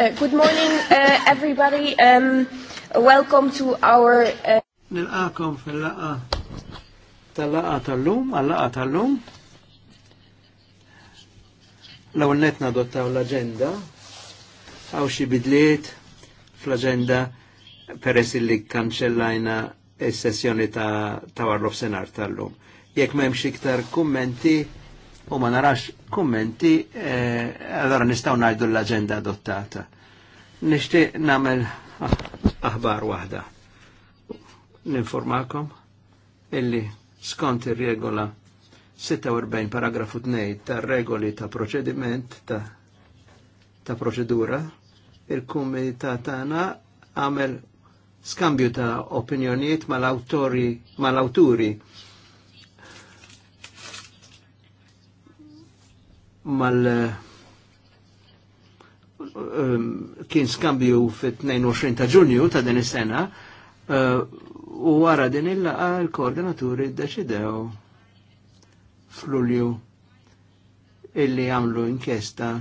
Uh, good morning, uh, everybody. Um, welcome to our... Uh... nil fil-laqa tal-laqa tal-lum, għal-laqa tal-lum. Law netna dottaw l-agenda, għaw xie bidliet fl-agenda peress li kanċellajna s-sessjoni ta' Warlof Senar tal-lum. Jekk memx iktar kummenti u ma narax kummenti, għadara eh, nistaw najdu l-agenda adottata. Nishti namel aħbar wahda. Ninformakom illi skont ir-regola 46 paragrafu 2 ta' regoli ta' proċediment ta' ta' proċedura, il-kumitat tagħna għamel skambju ta' opinjonijiet mal-awtori mal-awturi mal mal awturi mal eh, um, kien skambju fit-22 ta' ġunju ta' din is-sena eh, u wara din il-laqa l-koordinaturi ddeċidew f'Lulju illi għamlu inkjesta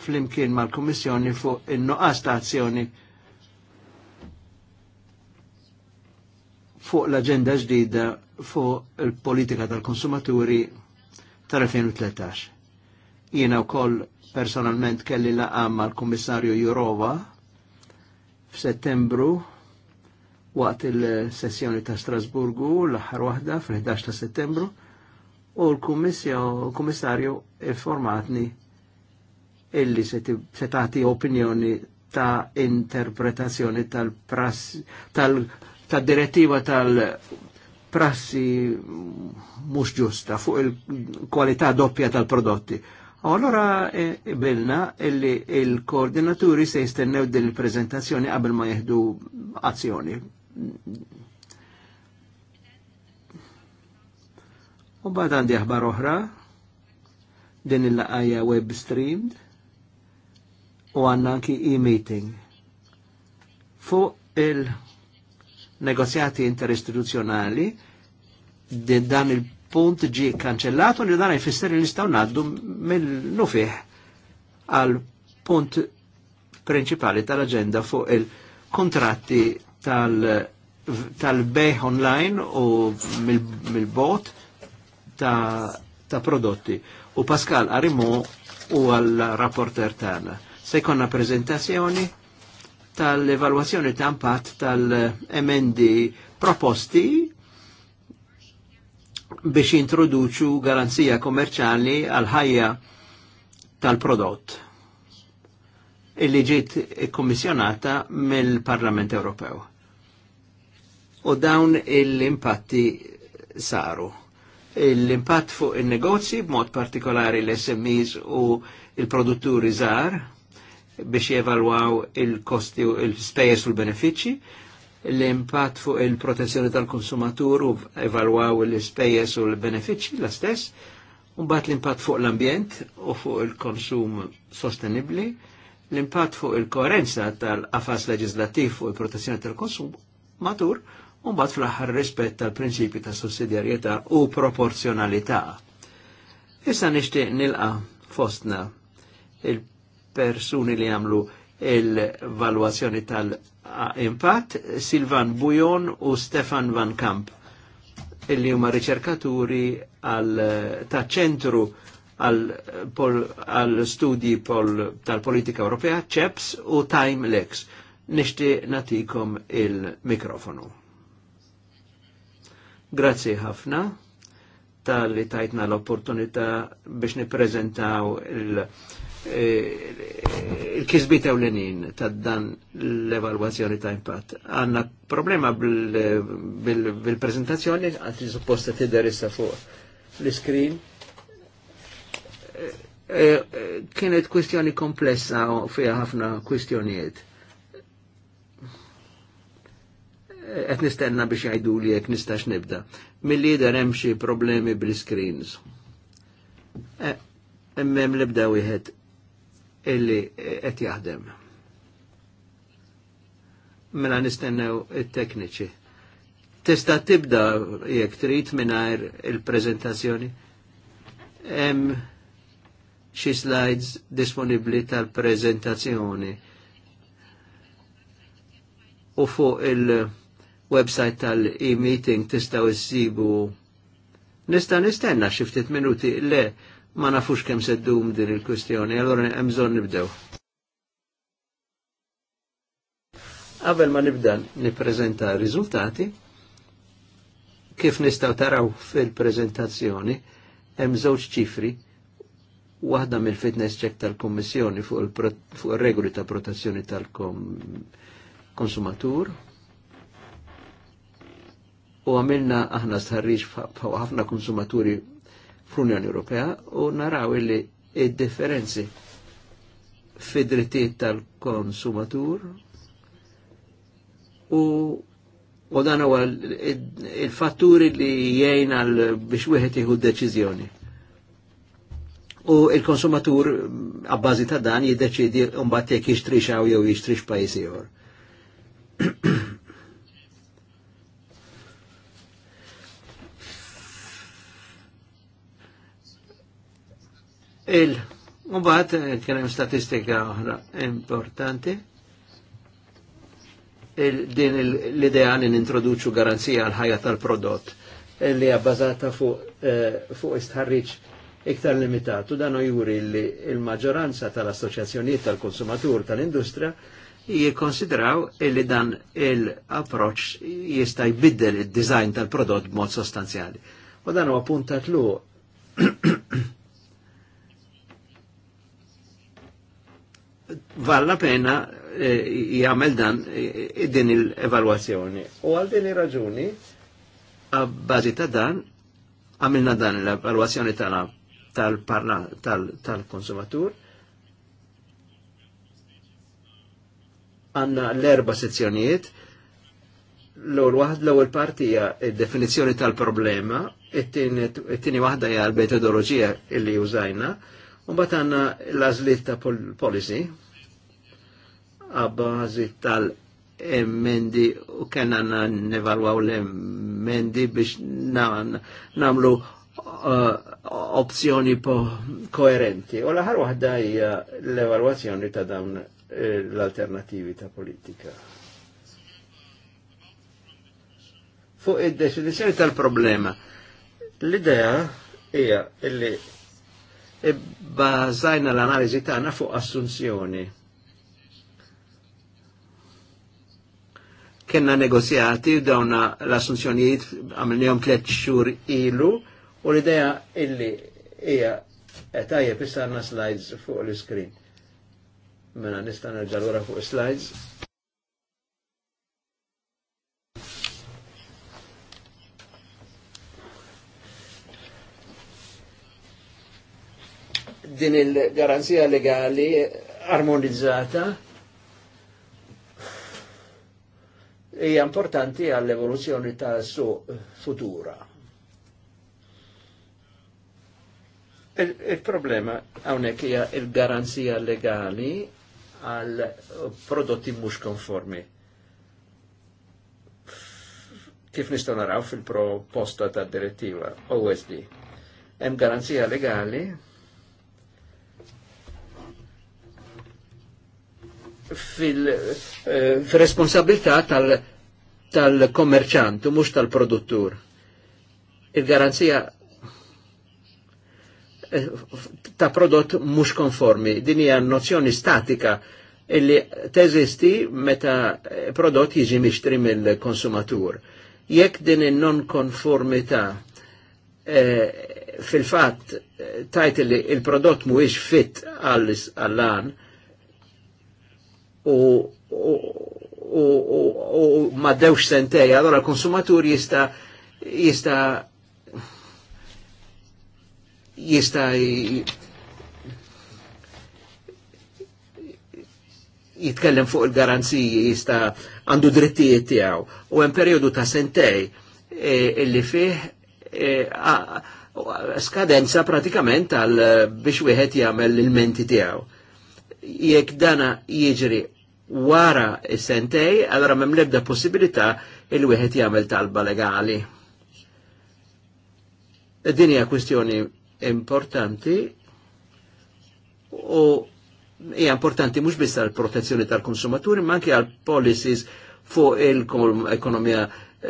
fl-imkien mal kummissjoni fuq in noqas ta' azzjoni fuq l-agenda ġdida fuq il-politika tal-konsumaturi tal-2013. Jiena wkoll personalment kelli laqam mal-Kummissarju Jurova f'Settembru waqt il-sessjoni ta' Strasburgu l-aħħar waħda fl 11 ta' Settembru u l-Kummissarju informatni illi se tagħti opinjoni ta' interpretazzjoni tal-prassi tal-direttiva tal prassi mhux ġusta fuq il-kwalità doppja tal-prodotti. U allora e, e bilna illi il-koordinaturi se jistennew din il-prezentazzjoni qabel ma jihdu azzjoni. U bad għandi aħbar oħra, din il-laqajja web streamed, u għanna anki e-meeting. Fuq il-negozjati interistituzjonali, dan il- punt ġi kanċellat li dan jfisser li nistaw naddu mill-nufih għal punt principali tal-agenda fuq il-kontratti tal-beħ tal online u mill-bot ta, ta' prodotti. U Pascal Arimo u għal-rapporter tagħna. Se jkollna prezentazzjoni tal evaluazzjoni tal-impat tal-emendi proposti biex introduċu garanzija kommerċali għal ħajja tal-prodott illi ġiet kommissjonata mill-Parlament Ewropew. U dawn l-impatti saru. L-impatt fuq il-negozji b'mod partikolari l-SMEs u il-produtturi żgħar biex jevalwaw il-kosti u il-spejjeż u l-benefiċċji l-impatt fuq il-protezzjoni tal-konsumatur u evalwaw l-ispejjeż u l-benefiċċji la stess, mbagħad l-impatt fuq l-ambjent u fuq il-konsum sostenibbli, l-impatt fuq il-koerenza tal-qafas legislativ u il-protezzjoni tal-konsum matur, u fl-aħħar rispett tal-prinċipji ta' sussidjarjetà u proporzjonalità. Issa nixtieq nilqa fostna il-persuni li għamlu il-valwazzjoni tal-konsumatur impatt Silvan Bujon u Stefan Van Kamp illi huma riċerkaturi għal ta' ċentru għal studji tal-politika Ewropea, ċeps u Time Lex. Nishti natikom il-mikrofonu. Grazzi ħafna tal-li tajtna l-opportunità biex niprezentaw il- Eh, il-kisbit ewlenin ta' dan l evaluazzjoni ta' impatt. Għanna problema bil-prezentazzjoni għanti supposta t-derissa fuq l-iskrin. Eh, eh, kienet kwestjoni komplessa u fija ħafna kwistjonijiet. Et nistenna biex jajdu li jek nistax nibda. Mill-lider hemm xi problemi bil-screens. Emmem l-ibda wieħed illi eh, qed jaħdem. Mela nistennew it-tekniċi. Tista' tibda jekk trid mingħajr il-preżentazzjoni. Hemm xi slides disponibbli tal-preżentazzjoni u fuq il-website tal-e-meeting tistgħu issibu Nista' nistenna xi ftit minuti le ma nafux kemm seddum din il-kwestjoni, allora hemm bżonn nibdew. Qabel ma nibda nippreżenta riżultati, kif nistgħu taraw fil-preżentazzjoni, hemm żewġ ċifri waħda mill-fitness check tal-Kommissjoni fuq il-regoli ta' protezzjoni tal-konsumatur. U għamilna aħna stħarriġ ħafna konsumaturi fl-Unjoni Ewropea u naraw illi id-differenzi fid-drittijiet tal-konsumatur u u dan huwa il-fatturi li jgħin għal biex wieħed jieħu deċiżjoni. U il-konsumatur għabbażi ta' dan jiddeċidi mbagħad jekk jixtrix hawn jew jixtrix pajjiż ieħor. Il Mbagħad kien eh, hemm statistika oħra importanti. Il, din l-idea e li nintroduċu garanzija għal ħajja tal-prodott li hija fuq eh, fuq iktar limitatu dan u juri li il maġoranza tal-assoċjazzjonijiet tal-konsumatur tal industria jikonsidraw e li dan il-approċ jista' jbiddel il-dizajn tal-prodott b'mod sostanzjali. U dan u puntat lu val la pena jagħmel eh, dan din il-evalwazzjoni. U għal din ir-raġuni għabbażi ta' dan għamilna dan l-evalwazzjoni tal-konsumatur għanna l-erba sezzjonijiet l għol wahd l għol partija hija d tal-problema, it tini wahda jgħal l-metodoloġija illi użajna, un bat għanna l-għażliet ta' policy, għabazi tal-emendi u kena nevalwaw l-emendi biex namlu uh, opzjoni koerenti. U laħar wahda hija l-evalwazzjoni ta' dawn eh, l-alternativi ta' politika. Fuq id-definizjoni tal-problema, l-idea hija illi e l-analiżi tagħna fuq assunzjoni kena negozjati dawna l-assunzjonijiet għamilnijom tlet xur ilu u l-ideja illi ija etajja issa slides fuq l screen Mena nista' nerġa' lura fuq slides. Din il-garanzija legali armonizzata hija importanti għall-evoluzzjoni ta' su futura. Il-problema hawnhekk hija il-garanzija legali għal prodotti mhux konformi. Kif nistgħu naraw fil-proposta tad direttiva OSD. Hemm garanzija legali fil-responsabilità fil eh, tal-kommerċant, u mux tal-produttur. Il-garanzija eh, ta' prodott mux konformi. Din hija nozzjoni statika illi teżisti meta prodott jiġi mixtri mill-konsumatur. Jekk din il-non-konformità eh, fil-fat eh, tajt li il-prodott mhuwiex fit għall-an, u u ma dewx sentej, allora l-konsumatur jista jista jista jitkellem fuq il-garanziji, jista għandu drittijiet tiegħu u hemm perjodu ta' sentej e, illi fih e, skadenza pratikament għal biex wieħed jagħmel il menti tiegħu. Jekk dana jiġri wara is-sentej, allora mem lebda ebda possibilità il wieħed jagħmel talba legali. Din hija kwistjoni importanti u hija importanti mhux biss għall protezzjoni tal-konsumaturi, ma anke għal policies fuq il-ekonomija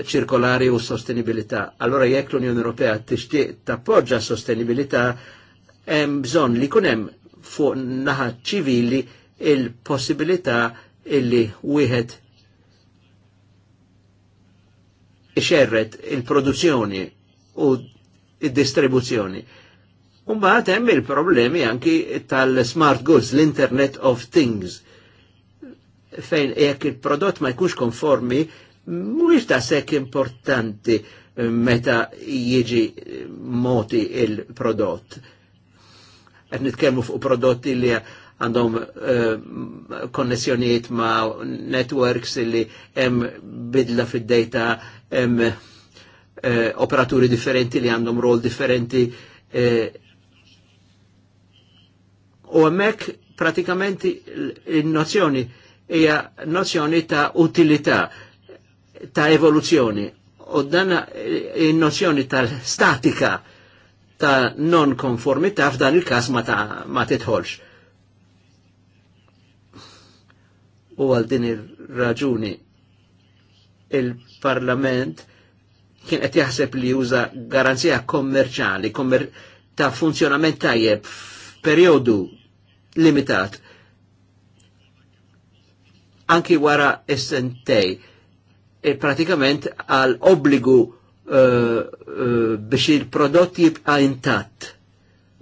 ċirkolari u sostenibilità. Allora jekk l-Unjoni Ewropea tixtieq tappoġġa sostenibilità, hemm bżonn li kunem hemm fuq naħa ċivili il-possibilità illi wieħed ixerret il-produzzjoni u il-distribuzzjoni. Umbaħat hemm il-problemi anki tal-smart goods, l-Internet of Things, fejn jekk il-prodott ma jkunx konformi, mhuwiex ta' sekk importanti meta jiġi moti il-prodott. Qed nitkellmu fuq prodotti li għandhom eh, konnessjonijiet ma' networks li hemm bidla fid-data hemm eh, operaturi differenti li għandhom rol differenti eh, u hemmhekk pratikament il-nozzjoni hija nozzjoni ta' utilità ta' evoluzzjoni u dan il-nozzjoni tal-statika ta' non-konformità f'dan il-kas ma, ta, ma titħolx. u għal din ir-raġuni il-Parlament kien qed jaħseb li juża garanzija kommerċali kommer ta' funzjonament tajjeb f'perjodu limitat anki wara essentej e pratikament għal obbligu uh, uh, biex il-prodott jibqa intatt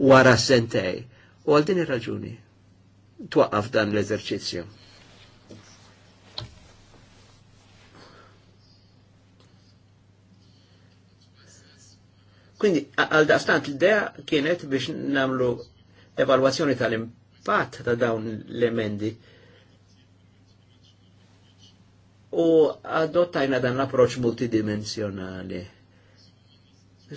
wara sentej. U għal din ir-raġuni twaqqaf dan l-eżerċizzju. Quindi għal daqstant l-idea kienet biex namlu evalwazzjoni tal-impatt ta' dawn l-emendi u adottajna dan l-approċ multidimensionali.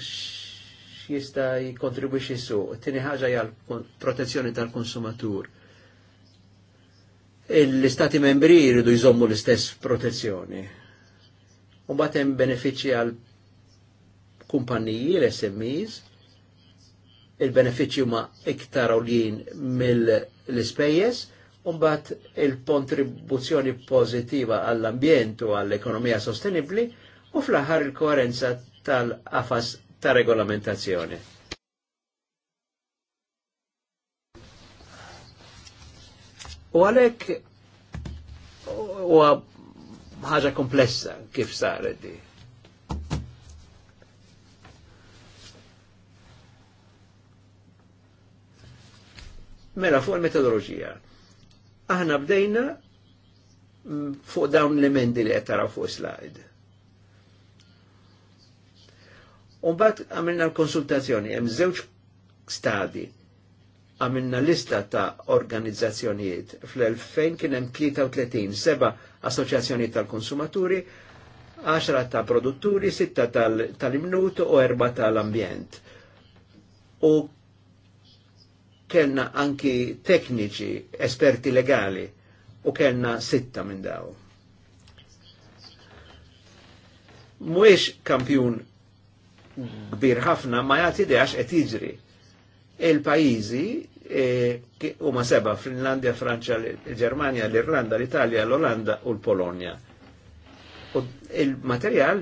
Xista jikontribuixi su. Tieni ħaġa hija protezzjoni tal-konsumatur. L-istati membri jridu jżommu l-istess protezzjoni. U mbagħad hemm benefiċċji għal kumpanniji l-SMEs, il-benefiċi ma' iktar għoljien mill-ispejjeż, Umbat il-kontribuzzjoni pozittiva għall-ambjent u għall-ekonomija sostenibli u fl-aħħar il-koerenza tal afas ta' regolamentazzjoni. U għalek u ħaġa komplessa kif saret di. Mela fuq il metodologija Aħna bdejna fuq dawn l-emendi li qed fuq slide. Umbat għamilna l-konsultazzjoni, hemm żewġ stadi. Għamilna lista ta' organizzazzjonijiet. Fl-2000 kien hemm 33, seba' assoċjazzjoni tal-konsumaturi, 10 ta' produtturi, 6 tal-imnut u 4 tal-ambjent. U kellna anki tekniċi, esperti legali u kellna sitta minn daw. Mwiex kampjun kbir ħafna ma jagħti deħax et iġri. Il-pajjiżi e, huma ma seba Finlandia, Franċa, l l-Irlanda, l-Italja, l-Olanda u l-Polonja. il-materjal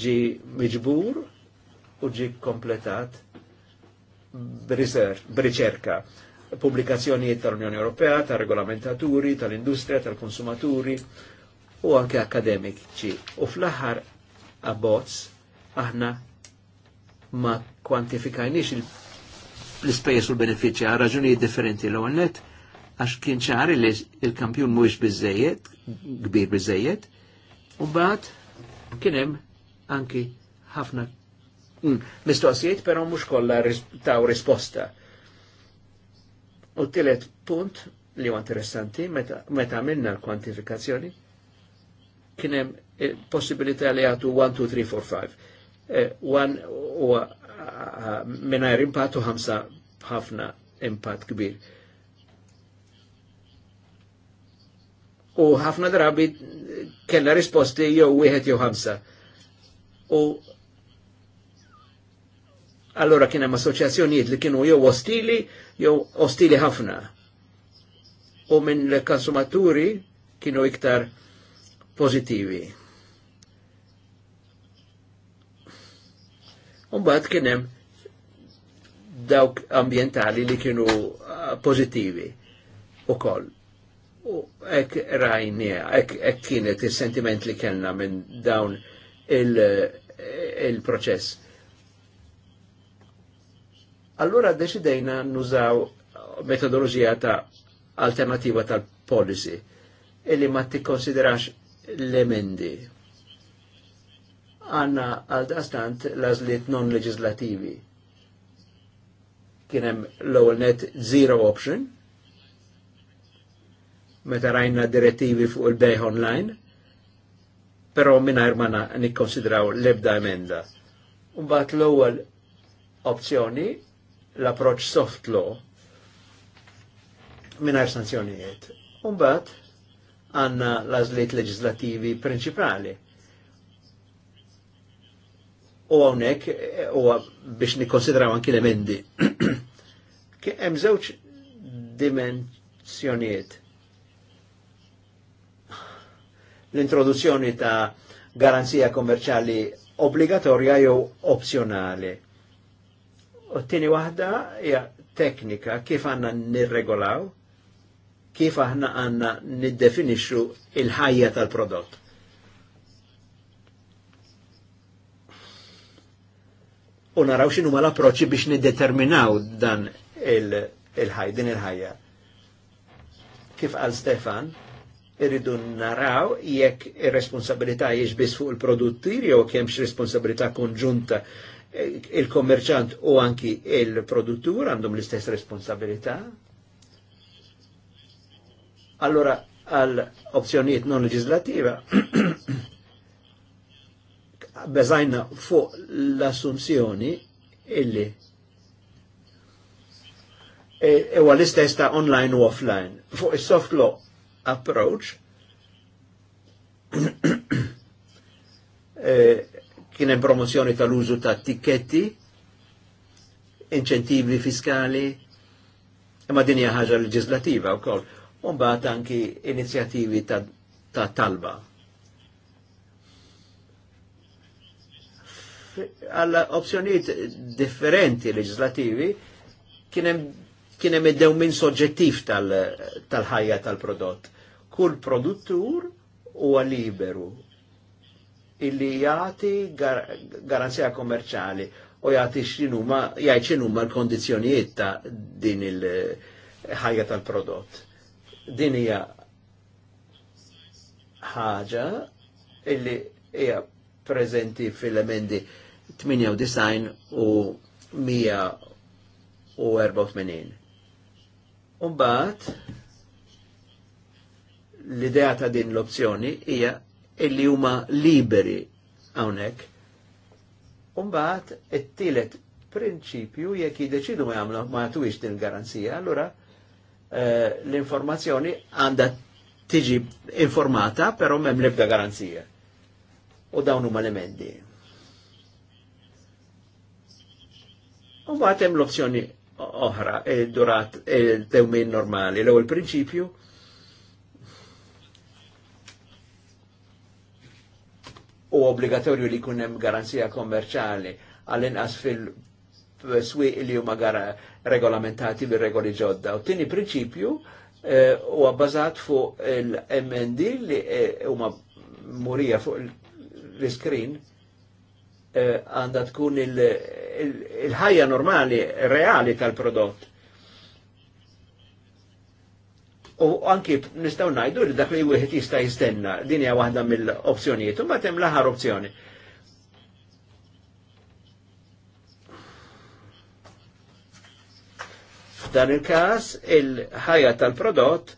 ġi miġbur u ġi kompletat b'riċerka, pubblikazzjonijiet tal-Unjoni Ewropea, tal-regolamentaturi, tal-industrija, tal-konsumaturi u anke akademiċi. U fl-aħħar abbozz aħna ma kwantifikajniex l-ispejjeż u l-benefiċċja għal raġunijiet differenti l net għax kien ċari li il-kampjun mhuwiex biżejjed, kbir biżejjed, u mbagħad kien hemm anke ħafna Mm, mistoqsijiet, pero mux kolla taw risposta. U t-tielet punt li huwa interessanti, meta minna l-kwantifikazzjoni, kienem eh, possibilità li għatu 1, 2, 3, 4, 5. 1 u minnajr impatu ħamsa ħafna impatt kbir. U ħafna drabi kella risposti jew wieħed jew ħamsa. U allora kien hemm assoċjazzjonijiet li kienu jew ostili jew ostili ħafna. U minn l-konsumaturi kienu iktar pożittivi. Umbagħad kien hemm dawk ambientali li kienu eh, pożittivi koll. U ek rajnija, ek, ek kienet il-sentiment li kellna minn dawn eh, il-proċess. Il, il proċess Allora deċidejna nużaw metodologija ta' alternativa tal-policy illi ma tikkonsiderax l-emendi. Għanna għal-dastant lażliet non-leġislativi. Kienem l-ewwel net zero option, meta rajna direttivi fuq il bej online, pero minna ma nikkonsidraw l-ebda emenda. Umbat l ewel opzjoni l-approċ soft law minar sanzjonijiet. Umbat għanna lażliet leġislativi prinċipali. U għonek, eh, u biex nikonsidraw anki l-emendi. Hemm żewġ dimensjonijiet. L-introduzzjoni ta' garanzija kommerċali obbligatorja jew opzjonali U t-tini wahda hija teknika kif għanna nirregolaw, kif aħna għanna niddefinixxu il-ħajja tal-prodott. U naraw xinu ma l-approċċi biex niddeterminaw dan il-ħaj, din il-ħajja. Kif għal Stefan, irridu naraw jekk ir-responsabilità jiex biss fuq il-produttir jew kemx responsabilità konġunta il-kommerċant u anki il-produttur għandhom l-istess responsabilità. Allora, għal opzjoniet non legislativa, beżajna fuq l-assunzjoni illi e, e, huwa e, għal istess ta' online u offline. Fuq il soft law approach, e, kien hemm promozzjoni tal-użu ta' tikketti, inċentivi fiskali, imma din hija ħaġa leġislativa wkoll. Mbagħad anki inizjattivi ta, ta' talba. Alla opzjonijiet differenti leġislativi kien hemm id minn soġġettiv tal-ħajja tal tal-prodott. Kull produttur huwa liberu illi jati gar garanzija kommerċali u jati xinuma, jgħid xinuma l-kondizzjonijiet ta' din il-ħajja tal-prodott. Din hija ħaġa illi hija prezenti fil-emendi 98 u 184. Umbat, l-idea ta' din l-opzjoni hija illi huma liberi hawnhekk. Umbagħad it-tielet prinċipju jekk jiddeċidu ma jagħmlu ma jagħtuhiex din garanzija, allura eh, l-informazzjoni għandha tiġi informata, però m'hemm l garanzija. U dawn huma l-emendi. U mbagħad hemm l-opzjoni oħra, il-durat il-tewmin normali, l-ewwel prinċipju u obbligatorju li kunem garanzija kommerċali għall-inqas fil-swiq li huma regolamentati bil regoli ġodda. U tini prinċipju eh, u għabbażat fuq il-MND li eh, huma murija fuq l-screen eh, għanda tkun il-ħajja normali, reali tal-prodott U anki nistaw najdu li dak li wieħed jista' jistenna din hija waħda mill-opzjonijiet, u hemm l-aħħar opzjoni. F'dan il-każ il-ħajja tal-prodott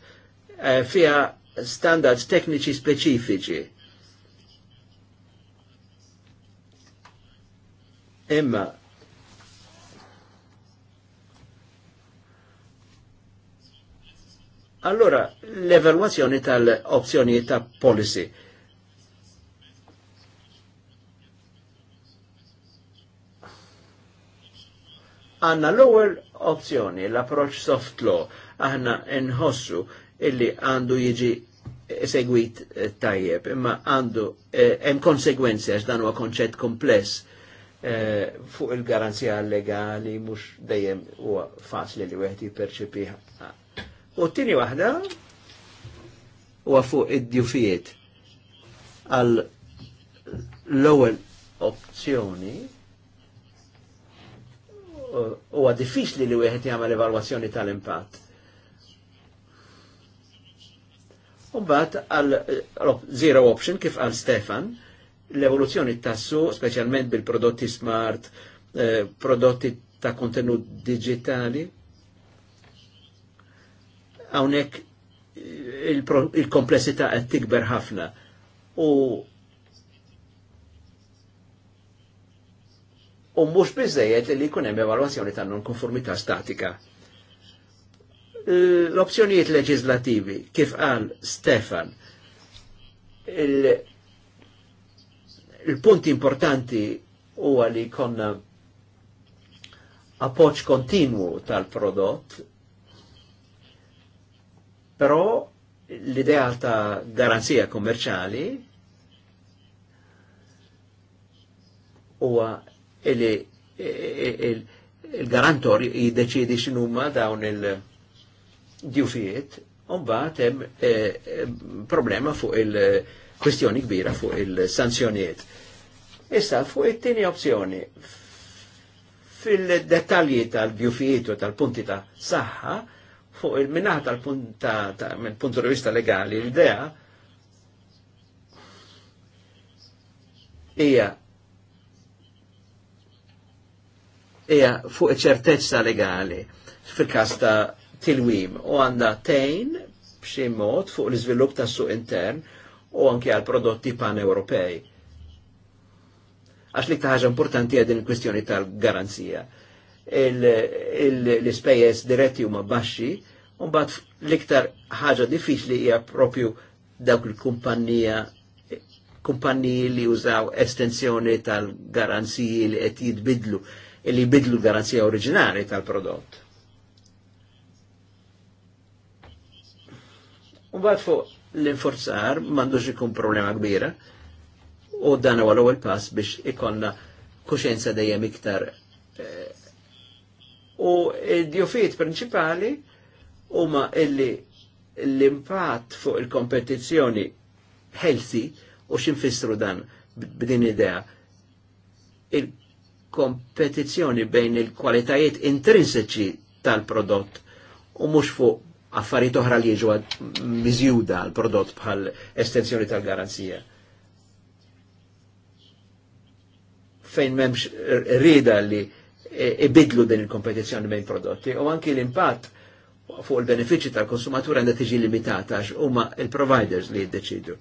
eh, fiha standards tekniċi speċifiċi. Imma Allora, l-evalwazzjoni tal-opzjoni ta' policy. Għanna l-ewwel opzjoni, l-approach soft law, aħna nħossu illi għandu jiġi segwit eh, tajjeb, imma għandu eh, hemm eh, konsegwenzi għax dan huwa konċett kompless eh, fuq il-garanzija legali mhux dejjem huwa faċli li wieħed jipperċepiha. U t-tini wahda u fuq id-djufijiet għal l-ewwel opzjoni huwa diffiċli li wieħed jagħmel evalwazzjoni tal-impatt. U bat għal zero option kif għal Stefan, l-evoluzzjoni tassu, speċjalment bil-prodotti smart, eh, prodotti ta' kontenut digitali, hawnhekk eh, il-komplessità qed tikber ħafna. U u mhux biżejjed li jkun hemm evalwazzjoni non nonkonformità statika. Eh, l-opzjonijiet leġislativi, kif qal Stefan, il-punt il importanti huwa li konna appoċ kontinwu tal-prodott Però l-idea ta' garanzija kommerċali huwa li il-garantor jiddeċidi x'inhuma dawn il-djufijiet u mbagħad eh, hemm problema fuq il-kwestjoni kbira fuq il-sanzjonijiet. Issa fuq it-tieni opzjoni fil-dettalji tal-djufijiet u tal-punti ta' saħħa Fuq il-minaħ tal-punta, punt di vista legali, l-idea hija hija fuq ċertezza legali fil-każ ta' tilwim u għandha tejn b'xi mod fuq l-iżvilupp tas-suq intern u anke għal prodotti pan-Ewropej. Għax li ħaġa importanti għedin din il-kwestjoni tal-garanzija l-ispejjeż diretti huma baxxi, u mbagħad l-iktar ħaġa diffiċli hija propju dawk il-kumpanija kumpanniji li użaw estensjoni tal-garanziji li qed jitbidlu, li jbidlu l-garanzija oriġinali tal-prodott. U bad fuq l-inforzar m'għandux ikun problema kbira u dan huwa l-ewwel pass biex ikonna kuxenza dejjem iktar eh, U id-djofiet prinċipali huma illi l-impatt fuq il-kompetizzjoni healthy u x'infissru dan b'din idea. Il-kompetizzjoni bejn il-kwalitajiet intrinseċi tal-prodott u mhux fuq affarijiet oħra li jiġu miżjuda l prodott bħal estensjoni tal-garanzija. Fejn memx rida li ibidlu din il kompetizjoni bejn prodotti u anki l-impatt fuq il-benefiċi tal-konsumatur għandha tiġi limitata għax huma il-providers li jiddeċidu.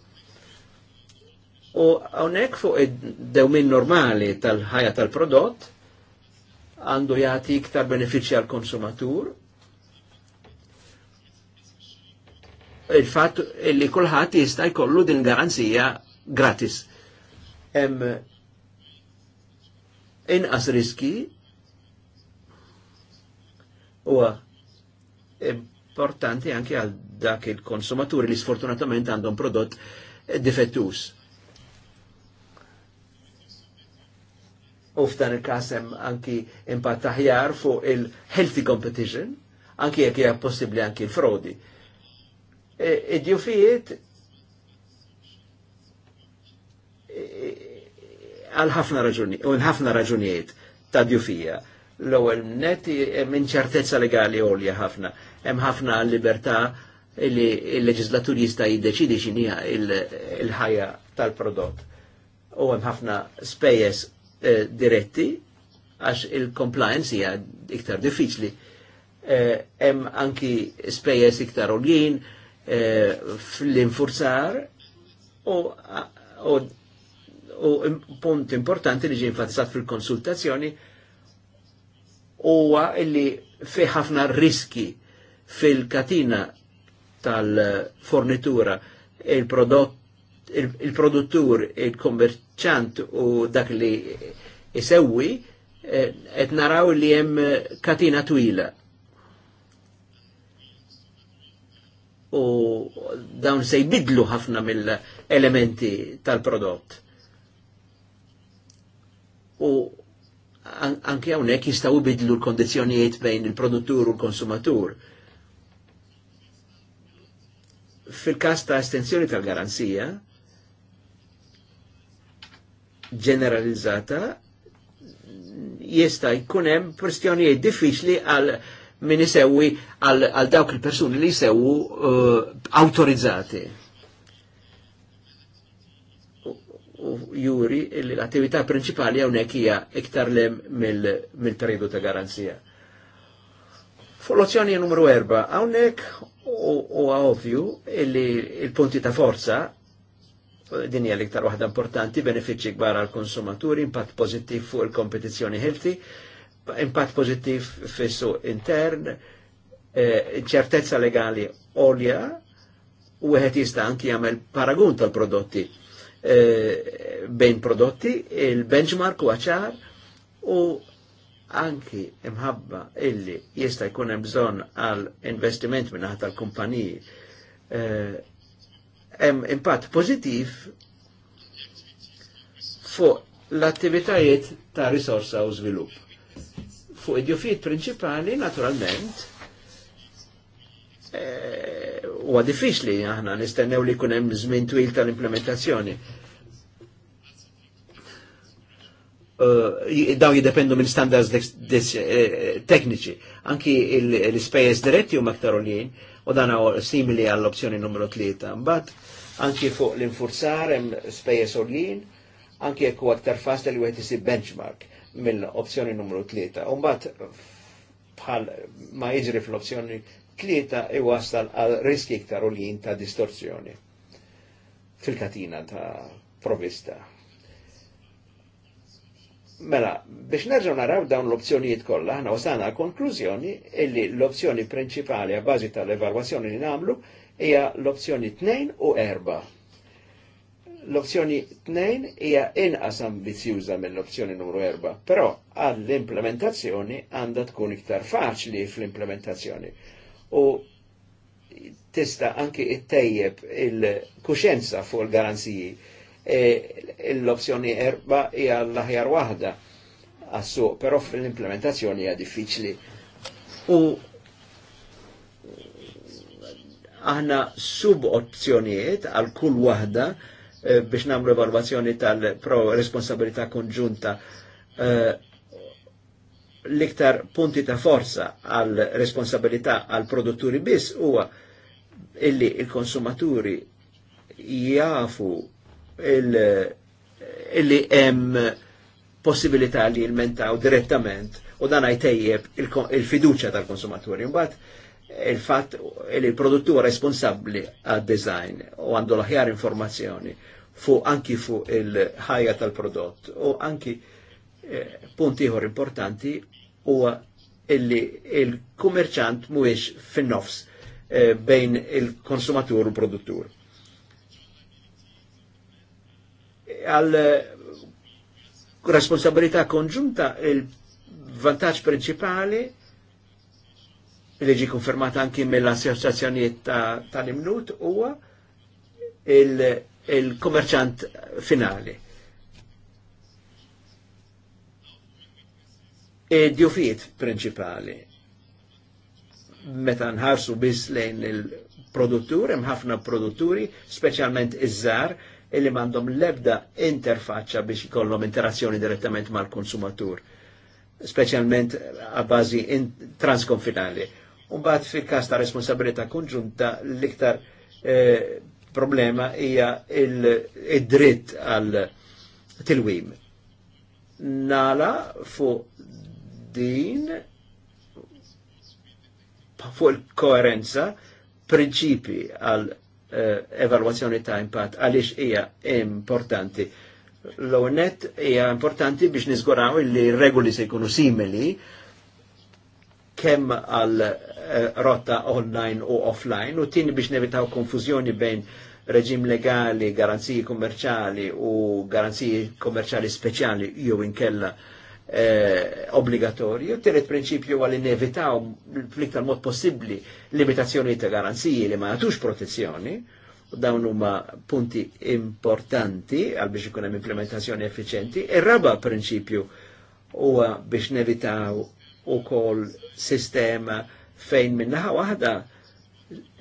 U hawnhekk fuq id-dewmin normali tal-ħajja tal-prodott għandu jagħti iktar benefiċċji għal-konsumatur il-fatt li kulħadd jista' jkollu din garanzija gratis. Hemm inqas riski huwa importanti anke għal dak il-konsumaturi li sfortunatament għandhom prodott eh, difettus. U f'dan il-kas hemm anki impatt aħjar fuq il-healthy competition, anki jekk hija possibbli anki l-frodi. E, id jufijiet e, e, għal ħafna raġuni, u ħafna raġunijiet ta' djufija l-ewwel net hemm eh, inċertezza legali għolja ħafna. Hemm ħafna libertà li l-leġislatur jista' jiddeċidi x'inhi il-ħajja tal-prodott. U hemm ħafna spejjeż eh, diretti għax il-compliance hija iktar diffiċli. Eh, hemm anki spejjeż iktar oljin fl-infurzar u punt importanti li ġie fil-konsultazzjoni huwa illi fi ħafna riski fil-katina tal-fornitura il produttur il-produttur, il-kommerċant u dak li jisewi, qed eh, naraw li hemm katina twila. U dawn se jbidlu ħafna mill-elementi tal-prodott. U anke hawnhekk jistgħu bidlu l-kondizzjonijiet bejn il-produttur u l-konsumatur. Fil-każ ta' estensjoni tal-garanzija, ġeneralizzata, jista' jkun hemm kwestjonijiet diffiċli għal min isewwi għal dawk il-persuni li jsewu uh, autorizzati. juri l-attività principali hawnhekk hija iktar lem mill-periodu ta' garanzija. Fol-ozzjoni numru 4, hawnhekk u għovju il-punti ta' forza din hija l-iktar waħda importanti, benefiċċji kbar għal konsumaturi, impatt pożittiv fuq il kompetizjoni healthy, impatt pożittiv fissu intern, eh, ċertezza legali olja, u għet jista anki jagħmel paragun tal-prodotti Eh, bejn prodotti, il-benchmark u għacħar, u anki imħabba illi jista' jkun hemm bżonn għal investiment minn għata l kumpaniji eh, hemm eh, impatt pożittiv fuq l-attivitajiet ta' risorsa u żvilupp. Fuq id-jofijiet prinċipali, naturalment, eh, huwa diffiċli aħna nistennew li jkun hemm żmien twil tal-implementazzjoni. Uh, daw jidependu minn standards eh, eh, tekniċi. Anki l-ispejjeż diretti huma aktar olijin, u dan simili għall-opzjoni numru tlieta. Mbagħad anki fuq l-infurzar hemm spejjeż olijin, anki jekk huwa aktar fast li wieħed isib benchmark mill-opzjoni numru tlieta. U mbagħad bħal ma jiġri fl-opzjoni tlieta iwassal għal riski iktar u lin ta' distorsjoni fil-katina ta' provista. Mela, biex nerġaw naraw dawn l-opzjonijiet kollha, aħna wasana konklużjoni illi l-opzjoni prinċipali a bażi tal-evalwazzjoni li nagħmlu hija l-opzjoni 2 u 4. L-opzjoni 2 hija inqas ambizjuża mill-opzjoni numru 4, però għall-implementazzjoni għandha tkun iktar faċli fl-implementazzjoni u tista' anki t-tejjeb il-kuxenza fuq il-garanziji. E, l-opzjoni erba hija l-aħjar waħda għassu, però fl-implementazzjoni hija diffiċli. U aħna sub-opzjonijiet għal kull waħda e, biex namlu evalwazzjoni tal-responsabilità konġunta e, l-iktar punti ta' forza għal responsabilità għal produtturi biss huwa illi il-konsumaturi jafu il illi hemm possibilità li jilmentaw direttament u dan għajtejjeb il-fiduċa tal-konsumaturi. Mbagħad il-fatt li l-produttur responsabbli għad-design u għandu l-aħjar informazzjoni fu anki fu il-ħajja tal-prodott u anki punt ieħor importanti huwa illi il-kummerċant mhuwiex fin-nofs eh, bejn il-konsumatur u produttur. Għal eh, responsabilità konġunta il-vantaġġ prinċipali li ġi konfermata anki mill-assoċjazzjonijiet tal-imnut huwa il-kummerċant il finali id djufiet principali. Meta nħarsu biss lejn il-produtturi, mħafna produtturi, specialment iż-żar, illi mandom lebda interfaċċa biex jkollhom interazzjoni direttament mal-konsumatur, specialment a bażi transkonfinali. Umbat fil każ ta' responsabilità konġunta l-iktar eh, problema hija id-dritt għal tilwim. Nala fuq din fuq il koherenza prinċipi għal eh, evalwazzjoni ta' impatt għaliex hija importanti. L-onet hija importanti biex niżguraw li regoli se jkunu simili kemm għal eh, rotta online u offline u tini biex nevitaw konfużjoni bejn reġim legali, garanziji kommerċali u garanziji kommerċali speċjali jew inkella uh, eh, obbligatorju, tiret prinċipju għal innevitaw fl-iktar mod possibli limitazzjoni ta' garanziji li ma għatux protezzjoni, dawn huma punti importanti għal biex ikun hemm implementazzjoni effiċenti. Ir-raba prinċipju huwa biex nevitaw kol sistema fejn minnaħa waħda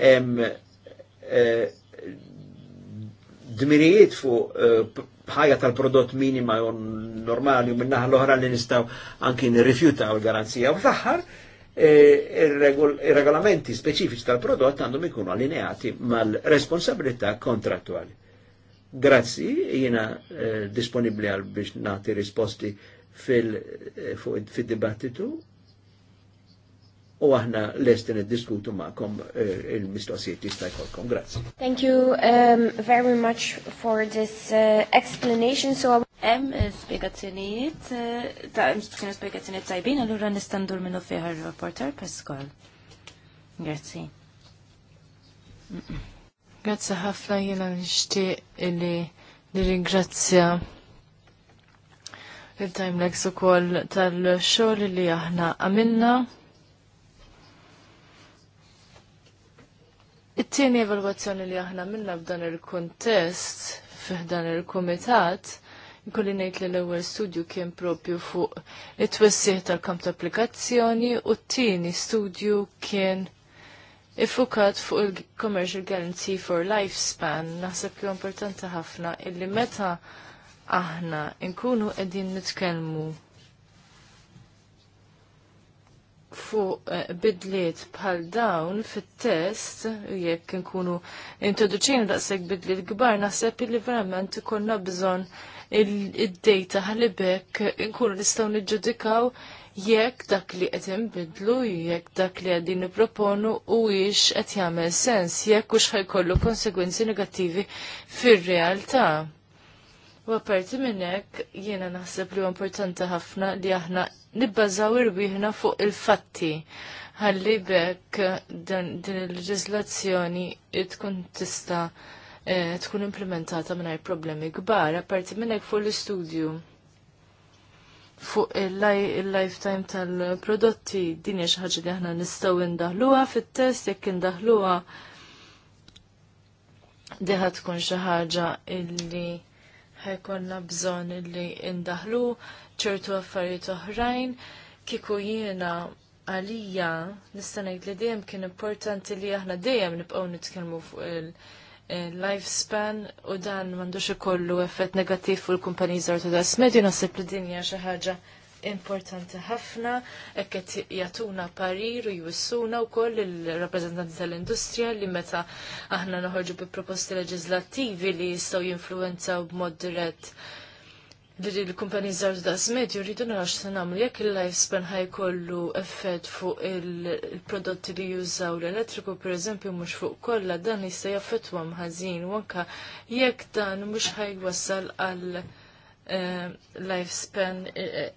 hemm eh, dmirijiet fuq eh, ħajja tal-prodott minima u normali u minnaħa l-oħra li nistaw anki u l garanzija U fl-aħħar, eh, il-regolamenti speċifiċi tal-prodott għandhom ikunu allineati mal-responsabilità kontrattuali. Grazzi, jina eh, disponibli għal biex nati risposti fil-dibattitu u aħna lestin id-diskutu ma'kom eh, il-mistoqsijiet jista' jkollkom. Grazzi. Thank you um, very much for this uh, explanation. So hemm eh, spjegazzjonijiet, eh, ta' kienu spjegazzjonijiet tajbin, allura nistandur ndur minnu fiha reporter Pascal. Grazzi. Grazzi ħafna jiena nixtieq li nirringrazzja il-Timelex ukoll tal-xogħol li aħna għamilna. It-tieni evalwazzjoni li aħna minna f'dan il-kontest f'dan il-kumitat Nkolli nejt li l-ewel studju kien propju fuq it-twessieħ tal-kamp ta' applikazzjoni u t-tieni studju kien ifukat fuq il-Commercial Guarantee for Lifespan. Naħseb li importanti ħafna illi meta aħna nkunu qegħdin nitkellmu fuq eh, bidliet bħal dawn fit-test, jekk nkunu introduċin daqshekk bidliet kbar, naħseb li verament ikollna bżonn id-dejta ħalibek nkunu nistgħu niġġudikaw jekk dak li qed inbidlu, jekk dak li qegħdin nipproponu huwiex qed jagħmel sens, jekk hux ħajkollu konsegwenzi negattivi fir-realtà. U apparti minn hekk jiena naħseb li importanti ħafna li aħna nibbażaw irwieħna fuq il-fatti ħalli bekk din il-leġislazzjoni tkun tista' eh, tkun implementata mingħajr problemi kbar, apparti minn hekk fuq l-istudju fuq il-lifetime tal-prodotti din hija xi ħaġa li aħna nistgħu ndaħluha fit-test jekk indaħluha Deħat tkun xi ħaġa illi ħajkonna bżon li indaħlu ċertu affarijiet oħrajn kiku jiena għalija nista' ngħid li dejjem kien importanti li aħna dejjem nibqgħu nitkellmu fuq il- lifespan u dan m'għandux ikollu effett negattiv fuq il-kumpaniji żgħar ta' medju naħseb li din hija xi ħaġa importanti ħafna, ekket jatuna parir u jwissuna u koll il-rappresentanti tal-industrija li meta aħna noħorġu bi proposti leġislattivi li jistaw jinfluenzaw b'mod dirett li l-kumpani zardu da' smed jurridu narax se namlu jekk il-lifespan ħajkollu effett fuq il-prodotti li jużaw l-elettriku per eżempju mhux fuq kollha dan jista' jaffettwa mħażin u anke jekk dan mhux ħajwassal għal Eh, lifespan eh, eh,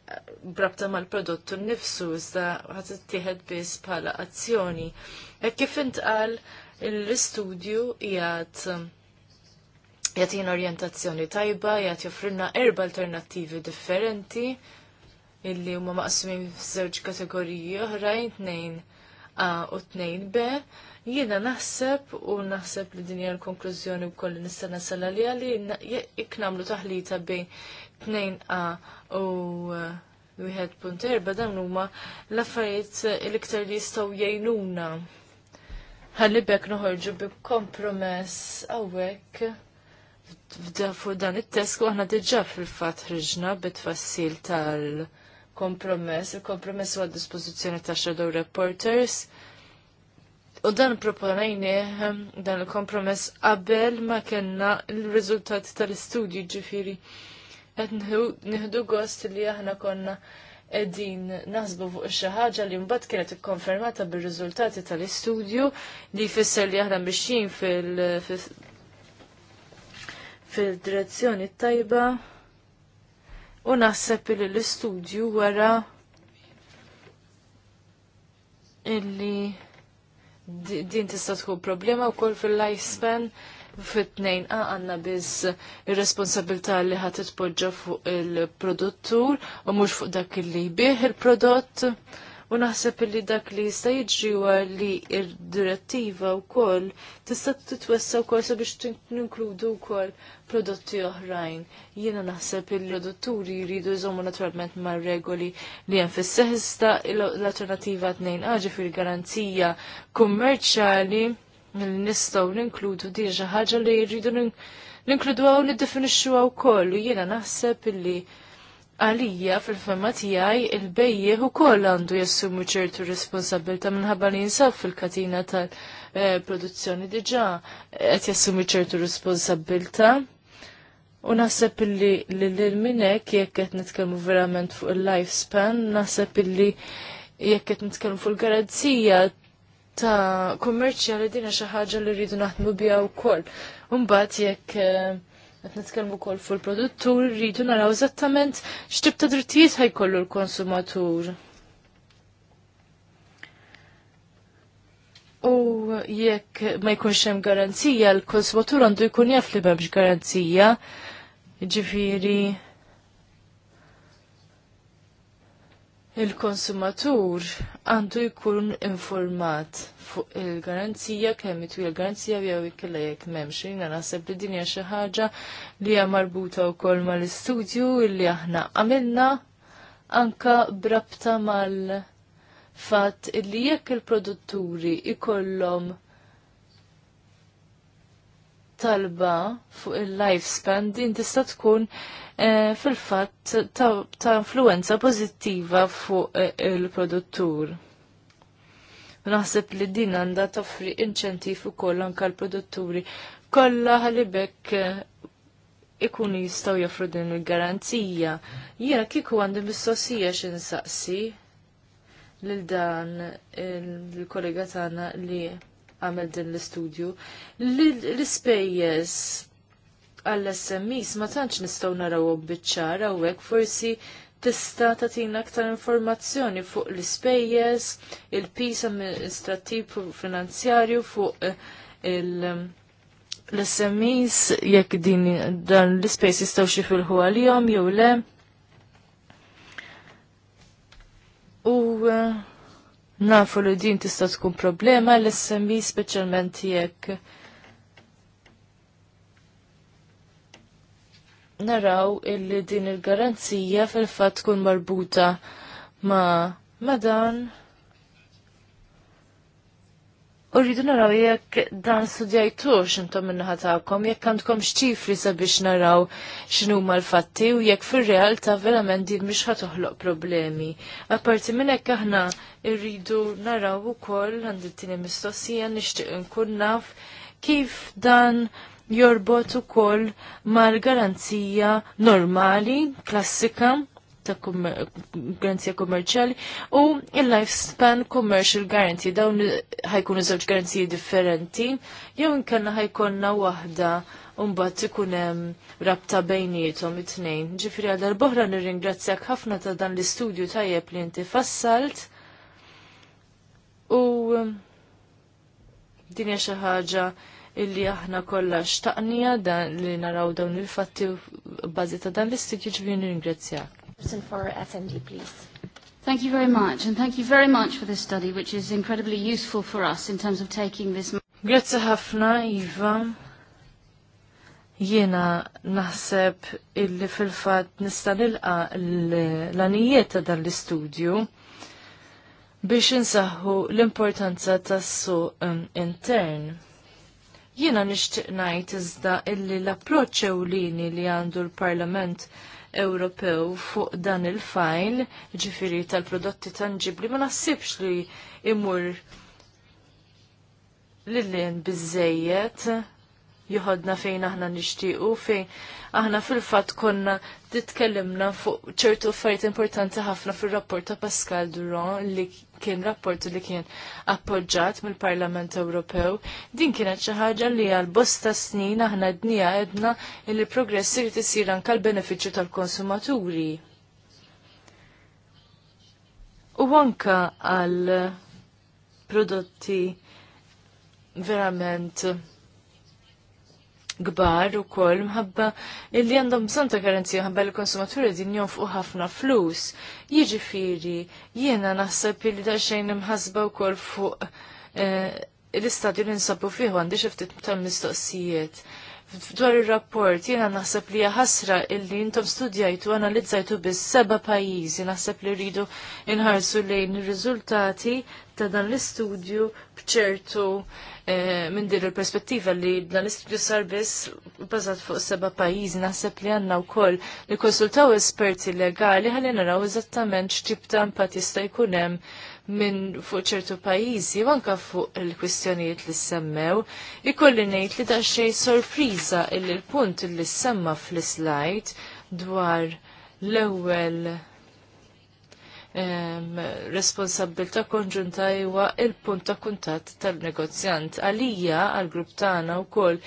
brabta mal-prodottu nifsu iżda ħat ittieħed biss bħala azzjoni. Hekk kif intqal l-istudju jgħat jien orjentazzjoni tajba, jgħat joffrilna erba alternattivi differenti illi huma maqsumin f'żewġ kategoriji oħrajn tnejn A u 2B, jiena naħseb u naħseb li dinja l-konklużjoni wkoll li nista' nasal għalija li iknamlu taħlita bejn 2A u e, wieħed punt erba' dan huma l-affarijiet e, l-iktar li jistgħu jgħinuna. Ħalli bekk noħorġu bi kompromess hawnhekk fuq dan it-test u aħna diġà fil-fatt ħriġna bit-tfassil tal- kompromess. Il-kompromess huwa dispożizzjoni ta' shadow reporters. U dan proponajni ehm, dan il-kompromess qabel ma kellna il rizultat tal-istudju ġifiri. Għed nieħdu gost li aħna konna edin nasbu fuq xaħġa ħaġa li mbagħad kienet ikkonfermata bir-riżultati tal-istudju li jfisser li aħna biexin fil-direzzjoni tajba u naħseb li l-istudju wara illi din tista' tkun problema wkoll fil-lifespan fit-tnejn a għanna biz ir-responsabilità li ħat titpoġġa fuq il-produttur u mhux fuq dak li biħ il il prodott u naħseb li dak li jista' jiġri li d-direttiva wkoll tista' titwessa wkoll sabiex ninkludu wkoll prodotti oħrajn. Jiena naħseb li produtturi jridu jżommu naturalment mar regoli li hemm fis-seħista l alternattiva tnejn ħaġa fil-garanzija kummerċjali li nistgħu ninkludu xi ħaġa li jridu ninkludu għaw niddefinixxu wkoll u Jiena naħseb illi għalija fil-femma tijaj il-bejjeħ u koll għandu jassumu ċertu responsabilta minnħabba li jinsab fil-katina tal-produzzjoni diġa għet jassumi ċertu responsabilta. U naħseb illi l minek jekk qed nitkellmu verament fuq il-lifespan, naħseb illi jekk qed nitkellmu fuq il-garanzija ta' kummerċjali dina xi ħaġa li rridu naħdmu biha wkoll. Mbagħad jekk eh, Qed nitkellmu wkoll fuq il-produttur rridu naraw eżattament x'tib ta' drittijiet ħajkollu l-konsumatur. U jekk ma jkunx hemm garanzija, l-konsumatur għandu jkun jaf li m'hemmx garanzija. jiġifieri. il-konsumatur għandu jkun informat fuq il-garanzija kemm itwi l garanzija jew ikella jekk m'hemmx. Jiena naħseb li din hija xi ħaġa li hija marbuta wkoll mal-istudju li aħna għamilna anka brabta mal-fatt li jekk il-produtturi ikollhom talba fuq il-lifespan din tista' tkun Eh, fil-fatt ta' influenza pozittiva fuq eh, il-produttur. Naħseb li din għandha toffri u ukoll anka l-produtturi kollha ħalibek eh, ikun jistgħu joffru din il-garanzija. Jiena kieku għandi mistoqsija xi nsaqsi lil dan il-kollega tagħna li għamel din l-istudju. L-ispejjeż għall-SMIs ma tantx nistgħu naraw biċċar hawnhekk forsi tista' tagħtina aktar informazzjoni fuq l-ispejjeż, il-pis amministrattiv finanzjarju fuq eh, il- l sms jekk din dan l-ispejs jistgħu xi filħu għalihom jew le. U eh, nafu li din tista' tkun problema l-SMI speċjalment jekk naraw illi din il-garanzija fil-fat tkun marbuta ma madan U rridu naraw jekk dan studjajtux intom minnaħa tagħkom jekk għandkom x'ċifri sabiex naraw x'inhu l-fatti u jekk fir-realtà verament din mish ħatoħloq problemi. Apparti minn hekk aħna rridu naraw ukoll għand it-tieni mistoqsija nixtieq nkun naf kif dan jorbot ukoll mal-garanzija normali, klassika, ta' garanzija kummerċjali u il-lifespan commercial guarantee dawn ħajkunu żewġ garanziji differenti jew inkella ħajkonna waħda mbagħad ikun hemm rabta bejnietom it-tnejn. Ġifieri għal darb'oħra nirringrazzjak ħafna ta' dan l-istudju tajjeb li inti fassalt. U um, din hija xi ħaġa illi aħna kollha xtaqnija dan li naraw dawn il-fatti bbażi ta' dan l-istudju ġbir ningrazzjak. Person Thank you very much, and thank you very much for this study, which is incredibly useful for us in terms of taking this... Grazie ħafna, Iva. Jiena naħseb illi fil-fat nista' nilqa l-anijiet ta' dan l-istudju biex insaħħu l-importanza tas-suq um, intern. Jiena nixtieq ngħid iżda illi l-approċċ ewlieni li għandu l-Parlament Ewropew fuq dan il-fajl, ġifiri tal-prodotti tangibli, ma nasibx li imur lil-lien bizzejiet, joħodna fejn aħna nixtiequ fejn aħna fil-fatt konna titkellimna fuq ċertu affarijiet importanti ħafna fir-rapport ta' Pascal Duron li kien rapport li kien appoġġat mill-Parlament Ewropew. Din kienet xi ħaġa li għal bosta snin aħna dnija edna li progress irid isir anke l-benefiċċju tal-konsumaturi. U anka għal prodotti verament gbar u koll mħabba illi għandhom bżon ta' garanzija mħabba li konsumaturi din fuq ħafna flus. Jiġifieri jiena naħseb illi daċxajn imħasba u koll fuq eh, l-istadju li nsabu fiħu għandi xiftit tal-mistoqsijiet dwar il-rapport jiena naħseb li ħasra illi intom studjajtu analizzajtu biss seba pajjiżi naħseb li rridu inħarsu lejn ir-riżultati ta' dan l-istudju bċertu Eh, minn dir il-perspettiva li dan l-istudju sar biss bażat fuq seba' pajjiżi naħseb li għandna wkoll li konsultaw esperti legali ħalli naraw eżattament x'tib ta' impatt jista' jkun hemm minn fuq ċertu pajjiżi u anke fuq il-kwistjonijiet li semmew. Ikolli ngħid li da xejn sorpriża il punt li semma fl slajt dwar l-ewwel responsabilta konġunta jwa il-punt ta' kuntat tal-negozjant. Għalija għal-grupp tagħna wkoll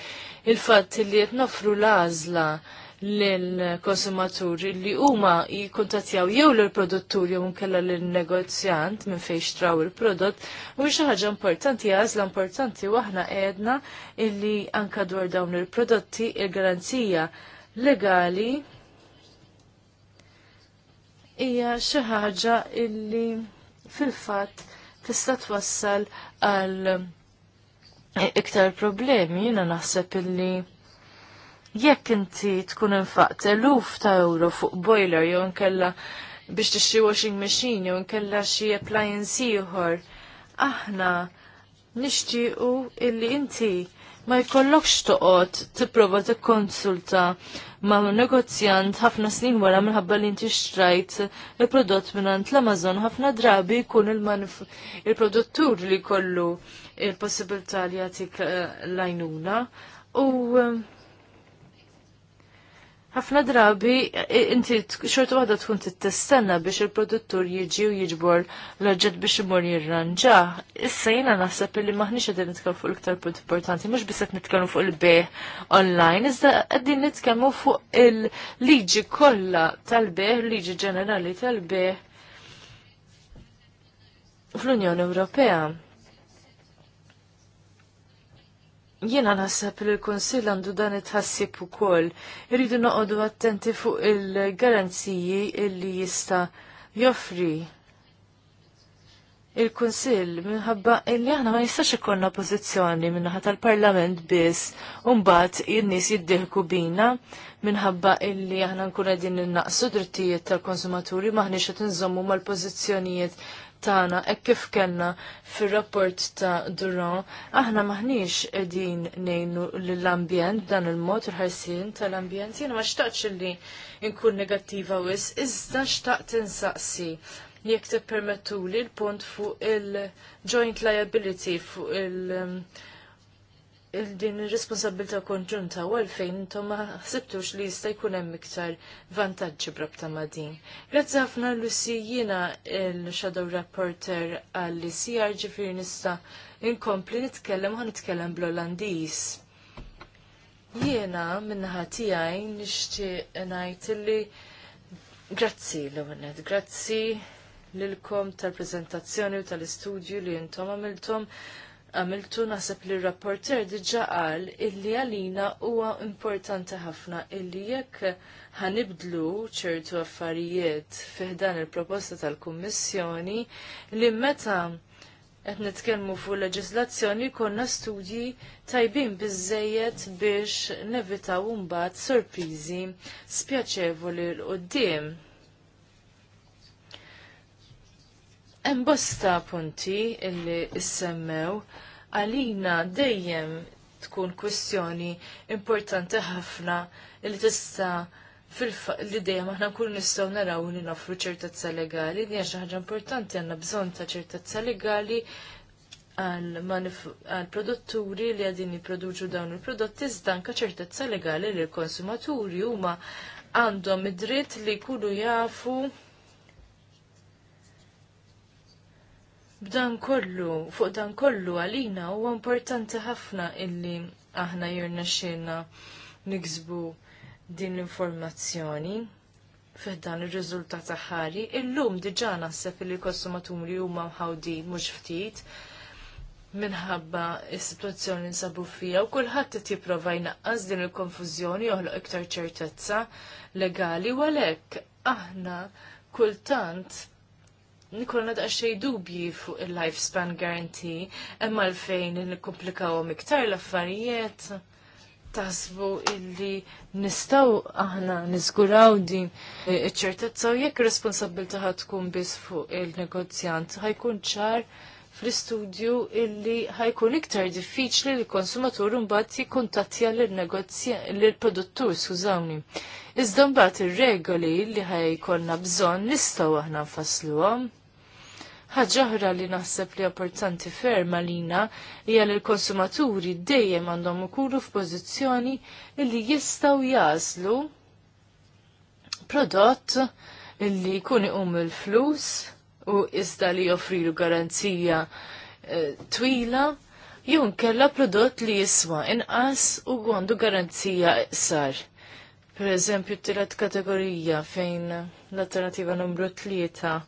il fat li qed nofru l-għażla lill-konsumaturi li huma jikkuntattjaw jew lill-produttur jew nkella lill-negozjant minn fejn xtraw il-prodott u xi ħaġa importanti għażla importanti waħna qiegħdna illi anka dwar dawn il-prodotti il-garanzija legali hija xi ħaġa illi fil-fatt tista' twassal għal iktar problemi jiena naħseb illi jekk inti tkun infaqt eluf ta' euro fuq boiler jew nkella biex tixtri washing machine jew nkella xi appliance ieħor, aħna nixtiequ illi inti ma jkollokx toqgħod tipprova tikkonsulta ma' negozjant ħafna snin wara minħabba li inti xtrajt il-prodott minnant l-Amazon ħafna drabi kun il-produttur li kollu il-possibilità li jagħtik eh, lajnuna. U eh, ħafna drabi inti xorta waħda tkun tistenna biex il-produttur jiġi u jiġbor l-ġed biex imur jirranġa. Issa jiena naħseb li maħniex qegħdin nitkellmu fuq l-iktar punt importanti, mhux biss qed nitkellmu fuq il-beħ online, iżda qegħdin nitkellmu fuq il-liġi kollha tal-beħ, liġi ġenerali tal-beħ fl-Unjoni Ewropea. Jiena naħseb li l-Konsil għandu dan it-ħassib ukoll. Irridu noqogħdu attenti fuq il-garanziji illi jista' joffri il-Konsil minħabba illi aħna ma jistax ikollna pożizzjoni minnaħa tal-Parlament biss u mbagħad in-nies bina minħabba illi aħna nkun qegħdin in-naqsu drittijiet tal-konsumaturi maħniex qed inżommu mal-pożizzjonijiet Tana hekk kif kellna fir-rapport ta' Duran, aħna maħniex qegħdin ngħinu lill-ambjent dan il-mod il-ħarsien tal-ambjent. Jiena ma xtaqx illi nkun negattiva wis, iżda xtaqt insaqsi jekk tippermettuli l-punt fuq il-joint liability fuq il-, -joint il il-din ir-responsabilità konġunta u għalfejn intom ma ħsibtux li jista' jkun hemm iktar vantaġġi brabta ma' din. Grazzi ħafna Lucy jiena il-Shadow Reporter għall CR ġifier nista' inkompli nitkellem u nitkellem bl-Olandiż. Jiena minnaħa tiegħi nixtieq ngħid li grazzi l-ewwel grazzi lilkom tal-prezentazzjoni u tal-istudju li intom għamiltom għamiltu naħseb li r-rapporter diġa qal illi għalina huwa importanti ħafna illi jekk ħanibdlu ċertu affarijiet fiħdan il-proposta tal-Kummissjoni li meta qed nitkellmu fuq leġislazzjoni konna studji tajbin biżejjed biex nevitaw mbagħad sorpriżi spjaċevoli l-qudiem. Embosta bosta punti illi issemmew għalina dejjem tkun kwestjoni importanti ħafna li tista li dejjem aħna nkunu nistgħu naraw li nofru ċertezza legali, din xi ħaġa importanti għandna bżonn ta' ċertezza legali għal produtturi li għadin jipproduċu dawn il-prodotti iżda anke ċertezza legali li l-konsumaturi huma għandhom id-dritt li jkunu jafu B'dan kollu, fuq dan kollu għalina huwa importanti ħafna illi aħna jirna xena niksbu din l-informazzjoni fiħdan il riżultat ħari, illum diġà naħseb li l-konsumaturi huma mħawdi mhux ftit minħabba is-sitwazzjoni nsabu fija u kulħadd qed jipprova jnaqqas din il-konfużjoni joħloq iktar ċertezza legali u għalhekk aħna kultant nikolna xej dubji fuq il-lifespan guarantee, emma l-fejn nikomplikaw miktar l-affarijiet, tasbu illi nistaw aħna nizguraw din iċ-ċertezza u jekk responsabilta tkun biss fuq il-negozjant ħajkun ċar fl-istudju illi ħajkun iktar diffiċli li l-konsumatur mbagħad jikkuntattja lill-produttur, skużawni. Iżda mbagħad ir-regoli li ħajkonna bżonn nistgħu aħna nfassluhom ħagġaħra li naħseb li importanti ferm għalina hija li l-konsumaturi dejjem għandhom ikunu f'pożizzjoni li jistgħu jażlu prodott li jkun um il-flus u iżda li joffrilu garanzija e, twila jew nkella prodott li jiswa inqas u għandu garanzija iqsar. Per eżempju, t-tirat kategorija fejn l-alternativa numru tlieta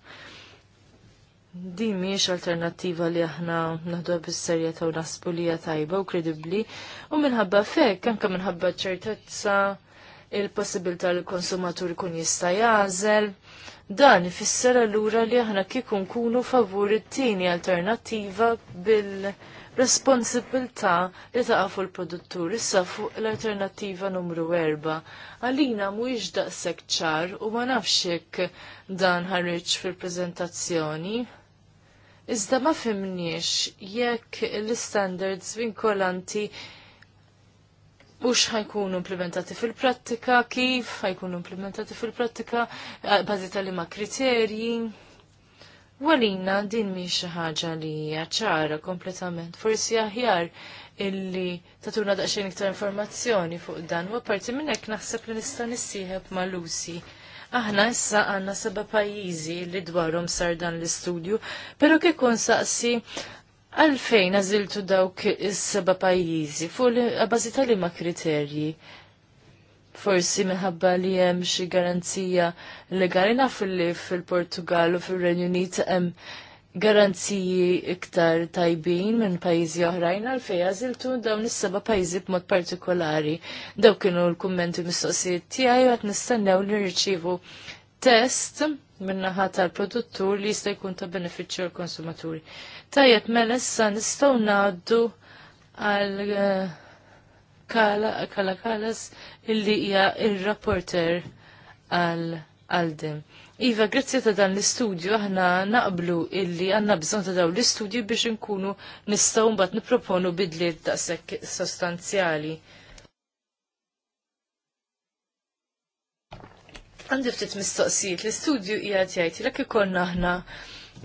Din miex alternativa li aħna naħdu bis-serjetà u nasbu li hija tajba u kredibbli u minħabba fek anke minħabba ċertezza il-possibilità li konsumatur kun jista' jażel. Dan ifisser allura li aħna kieku nkunu favur it-tieni alternattiva bil-responsabilità li taqafu l produttur issa fuq l-alternattiva numru 4. Għalina mhuwiex daqshekk ċar u ma nafx hekk dan ħarriġ fil-preżentazzjoni. Iżda ma fimniex jekk l-standards vinkolanti mhux ħajkunu implementati fil-prattika, kif ħajkunu implementati fil-prattika, eh, bażi tal ma kriterji. Walina din mi ħaġa li ċara kompletament, forsi aħjar illi tatuna daqsxejn iktar informazzjoni fuq dan, u apparti minn hekk naħseb li nista' nissieħeb ma' Lucy Aħna issa għanna seba pajjiżi li dwarhom sar dan l-istudju, pero kif kun saqsi għalfejn għażiltu dawk is-seba pajjiżi fuq bażi tal ma kriterji forsi minħabba li hemm xi garanzija legali naf li fil-Portugal u fir-Renju Unit hemm garanziji iktar tajbin minn pajjiżi oħrajn għalfej għaziltu dawn is-seba' pajjiżi b'mod partikolari. Dawk kienu l-kummenti mistoqsijiet tiegħi qed nistennew nirċivu test test minnaħa tal-produttur li jista' jkun ta' benefiċċju għall konsumaturi Tajjeb mela issa nistgħu ngħaddu għal eh, Kala Kalas illi hija ir-rapporter għal Aldim. Iva, grazzi ta' dan l-istudju, aħna naqblu illi għanna bżon ta' daw l-istudju biex nkunu nistaw mbagħad niproponu bidliet daqshekk sostanzjali. Għandi ftit mistoqsijiet, l-istudju hija jgħid jekk ikollna aħna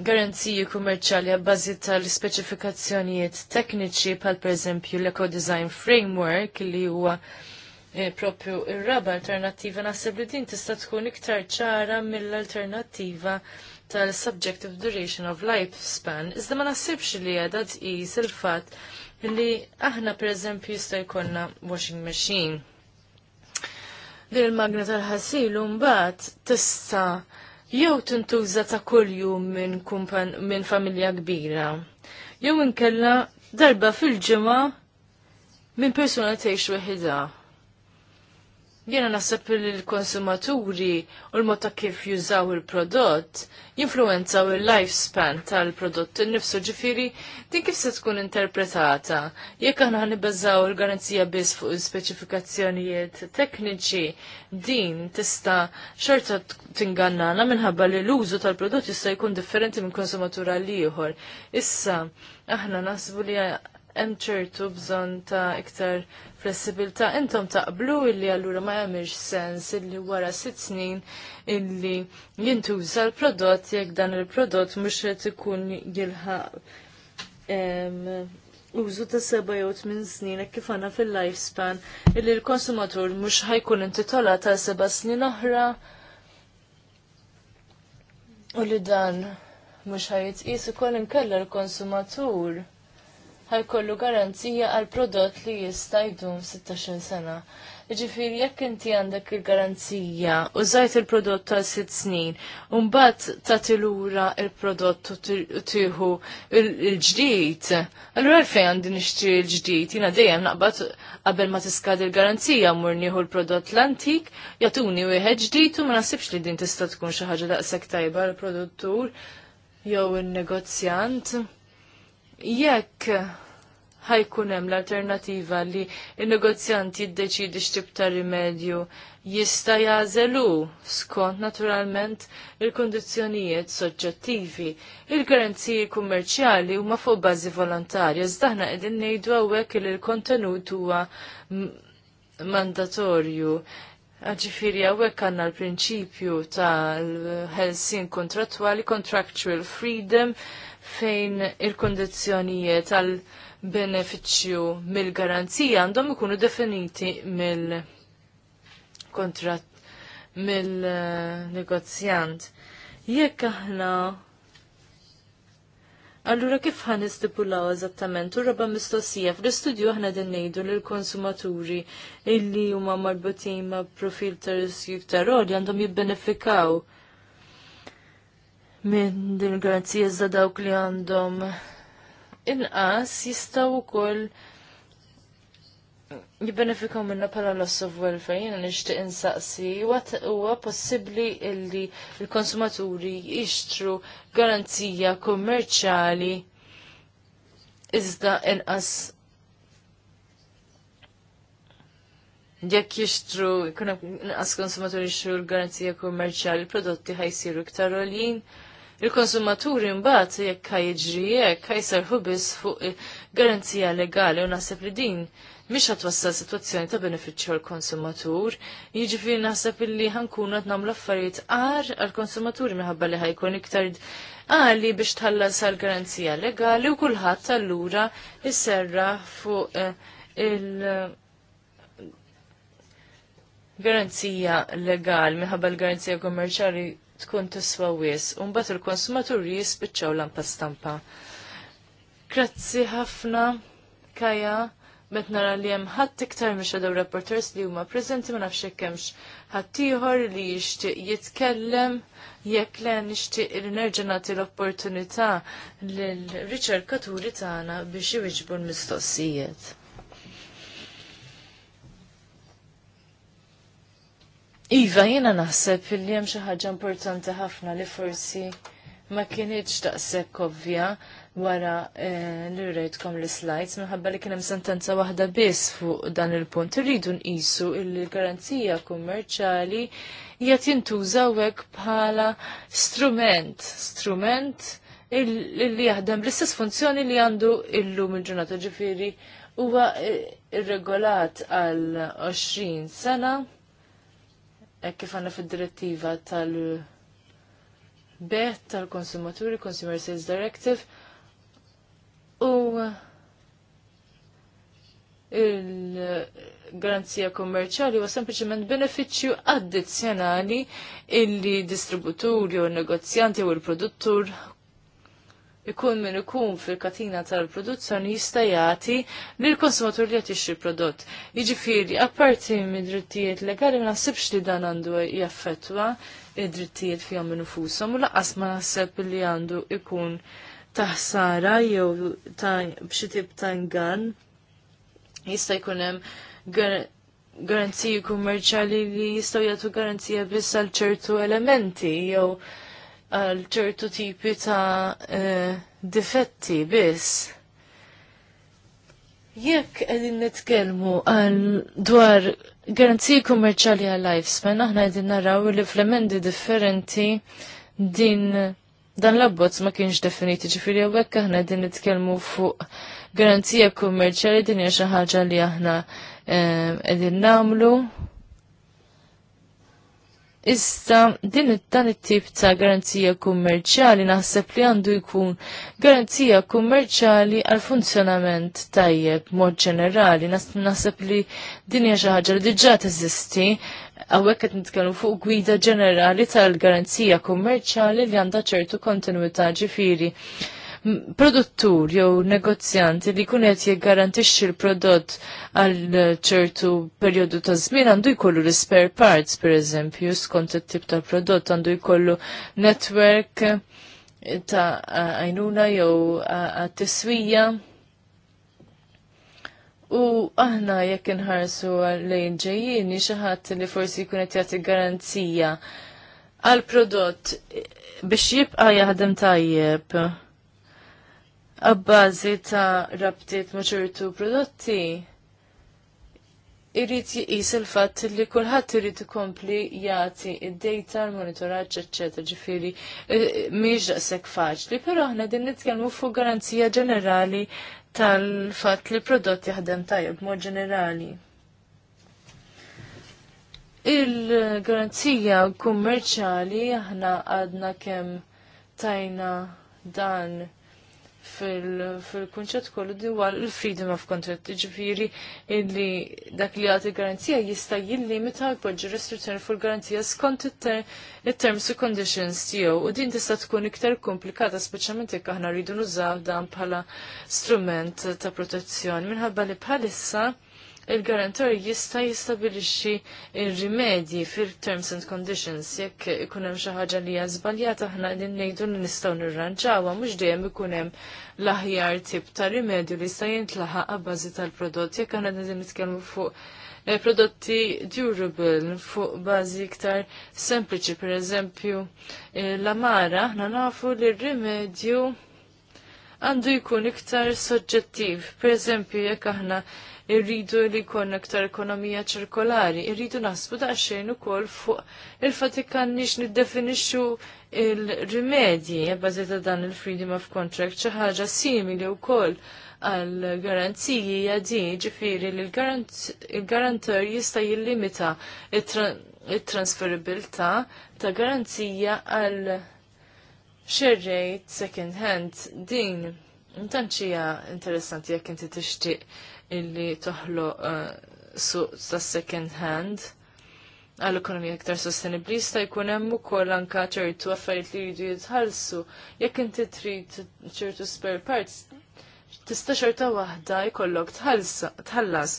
garanziji kummerċali għabbażi tal-speċifikazzjonijiet tekniċi pal pereżempju l-Eco Design Framework li huwa Eh, propju ir-raba alternattiva naħseb li din tista' tkun iktar ċara mill-alternattiva tal-subjective duration of lifespan. Iżda ma naħsibx li għedha tqis il-fatt li aħna pereżempju jista' jkollna washing machine. Din il-magna tal-ħasil mbagħad tista' jew tintuża ta' kuljum minn min familja kbira. Jew inkella darba fil-ġimgħa minn persuna tgħix weħidha. Jena naħseb il-konsumaturi u l-mod ta' kif jużaw il-prodott jinfluenzaw il-lifespan tal-prodott il-nifsu ġifiri din kif se tkun interpretata. Jekk aħna nibbeżaw il-garanzija biss fuq il-speċifikazzjonijiet tekniċi din tista' xorta tingannana minħabba li l-użu tal-prodott jista' jkun differenti minn konsumatura l ieħor. Issa aħna naħsbu li hemm ċertu bżonn ta' iktar flessibilità. Intom taqblu illi allura ma jagħmilx sens illi wara sitt snin illi jintuża l-prodott jekk dan il-prodott mhux qed ikun jilħaq użu ta' seba jew tmien snin kif għandna fil-lifespan illi l-konsumatur mhux ħajkun intitola ta' seba' snin oħra u li dan mhux ħajtqis ukoll inkella l-konsumatur ħajkollu garanzija għal prodott li jista' jdum 16 sena. Ġifiri, jekk inti għandek il-garanzija u zajt il-prodott ta' 6 snin, un-bat ta' tilura il-prodott u tiħu il-ġdijt, allura għalfejn għandi nixtri il-ġdijt, jina dejjem naqbat qabel ma tiskad il-garanzija murniħu l-prodott l-antik, jatuni u ġdijt u ma nasibx li din tista' tkun xi ħaġa daqshekk tajba l-produttur jew il-negozjant. il negozjant jekk ħajkun hemm l-alternativa li n-negozjant jiddeċidi x'tib rimedju jista' jażelu skont naturalment il-kondizzjonijiet soġġettivi. Il-garanziji kummerċjali huma fuq bażi volontarja, iżda qegħdin ngħidu hawnhekk li l-kontenut huwa mandatorju. Ah, ġifiri, għawek għanna l-prinċipju tal helsin kontrattuali, contractual freedom, fejn il-kondizjonijiet tal-beneficju mill-garanzija għandhom ikunu definiti mill-kontrat mill-negozjant. Jekk aħna Allura kif ħan istipulaw eżattament? U raba mistoqsija, fl-istudju aħna din ngħidu lil konsumaturi illi huma marbutin ma' profil ta' riskju iktar li għandhom jibbenefikaw minn din il-garanzija dawk li għandhom inqas jistgħu wkoll jibbenefikaw minna pala loss of welfare, jina nishti insaqsi, huwa possibli illi il-konsumaturi jixtru garanzija kommerċali iżda inqas jekk jixtru, kuna inqas konsumaturi jixtru l-garanzija kommerċali, prodotti ħajsiru iktar olin. Il-konsumaturi mbagħad jekk ħajġri jekk ħajserħu biss fuq garanzija legali u naħseb li din mhix għat wassal sitwazzjoni ta' benefiċċju għal konsumatur jiġifieri naħseb illi ħankunu qed nagħmlu affarijiet għar għall konsumaturi minħabba li ħajkun iktar għali biex tħallas għal garanzija legali u kullħat allura jisserra fuq eh, il- garanzija legali minħabba l-garanzija kommerċali tkun tiswa wis, unbat il-konsumaturi jispiċċaw l stampa. Grazzi ħafna, Kaja met nara li hemm ħadd iktar minn shadow reporters li huma preżenti ma nafx hekk hemmx ħadd ieħor li jixtieq jitkellem jekk le nixtieq li nerġa' nagħti l-opportunità lil riċerkaturi tagħna biex iwiġbu l-mistoqsijiet. Iva, jiena naħseb li hemm xi ħaġa importanti ħafna li forsi ma kienieċ taqsek ovvja wara li eh, rejtkom l-slides minħabba li kien hemm sentenza waħda biss fuq dan il-punt. Irridu nqisu il-garanzija kummerċali jgħat jintuża hekk bħala strument, strument li jaħdem l-istess funzjoni li għandu illum il-ġurnata ġifieri huwa eh, irregolat għal 20 sena kif għanna fil-direttiva tal- bet tal-konsumaturi, Consumer Sales Directive, U il-garanzija kommerċali huwa sempliċement benefiċċju addizzjonali illi distributuri u negozjanti u l-produttur ikun min ikun fil-katina tal-produzzjoni jista' jagħti l konsumatur li qed jixtri prodott. Jiġifieri apparti mid-drittijiet legali ma naħsibx li dan għandu jaffettwa id-drittijiet fjom minn u laqas ma naħseb li għandu ikun taħsara jew ta' b'xi tip ta' ngan jista' jkun hemm garanziji kummerċali li jistgħu jagħtu garanzija biss għal ċertu elementi jew għal ċertu tipi ta' eh, difetti biss. Jekk qegħdin nitkellmu għal dwar garanziji kummerċali għal lifespan, aħna qegħdin naraw li fl differenti din Dan l-abbozz ma kienx definiti ġifiri għekka aħna din nitkellmu fuq garanzija kummerċjali din hija xi ħaġa li aħna ehm, qegħdin nagħmlu. Issa din dan it-tip ta' garanzija kummerċali naħseb li għandu jkun garanzija kummerċali għal funzjonament tajjeb mod ġenerali. Naħseb li din hija xi ħaġa li diġà teżisti Għawek qed nitkellmu fuq gwida ġenerali tal-garanzija kummerċjali li għandha ċertu kontinuità ġifiri. Produttur jew negozjant li kun qed jiggarantixxi l-prodott għal ċertu perjodu ta' żmien għandu jkollu l-spare parts pereżempju skont it-tip ta' prodott għandu jkollu network ta' għajnuna jew għat-tiswija U aħna jekk inħarsu lejn ġejjin xi ħadd li forsi jkun qed jagħti garanzija għal prodott biex jibqa' jaħdem tajjeb Abbażi ta' rabtiet ma' ċertu prodotti irrid jiqis il-fatt li kulħadd irid ikompli jagħti id-data l-monitoraġġ eċċetera ġifieri eh, mhijiex daqshekk faċli, però aħna din nitkellmu fuq garanzija ġenerali tal-fatt li prodott jaħdem tajjeb mod ġenerali. Il-garanzija kummerċali aħna għadna kemm tajna dan fil-kunċett kollu diwa il-freedom of contract, ġifiri illi dak li għati garanzija jista jillimita poġġi restrizzjoni fuq garanzija skont il-terms u conditions tiegħu u din tista' tkun iktar komplikata speċjalment jekk aħna rridu nużaw dan bħala strument ta' protezzjoni minħabba li bħalissa il-garantor jista' jistabilixxi ir-rimedji fil-terms and conditions jekk ikun hemm xi ħaġa li hija żbaljata aħna qegħdin ngħidu li nistgħu nirranġawha mhux dejjem ikun hemm l-aħjar tip ta' rimedju li jista' jintlaħaq għabbażi tal-prodott jekk aħna qegħdin nitkellmu fuq eh, prodotti durable fuq bażi iktar sempliċi, per eżempju, eh, l-amara, ħna nafu li r-rimedju għandu jkun iktar soġġettiv. Per eżempju, jekk aħna irridu li jkollna aktar ekonomija ċirkolari, irridu nasbu daqsxejn ukoll fuq il-fatt ikkanniex niddefinixxu il-rimedji eh, bażi ta' dan il-freedom of contract xi ħaġa simili wkoll għal garanziji jadi ġifiri li l-garantor jista jillimita il-transferibilta ta' garanzija għal xerrejt second hand din. Intanċija interessanti jekk inti tixtieq illi toħloq uh, suq ta' second hand għall-ekonomija iktar sostenibli jista' jkun hemm ukoll anke ċertu affarijiet li jridu jitħallsu jekk inti trid ċertu spare parts tista' xorta waħda jkollok tħallas.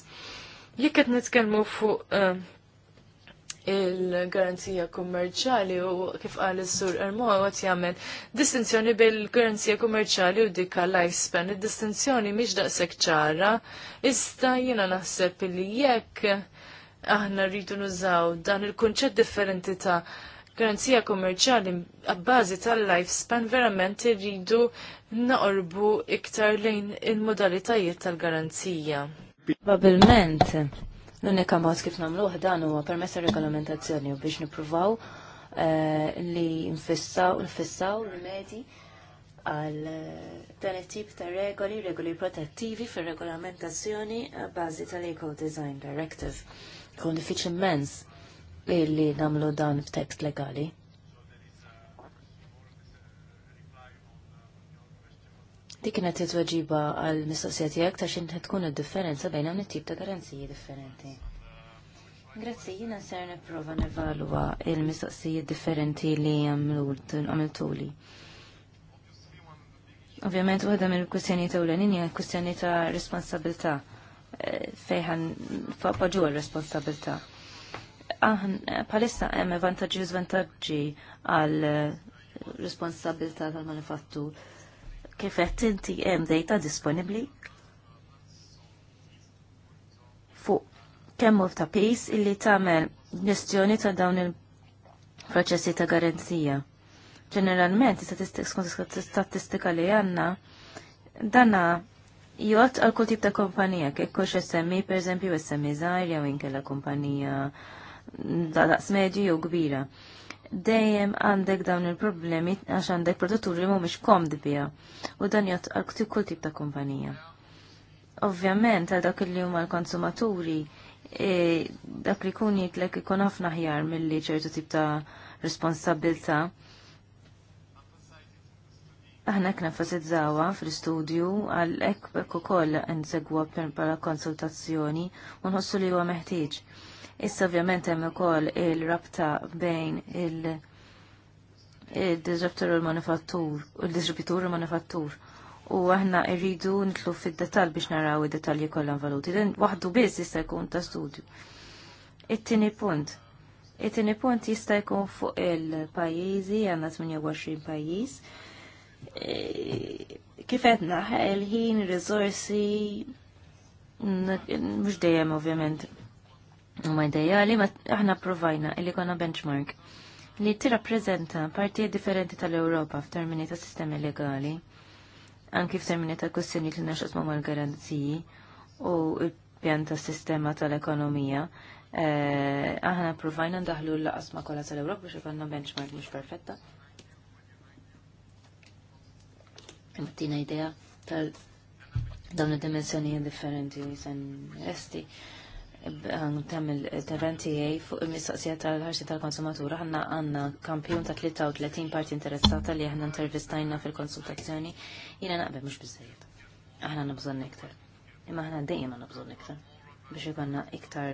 Jekk qed nitkellmu fuq uh, il-garanzija kummerċali u kif qal is-sur Ermo għat jagħmel distinzjoni bil-garanzija kummerċali u dikka lifespan. Id-distinzjoni miex daqshekk ċara, ista jiena naħseb li jekk aħna rridu nużaw dan il-kunċett differenti ta' garanzija kummerċali għabbażi tal-lifespan verament irridu naqorbu iktar lejn il-modalitajiet tal-garanzija. Probabilment L-unika mod kif namluħ dan huwa permessa regolamentazzjoni u biex nippruvaw eh, li nfissaw nfissaw għal eh, dan it-tip ta' regoli, regoli protettivi fir regolamentazzjoni bażi tal-Eco Design Directive. Kon diffiċ immens li namlu dan f'tekst legali. Dik kienet it-tweġiba għal mistoqsija tiegħek ta' xint tkun id-differenza bejn hawn it-tip ta' garanziji differenti. Grazzi, jina ser nipprova nevalwa il-mistoqsijiet differenti li għamiltuli. Ovvjament, waħda mill kustjoni ta' l hija kwistjoni ta' responsabilta' eh, fejħan faġu responsabilta' Aħn, palissa hemm vantaġġi u żvantaġġi għal eh, responsabilta tal-manifattur kif qed inti hemm data disponibbli fuq kemm of ta' pace illi tagħmel ġestjoni ta' dawn il-proċessi ta' garanzija. Ġeneralment, statistika li għanna, danna jgħat għal kull tip ta' kompanija, kekkux SMI, e, per eżempju, SMI zaħir, e jew inkella kompanija daqs medju jew kbira dejjem għandek dawn il-problemi għax għandek produtturi mhumiex komd biha u dan jgħat għal kull tip ta' kumpanija. Ovvjament għal dak li huma l-konsumaturi e, dak li kun jitlek ikun ħafna ħjar milli ċertu tip ta' responsabilta. Aħna kna zawa fl-istudju għal bekk u koll n-segwa per konsultazzjoni u nħossu li huwa meħtieġ Issa ovvjament hemm ukoll il-rabta bejn il- il-distribtur u l u il-distributur u l-manifattur. U aħna irridu nitlu fid-detal biex naraw id-detalji kollha valuti. Dan waħdu biss jista' jkun ta' studju. It-tieni punt. It-tieni punt jista' jkun fuq il-pajjiżi, għandna 28 pajjiż. E, kif qed naħ il-ħin, il riżorsi mhux dejjem ovvjament U ma ideali, ma aħna provajna li konna benchmark li tirrappreżenta partijiet differenti tal-Ewropa f'termini ta' sistemi legali, anki f'termini ta' kussjoni li naxqas ma' mal-garanziji u l-pjan ta' sistema tal-ekonomija. Eh, aħna provajna ndaħlu l ma' kollha tal-Ewropa biex ikonna benchmark mhux perfetta. Mattina idea tal dawn dimensjoni differenti u jisan esti tamil interventijaj fuq il-mistoqsija tal-ħarsi tal-konsumatura ħanna għanna kampjun ta' 33 parti interessata li ħanna intervistajna fil-konsultazzjoni jina naqbe mux bizzejiet. Aħna nabżon iktar. Imma ħanna dejjem nabżon iktar biex ikonna iktar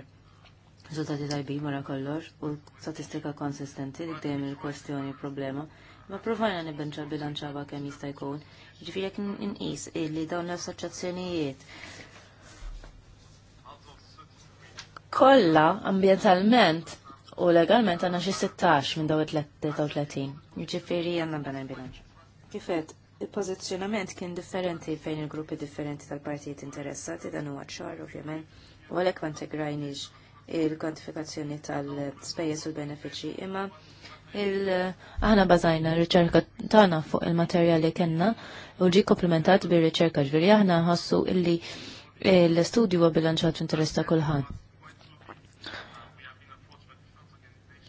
riżultati tajbin wara kollox u statistika konsistenti li dejjem il-kwestjoni problema. Ma provajna nibbenċa bilanċaba kemm jista' jkun. n jekk inqis li dawn l-assoċjazzjonijiet Kolla ambientalment u legalment għanna xi 16 minn daw 33. Jiġifieri għandna bena bilanċ. Kifet, il-pozizjonament kien differenti fejn il-gruppi differenti tal-partijiet interessati dan huwa ċar ovvjament, u għalhekk ma integrajniex il-kwantifikazzjoni tal-spejjeż u l-benefiċċji imma aħna bażajna r-riċerka tagħna fuq il-materjali kellna u ġi komplementat bir-riċerka ġviri aħna ħassu illi l studju huwa bilanċat interess ta' kulħadd.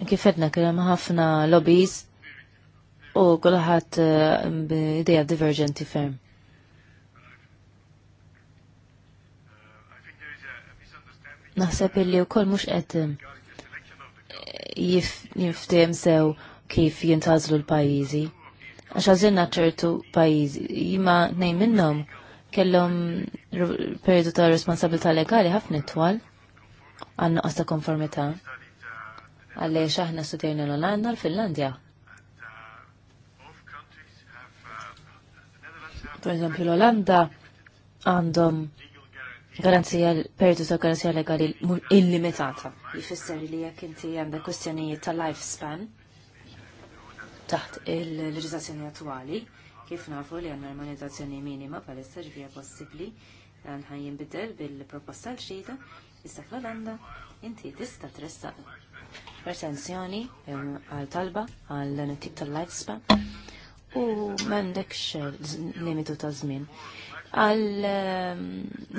Kifedna kienem ħafna lobbies u kullħat eh, b'ideja divergenti ferm. Naħseb illi u koll mux qed eh, jiftem sew kif jintazlu l-pajizi. Għax għazinna ċertu pajizi, jima nej minnom kellhom periodu ta' responsabilità legali ħafna twal għan għasta ta' konformità għaliex aħna studjajna l-Olanda l-Finlandja. Per eżempju, l-Olanda għandhom garanzija, periodu ta' garanzija legali illimitata. Jifisser li jekk inti għandek kustjonijiet ta' lifespan taħt il-leġizazzjoni attwali, kif nafu li għanna normalizzazzjoni minima palissa ġvija possibli għan ħajjin bidel bil-proposta l-xita, issa fl-Olanda inti tista' tressa' persenzjoni għal talba għal tip tal-lifespan u m'għandekx eh, limitu ta' żmien. Għal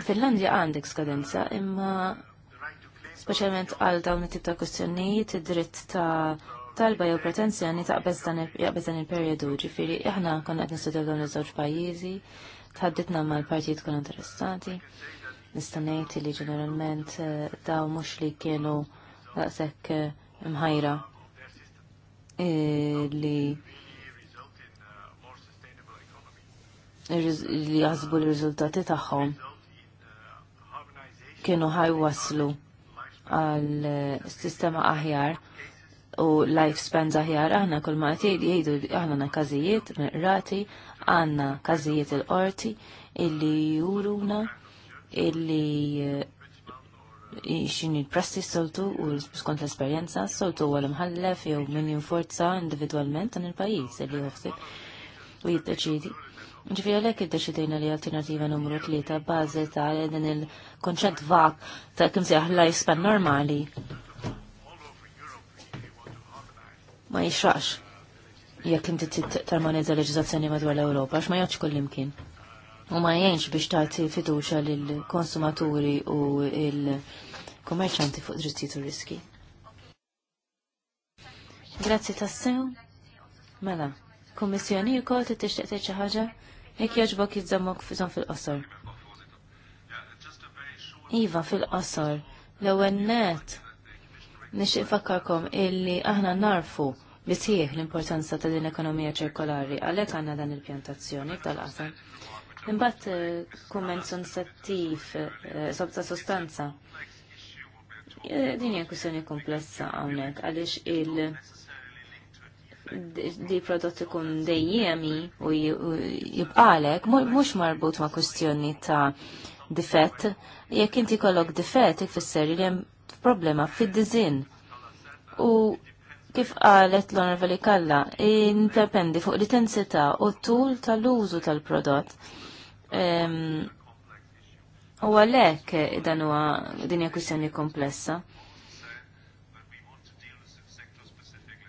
Finlandja għandek skadenza imma speċjalment għal dawn it-tip ta' kwestjonijiet id-dritt ta' talba jew pretenzjoni taqbeż dan il-perjodu, ġifieri aħna konna qed nistudjaw dawn iż-żewġ pajjiżi, tħaddidna mal-partijiet kun interessati, nista' ngħid li ġeneralment eh, daw mhux li kienu daqshekk eh, mħajra eh, li li jazbu l-rizultati tagħhom kienu ħajwaslu għal sistema aħjar u life spans aħjar aħna kull ma jgħidu aħna na każijiet rati għandna każijiet il-qorti illi juruna illi eh, xini l s soltu u skont l-esperienza soltu u għal-mħallef jew min jinforza individualment għan il-pajis li juħsib u jiddeċidi. Ġifiri għalek id-deċidejna li alternativa numru 3 bazi ta' din il-konċett vak ta' kim seħ lifespan normali ma jixraqx jekk inti tarmonizza leġizazzjoni madwar l europa għax ma jgħodx kull imkien u ma jenx biex tagħti fiduċa lill-konsumaturi u il-kummerċanti fuq drittijiet u riski. Grazzi tassew. Mela, kummissjoni jkoll ti tixtieq tgħid xi ħaġa jekk jogħġbok jiżammok f'żon fil-qosor. Iva fil-qosor, l-ewwel net nixtieq fakkarkom illi aħna narfu bisħieħ l-importanza ta' din ekonomija ċirkolari għalhekk għandna dan il-pjantazzjoni tal-qasam Imbagħad eh, kumment sensattiv eh, sobta sostanza. Eh, din hija kwistjoni komplessa hawnhekk għaliex il di prodotti ikun dejjemi u jibqalek mhux marbut ma' kwistjoni ta' difett. Jekk inti kollok difett ifisser li hemm problema fid-dizin. U kif qalet l-onorvali kalla, intependi fuq l-intensità u t-tul tal-użu tal-prodott. U għalek dan huwa din hija kwistjoni komplessa.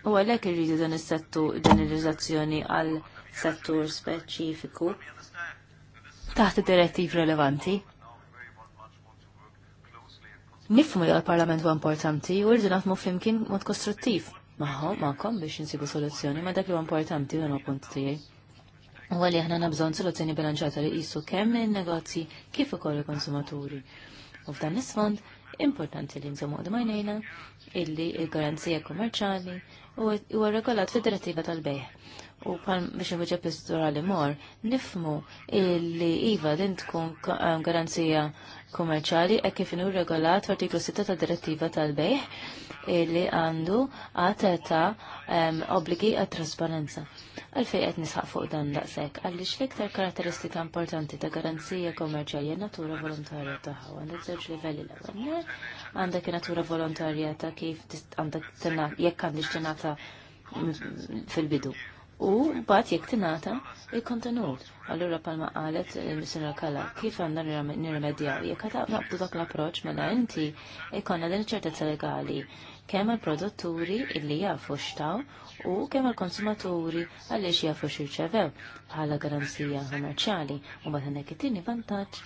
U għalek irridu dan is-settur ġeneralizzazzjoni għal settur speċifiku taħt direttiv relevanti. Nifmu li għal-parlament huwa importanti u rridu naħdmu flimkien mod kostruttiv magħhom magħkom biex insibu soluzzjoni ma' dak li huwa importanti dan il punt tiegħi. U għalli ħna nabżon soluzzjoni bilanċata li jissu kemm il-negozji kif ukoll il-konsumaturi. U f'dan isfond, importanti li nżommu majnejna illi il-garanzija kummerċali u regolat fil-direttiva tal-bejħ. U pal biex nħuġa pistura li mor, nifmu illi iva din tkun garanzija kummerċali e kif inhu regolat artiklu 6 ta' direttiva tal-bejħ li għandu għat ta' obbligi għat trasparenza. Għalfej qed nisħaq fuq dan daqshekk għaliex l-iktar karatteristika importanti ta' garanzija kummerċali natura volontarja tagħha għandek żewġ livelli l Għandek natura volontarja ta' kif għandek jekk għandix tingħata fil-bidu u bat jekk tingħata il-kontenut. Allura palma qalet il-Missinra Kalla, kif għandna nirrimedjaw? Jekk għata naqbdu dak l-approċ mela inti ikonna din ċertezza legali kemm il-produtturi illi jafu xtaw u kemm il-konsumaturi għaliex xjafu xirċevew bħala garanzija kommerċali u mbagħad għanna it-tieni vantaġġ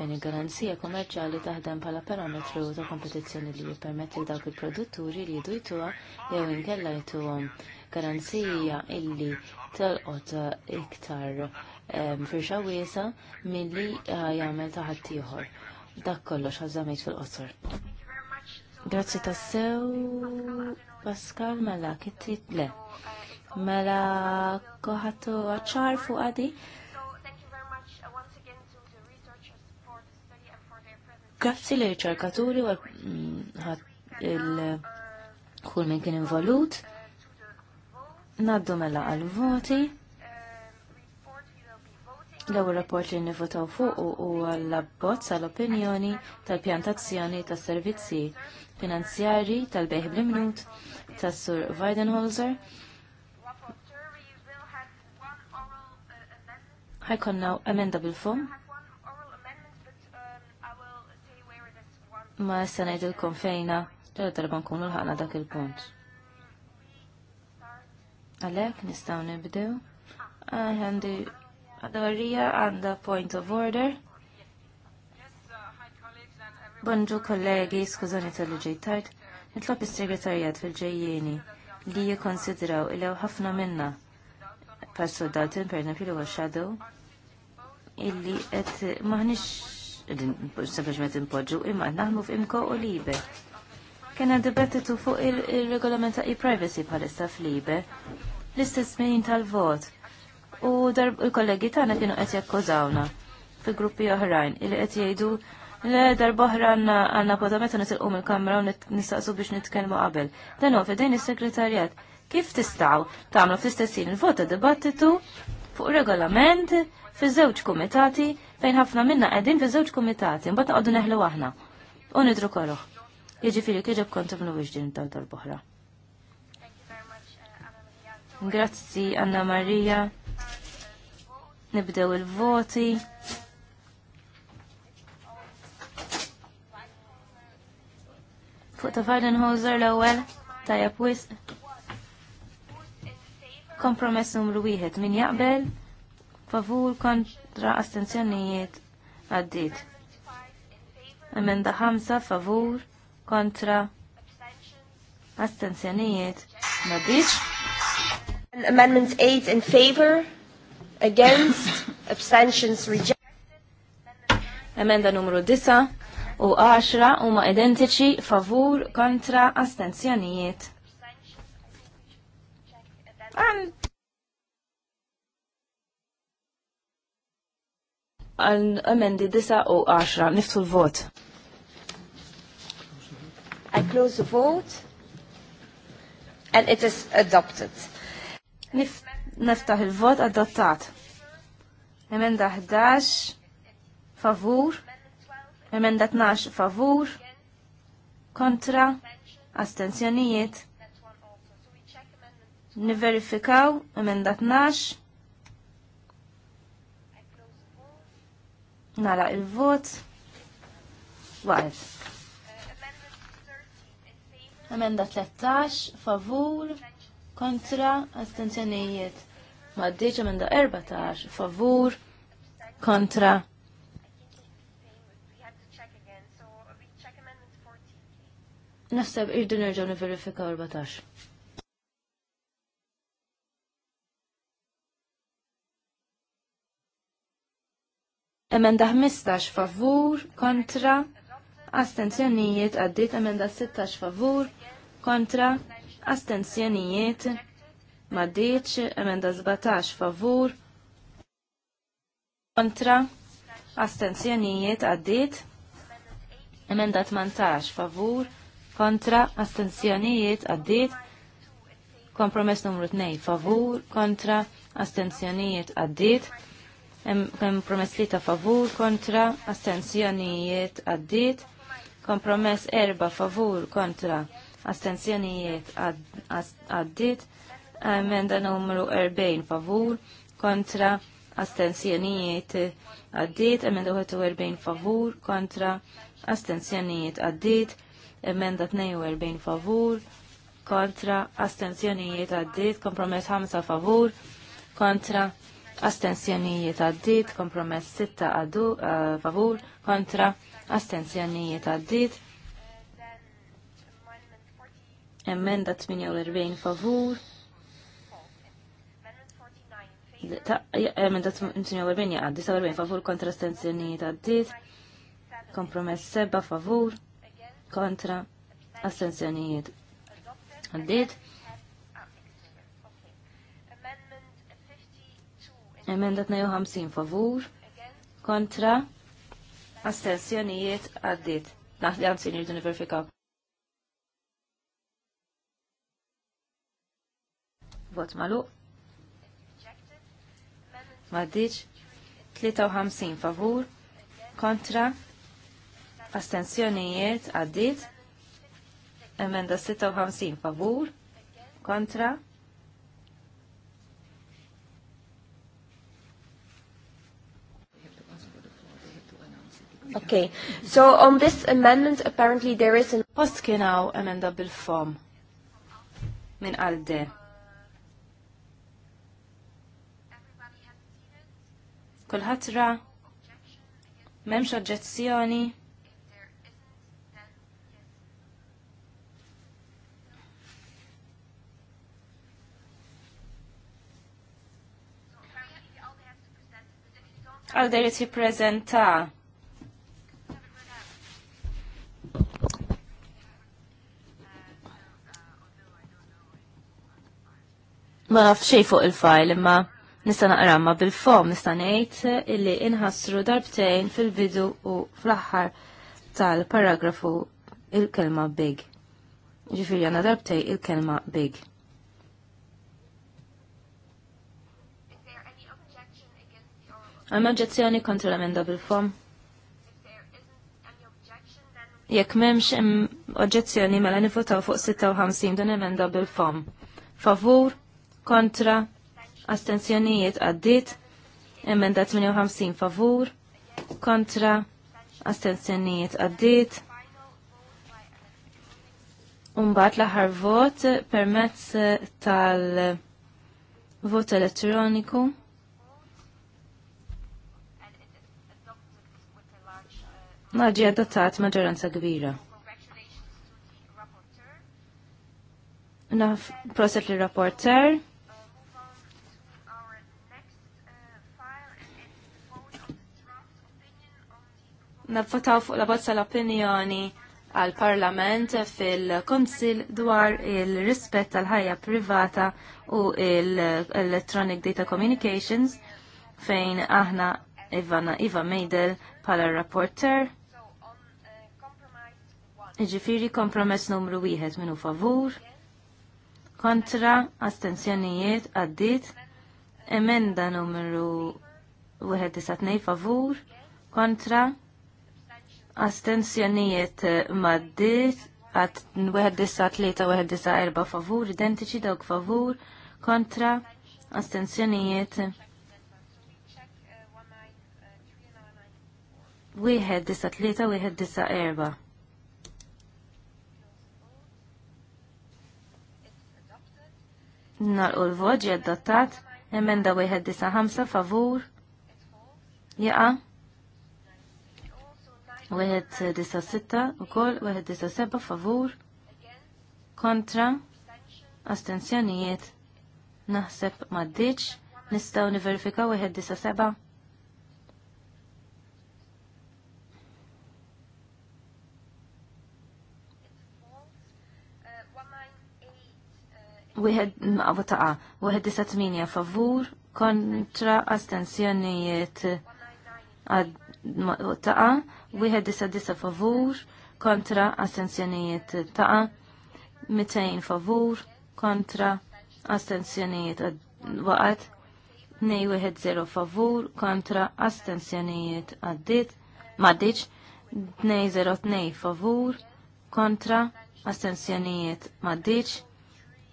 fejn il-garanzija kummerċjali taħdem bħala parametru ta' kompetizzjoni li jippermetti dawk il-produtturi li jdu jew inkella jtuhom garanzija illi telqot iktar firxa wiesa milli eh, jagħmel taħat ieħor. Dak kollox ħażamejt fil-qosor. Grazzi tassew Pascal mela kittit le. Mela koħatu għacċar fuq għadi. Grazzi li riċerkaturi għal mm, il-kull minn kien involut. Naddu mela għal-voti. L-ewwel rapport li nivotaw fuq u l-abbozz għall-opinjoni tal-pjantazzjoni tas servizzi finanzjari tal beħ bl-imnut tas-sur Weidenholzer. Ħajkonna emenda bil-fum. Ma s-sanajdilkom fejna, ġara darba nkunu l-ħana dak il-punt. Għalek, nistaw nibdew. Ah, għandi, għadorija għanda point of order. Bonġu kollegi, skużani tal-li ġej tard, nitlob is-segretarjat fil ġejjeni li jikonsidraw il ħafna minna pa' soldatin, per nafil u shadow, illi qed maħniex sempliċement impoġu, imma qed f'imko u libe. Kena dibattitu fuq il regolamenta i privacy bħalissa f'libe l-istess tal-vot. U il-kollegi tagħna kienu qed jakkużawna fi gruppi oħrajn li qed jgħidu le darba oħra għandna podometa nisilqu mill-kamra u nistaqsu biex nitkellmu qabel. Dan huwa fidejn is-segretarjat. Kif tistgħu tagħmlu fl-istessin il-vot ta' dibattitu fuq regolament fi żewġ kumitati fejn ħafna minna qegħdin fi żewġ kumitati, mbagħad naqgħdu neħlu aħna u nidru koroħ. Jiġifieri kieġeb kontemlu biex din tal-darba oħra. Grazzi Anna Maria. Nibdew il-voti. Fuq ta' Fardenhauser l-ewwel tajjeb wisq. Kompromess numru wieħed min jaqbel favur kontra astenzjonijiet għaddit. Emenda ħamsa favur kontra astenzjonijiet ma' Amendment 8 in favor, against, abstentions rejected. Amenda numru 9 u 10 huma identiċi favur kontra astenzjonijiet. Għal amendi 9 u 10 niftu l-vot. I close the vote and it is adopted. Niftaħ il-vot adottat. Emenda 11, favur. Emenda 12, favur. Kontra, astenzjonijiet. Niverifikaw, emenda 12. Nara il-vot. Waqf. Emenda 13, favur kontra astenzjonijiet ma minn emenda 14 favur kontra Naħseb irdu nerġaw niverifika 14. Emenda 15 favur kontra astenzjonijiet għaddit emenda 16 favur kontra astenzjonijiet maddiċ, emenda 17 favur, kontra, astenzjonijiet għaddit, emenda 18 favur, kontra, astenzjonijiet għaddit, kompromess numru 2 favur, kontra, astenzjonijiet għaddit, kompromess li ta' favur, kontra, astenzjonijiet għaddit, kompromess erba' favur, kontra, astenzjonijiet għaddit, emenda numru 40 favur kontra astenzjonijiet għaddit, emenda 41 favur kontra astenzjonijiet għaddit, emenda 42 favur kontra astenzjonijiet għaddit, kompromess 5 favur kontra astenzjonijiet għaddit, kompromess 6 għaddu, eh, favur kontra astenzjonijiet għaddit, Emenda 48 favur. Emenda 48 jaqaddi, 47 favur kontra stenzjoni għaddit. Kompromess 7 favur kontra astenzjonijiet għaddit. Emenda 52 favur kontra astenzjonijiet għaddit. Naħdi għansin jirdu niverfikaw. Vot malu. Maddiċ. 53 favur. Kontra. Astenzjonijiet għaddit. Emenda 56 favur. Kontra. Okay, so on this amendment apparently there is an... Post kienaw emenda bil-fom min għalde kull ħatra, memx oġġezzjoni. għal dejjet jippreżenta. Ma nafxej fuq il-fajl imma nista' ma bil-fom nista' ngħid eh, illi inħassru darbtejn fil-bidu u fl-aħħar tal-paragrafu il-kelma big. Ġifieri għandna darbtej il-kelma big. Għamma oġġezzjoni kontra l-emenda bil-fom? Jekk m'hemmx oġġezzjoni mela nifutaw fuq 56 dan emenda bil-fom. Favur, kontra, astenzjonijiet għaddit, emenda 58 favur, kontra, astenzjonijiet għaddit. Umbat laħar vot permezz tal-vot elettroniku. Naġi adottat maġoranza kbira. Naf proset li rapporter. navvotaw fuq la bozza l-opinjoni għal parlament fil-Konsil dwar il-rispett tal ħajja privata u l-Electronic Data Communications fejn aħna Ivana Iva Meidel pala rapporter. Iġifiri kompromess numru wieħed minu favur. Kontra astenzjonijiet għaddit. Emenda numru 192 favur. Kontra astensjonijiet eh, maddit għat 193-194 favur, identiċi dawk favur, kontra astensjonijiet 193 Nar u l-vot ġi adottat, emenda 195 favur, jaqa' Wieħed disa sitta ukoll, wieħed disa seba favur kontra astenzjonijiet naħseb maddiċ nistgħu niverifika wieħed disa seba. Wieħed maqwa wieħed disa tminja favur kontra astenzjonijiet taqa' wieħed disa disa favur kontra astenzjonijiet taqa, 200 favur kontra astenzjonijiet waqat, 210 favur kontra astenzjonijiet għaddit, maddiċ, 202 favur kontra astenzjonijiet maddiċ,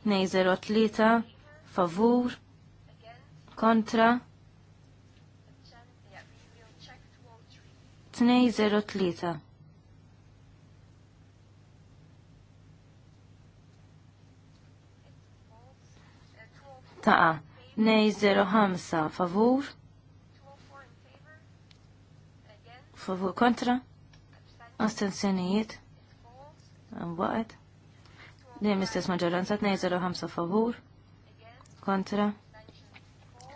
203 favur kontra 203. nej 05, favur. Favur kontra. Mbaqet. Nej mistess istess nej 05, favur. Kontra.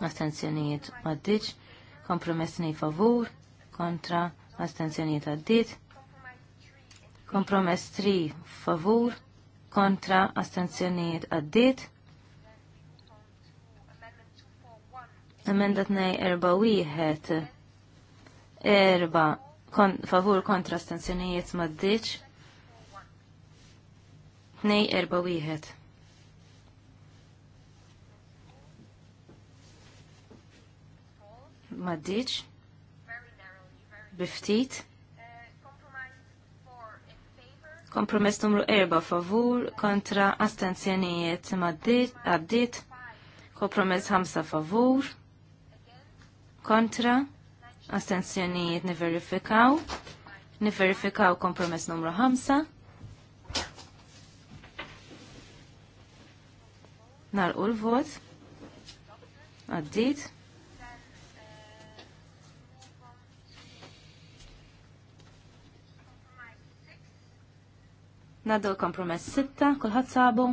Astenzjonijiet maddiċ. Kompromessni favur. Kontra astenzjonijiet dit. Kompromess 3 favur kontra astenzjonijiet għaddit. Emendat 241 erba kon, favur kontra astenzjonijiet erba' 241 maddiċ biftit. Kompromess numru 4 favur kontra astenzjonijiet għaddit. Kompromess 5 favur kontra astenzjonijiet niverifikaw. Niverifikaw kompromess numru 5. Narqu l-vot. Għaddit. Naddu l-kompromess sitta, kulħadd sabu,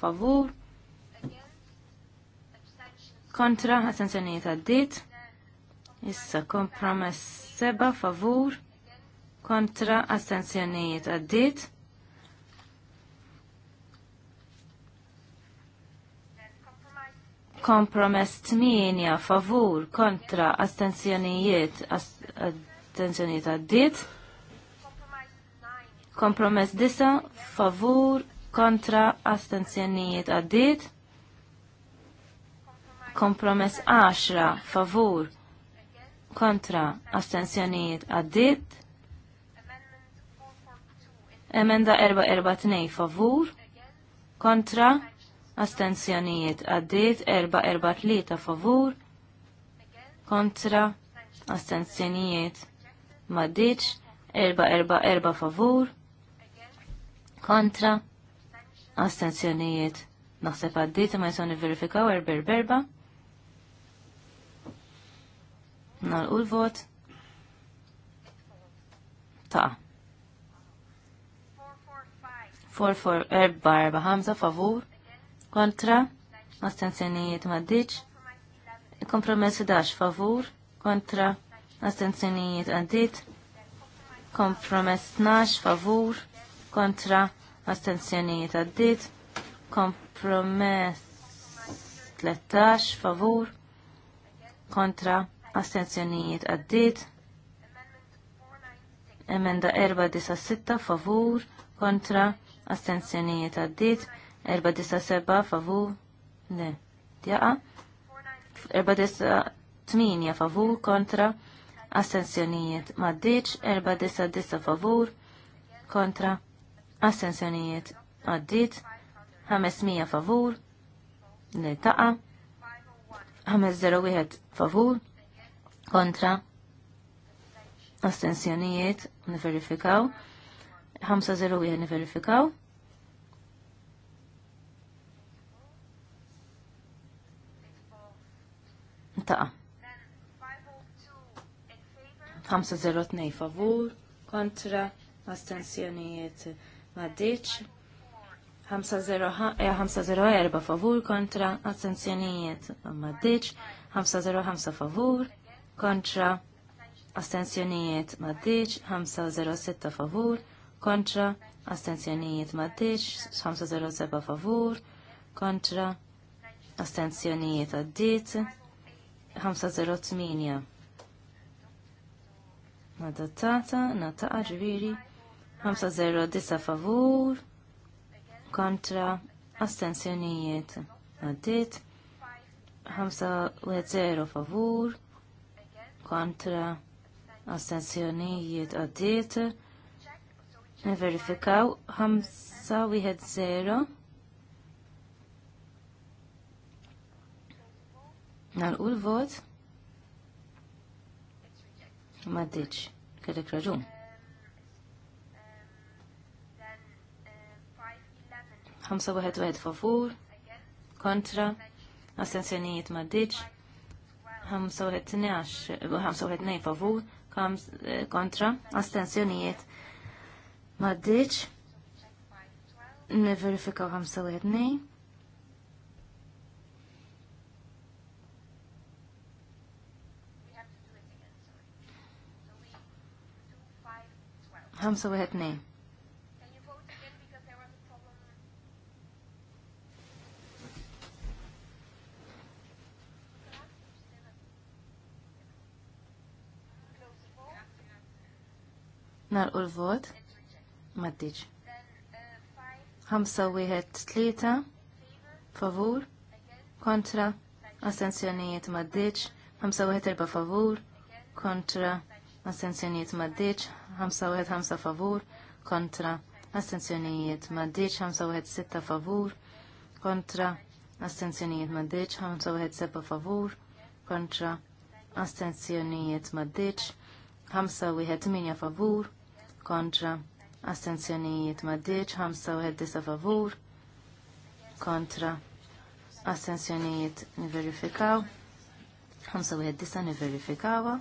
favur, kontra, astensjonijiet għaddit, issa kompromess seba', favur, kontra, astensjonijiet għaddit. Kompromess 8, favur, kontra, astensjonijiet, għaddit. Kompromess disa, favur, kontra, astenzjonijiet għaddit. Kompromess 10, favur, kontra, astenzjonijiet għaddit. Emenda 442, favur, kontra, astenzjonijiet għaddit, 443 favur, kontra, astenzjonijiet maddiċ, 444 favur, kontra astenzjonijiet naħseb għaddit ma jisoni verifikaw erber berba nalqu l-vot ta' 4 4 erba' erba ħamza, favur kontra astenzjonijiet ddiċ. kompromess daċ favur kontra astenzjonijiet għaddit kompromess naċ favur kontra astenzjonijiet għaddit, kompromess 13 favur kontra astenzjonijiet għaddit, emenda 496 favur kontra astenzjonijiet għaddit, 497 favur, ne, tjaqa, 498 favur kontra astenzjonijiet maddiċ, 499 favur kontra astenzjonijiet assenzjonijiet għaddit 500 favur li taqa 501 favur kontra astensjonijiet niverifikaw 501 niverifikaw taqa 502 favur kontra astensjonijiet maddiċ 504 eh, favur kontra astenzjonijiet maddiċ 505 favur kontra astenzjonijiet maddiċ 506 favur kontra astenzjonijiet maddiċ 507 favur kontra astenzjonijiet għaddit 508 datata, nata ġviri disa favur kontra astensjonijiet għaddit 5-0 favur kontra astensjonijiet għaddit verifikaw 5-0 nal ul vot ma ddiċ kellek raġun 5-1-1 favur kontra astensjonijiet maddiċ 5-1-2 favur eh, kontra astensjonijiet maddiċ Niverifikaw 5-1-2 5-1-2 Nar u l-vot. Maddiġ. u wieħed tlieta. Favur. Kontra. Astenzjonijiet maddiġ. u wieħed erba' favur. Kontra. Astenzjonijiet maddiġ. u wieħed hamsa favur. Kontra. Astenzjonijiet maddiġ. u wieħed sitta favur. Kontra. Astenzjonijiet maddiġ. Ħamsa wieħed seba' favur. Kontra. Astenzjonijiet maddiċ, 5 wieħed minja favur, kontra astenzjonijiet maddiċ, 5 favur kontra astenzjonijiet niverifikaw, 5 niverifikawa.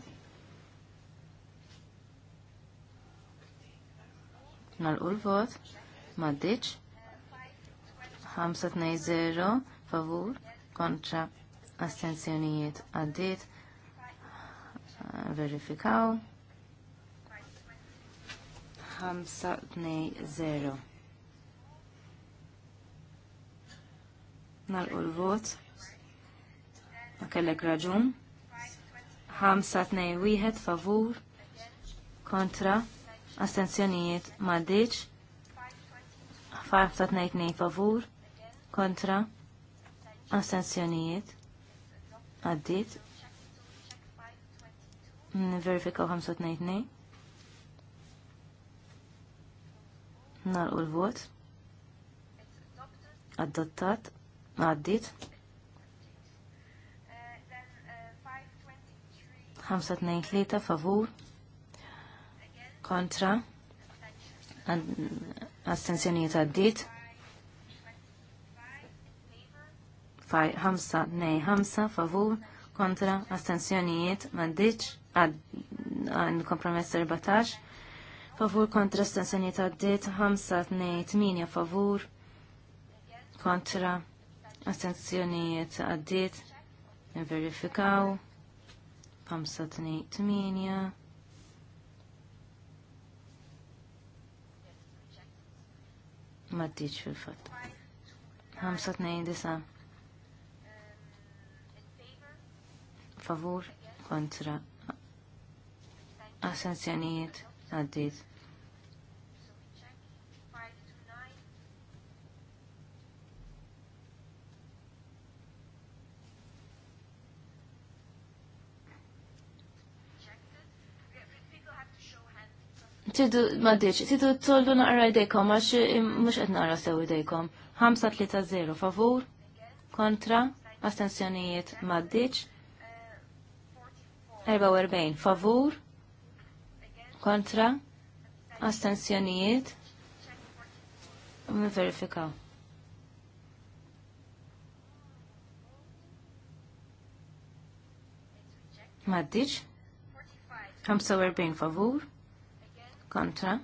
Nalqu l-vot, maddiċ, 5-2-0 favur kontra astenzjonijiet għaddit verifikaw 5-2-0. Nalqu l-vot. Ma kellek raġun. 5 2 wieħed favur kontra astenzjonijiet maddiċ. 5-2-2 favur kontra astenzjonijiet għaddit. Verifika 5-2-2. u l-vot. Adottat. Għaddit. 5-2-3 favur. Kontra. Astenzjonijiet għaddit. 5-2-5 favur. Kontra. astensjonijiet maddiċ. Għad kompromess 14 favur kontra astensjoniet għaddit 5-2-8 favur kontra astensjoniet għaddit verifikaw 5-2-8 Maddiċ fil-fat. 5-2-9 favur kontra assenzjonijiet għaddit. Tidu, ma diċ, tidu t tollu naqra id idejkom, għax mux qed naqra sew id idejkom. 5-3-0, favur, kontra, astensjonijiet ma diċ. 44, favur, kontra, astensjonijiet, verifikaw. diċ. 45 favur, kontra,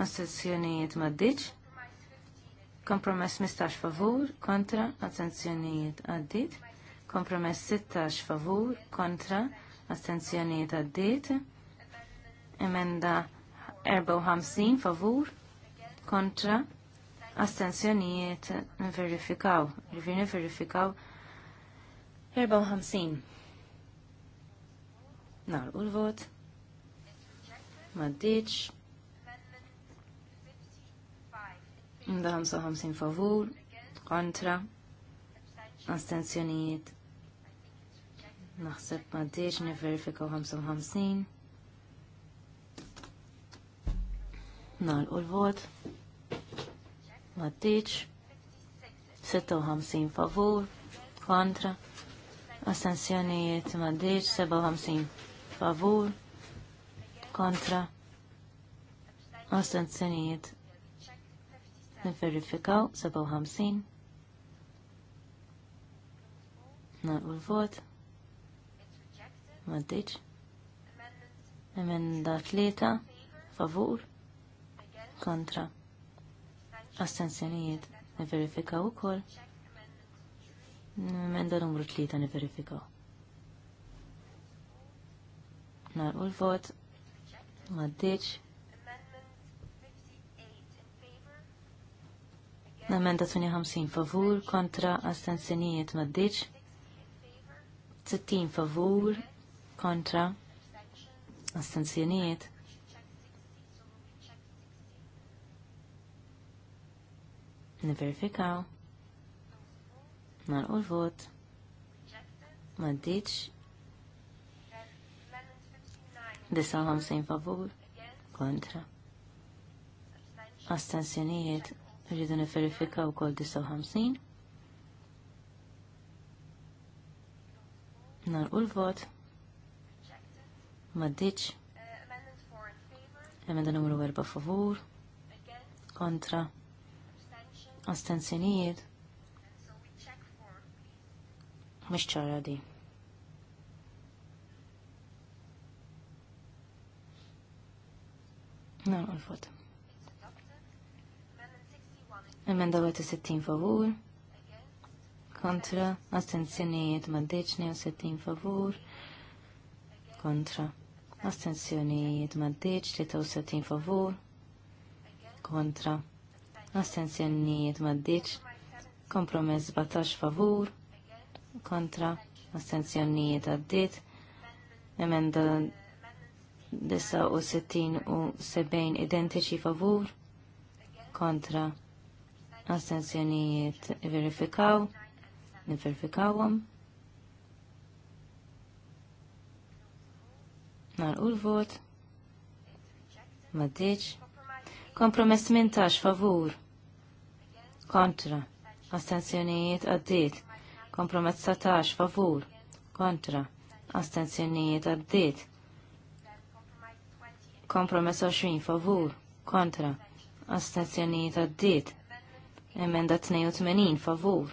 astenzjonijiet maddiċ, kompromess 15 favur, kontra, astenzjonijiet għaddit, kompromess 16 favur, kontra, astenzjonijiet għaddit, emenda 54 favur, kontra, astenzjonijiet verifikaw, rivini verifikaw 54. Nar u vot maddiċ. Mda 55 favur, kontra, astenzjonijiet. Naħseb maddiċ, niverifikaw 55. u l-vot. Maddiċ. 56 favur, kontra, astenzjonijiet maddiċ, 57 favur, kontra t-senijiet niverifikaw 57 nalqu l-vot maddiċ emenda tlieta favur kontra astenzjonijiet niverifikaw ukoll Emenda numru tlieta niverifikaw narqu l-vot Għaddiċ. Namenda 50 favur kontra astensjonijiet maddiċ. 60 favur kontra astensjonijiet. Niverifikaw. Nar u l-vot. Maddiċ. 59 favur kontra. Astensjonijiet rridu niferifika u kol 59. Nar u l-vot. Maddiċ. Emenda numru 4 favur kontra. Astensjonijiet. Mux ċara di. Nagħlqu l-vot. Emenda 60 favur. Kontra. Astenzjonijiet maddeċ 60 favur. Kontra. Astenzjonijiet maddeċ 63 favur. Kontra. Astenzjonijiet maddeċ. Kompromess 17 favur. Kontra. Astenzjonijiet għaddit. Emenda 69 u 70 identiċi favur kontra astensjonijiet verifikaw, Nar u l-vot. Maddiċ. Kompromess mintax favur. Kontra. Astensjonijiet għaddit. Kompromess satax favur. Kontra. Astensjonijiet għaddit. Kompromess 20 favur kontra astenzjonijiet għaddit. Emenda 82 favur.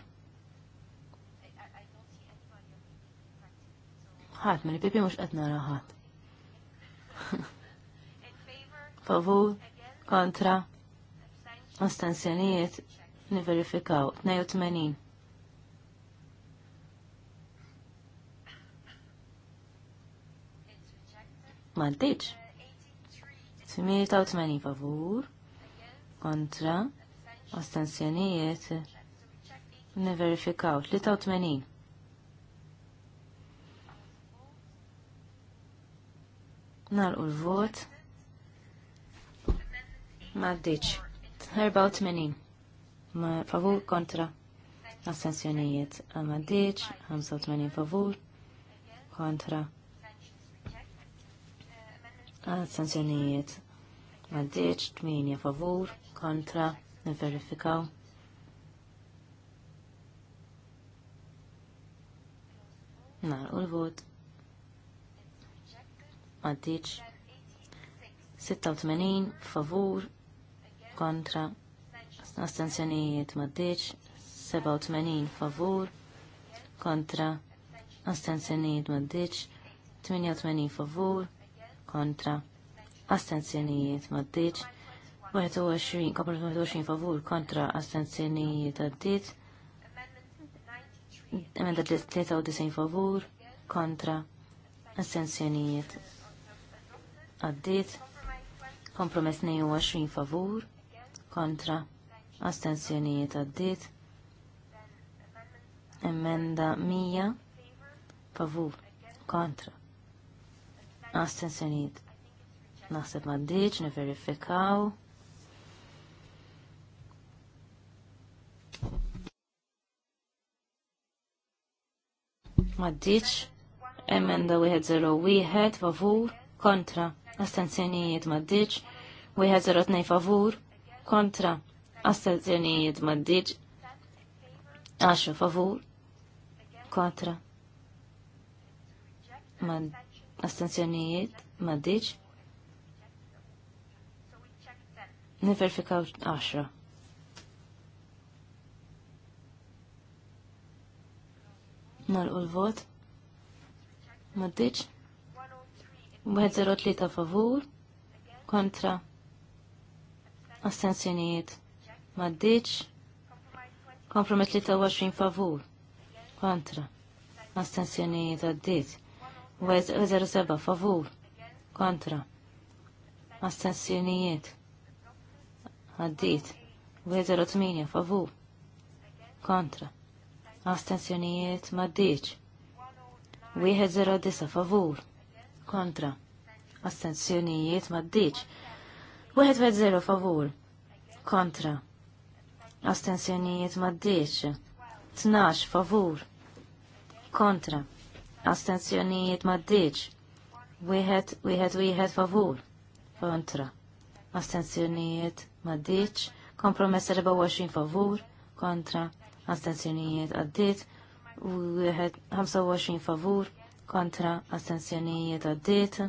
ħadd mill pipi mhux qed nara ħadd. Favur kontra astenzjonijiet niverifikaw 82. Maldiċ. 88 favur kontra astensjonijiet niverifikaw 83 u l-vot maddiċ 84 ma favur kontra astensjonijiet maddiċ 85 favur kontra Sanzjonijiet maddeċ, 8 favur, kontra, niverifikaw. Nar u l-vot. Maddeċ, 86 favur, kontra, astenzjonijiet maddeċ, 87 favur, kontra, astenzjonijiet maddeċ, 88 favur, kontra, astenzjonijiet maddiċ, 21, kopra 21 favur kontra astenzjonijiet għaddit, emenda 93 favur kontra astenzjonijiet għaddit, kompromess 29 favur kontra astenzjonijiet għaddit, emenda 100 favur kontra astenzjonijiet Naħseb maddiċ, niverifikaw. Maddiċ, emenda 101, favur, kontra, astenzjonijiet maddiċ, 102 favur, kontra, astenzjonijiet maddiċ, 10 favur, kontra, astenzjonijiet maddiċ, Niverifikaw 10. Nalqu l-vot. Maddiċ. 103 favur. Kontra. Astensjonijiet. Maddiċ. Kompromet 20 favur. Kontra. Astenzjonijiet għaddit. 107 favur. Kontra. Astenzjonijiet għaddit. t-minja, favu, kontra. Astensjonijiet maddiċ. disa favur kontra. Astensjonijiet maddiċ. 110 favur kontra. Astensjonijiet maddiċ. Tnax favur kontra. Astensjonijiet maddiċ. Wieħed, wieħed, wieħed favur kontra. Astensjonijiet maddiċ, kompromess 24 favur, kontra, astensjonijiet għaddit, u 25 favur, kontra, astensjonijiet għaddit,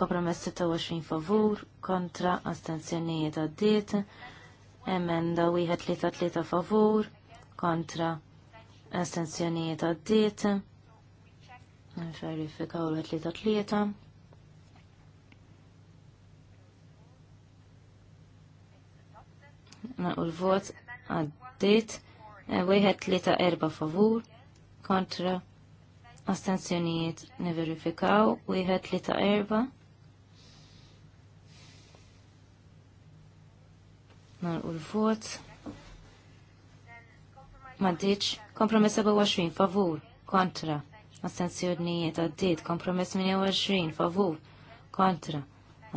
kompromess 26 favur, kontra, astensjonijiet għaddit, emenda u 33 favur, kontra, astensjonijiet għaddit, verifikaw l 3 u l-vot għaddit eh, wieħed tlieta erba' favur kontra astensjonijiet niverifikaw wieħed tlieta erba' u l-vot Maddiċ, kompromess 27, favur, kontra. Astensjonijiet għaddit, kompromess 28, favur, kontra.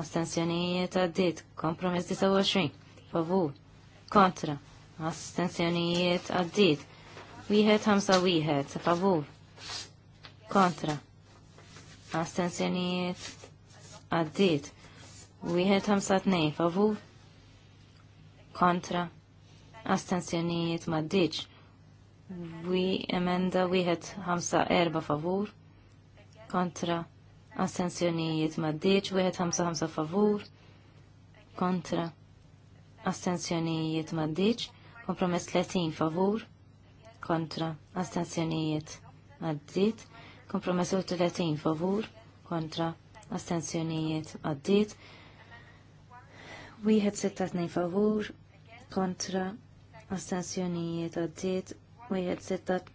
Astensjonijiet għaddit, kompromess 29, favur, kontra, astenzjonijiet għaddit, wieħed ħamsa wieħed, favur, kontra, astenzjonijiet għaddit, wieħed ħamsa tnej, favur, kontra, astenzjonijiet maddiċ, wi emenda wieħed ħamsa erba favur, kontra, astenzjonijiet maddiċ, wieħed ħamsa ħamsa favur, kontra, astenzjonijiet maddiċ, kompromess 30 favur, kontra, astenzjonijiet maddiċ, kompromess 30 favur, kontra, astenzjonijiet maddiċ, wieħed 62 favur, kontra, astenzjonijiet għaddit, wieħed 6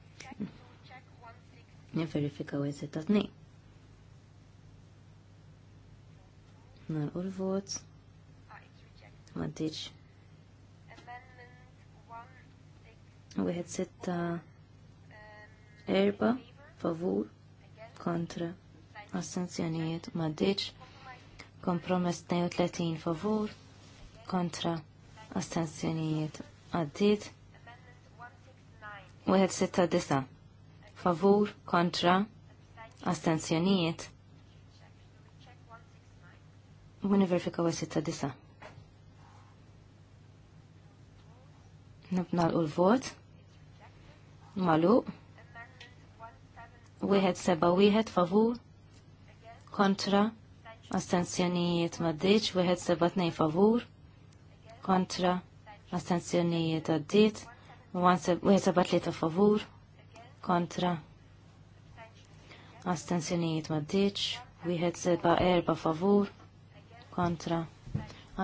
niverifika wieħed Nar u l-vot maddiċ. Wieħed sitta erba favur kontra assenzjonijiet maddiċ. Kompromess 32 favur kontra astensjonijiet għaddit. Wieħed sitta disa. Favur kontra astensjonijiet. Mwini verifika għu sitta disa'. nibnal u l-vot. Malu. Wieħed seba wieħed favur. Kontra. Astenzjonijiet maddiċ. Wieħed seba tnej favur. Kontra. Astenzjonijiet għaddit. Wieħed seba tlieta favur. Kontra. Astenzjonijiet maddiċ. Wieħed seba erba favur. Kontra.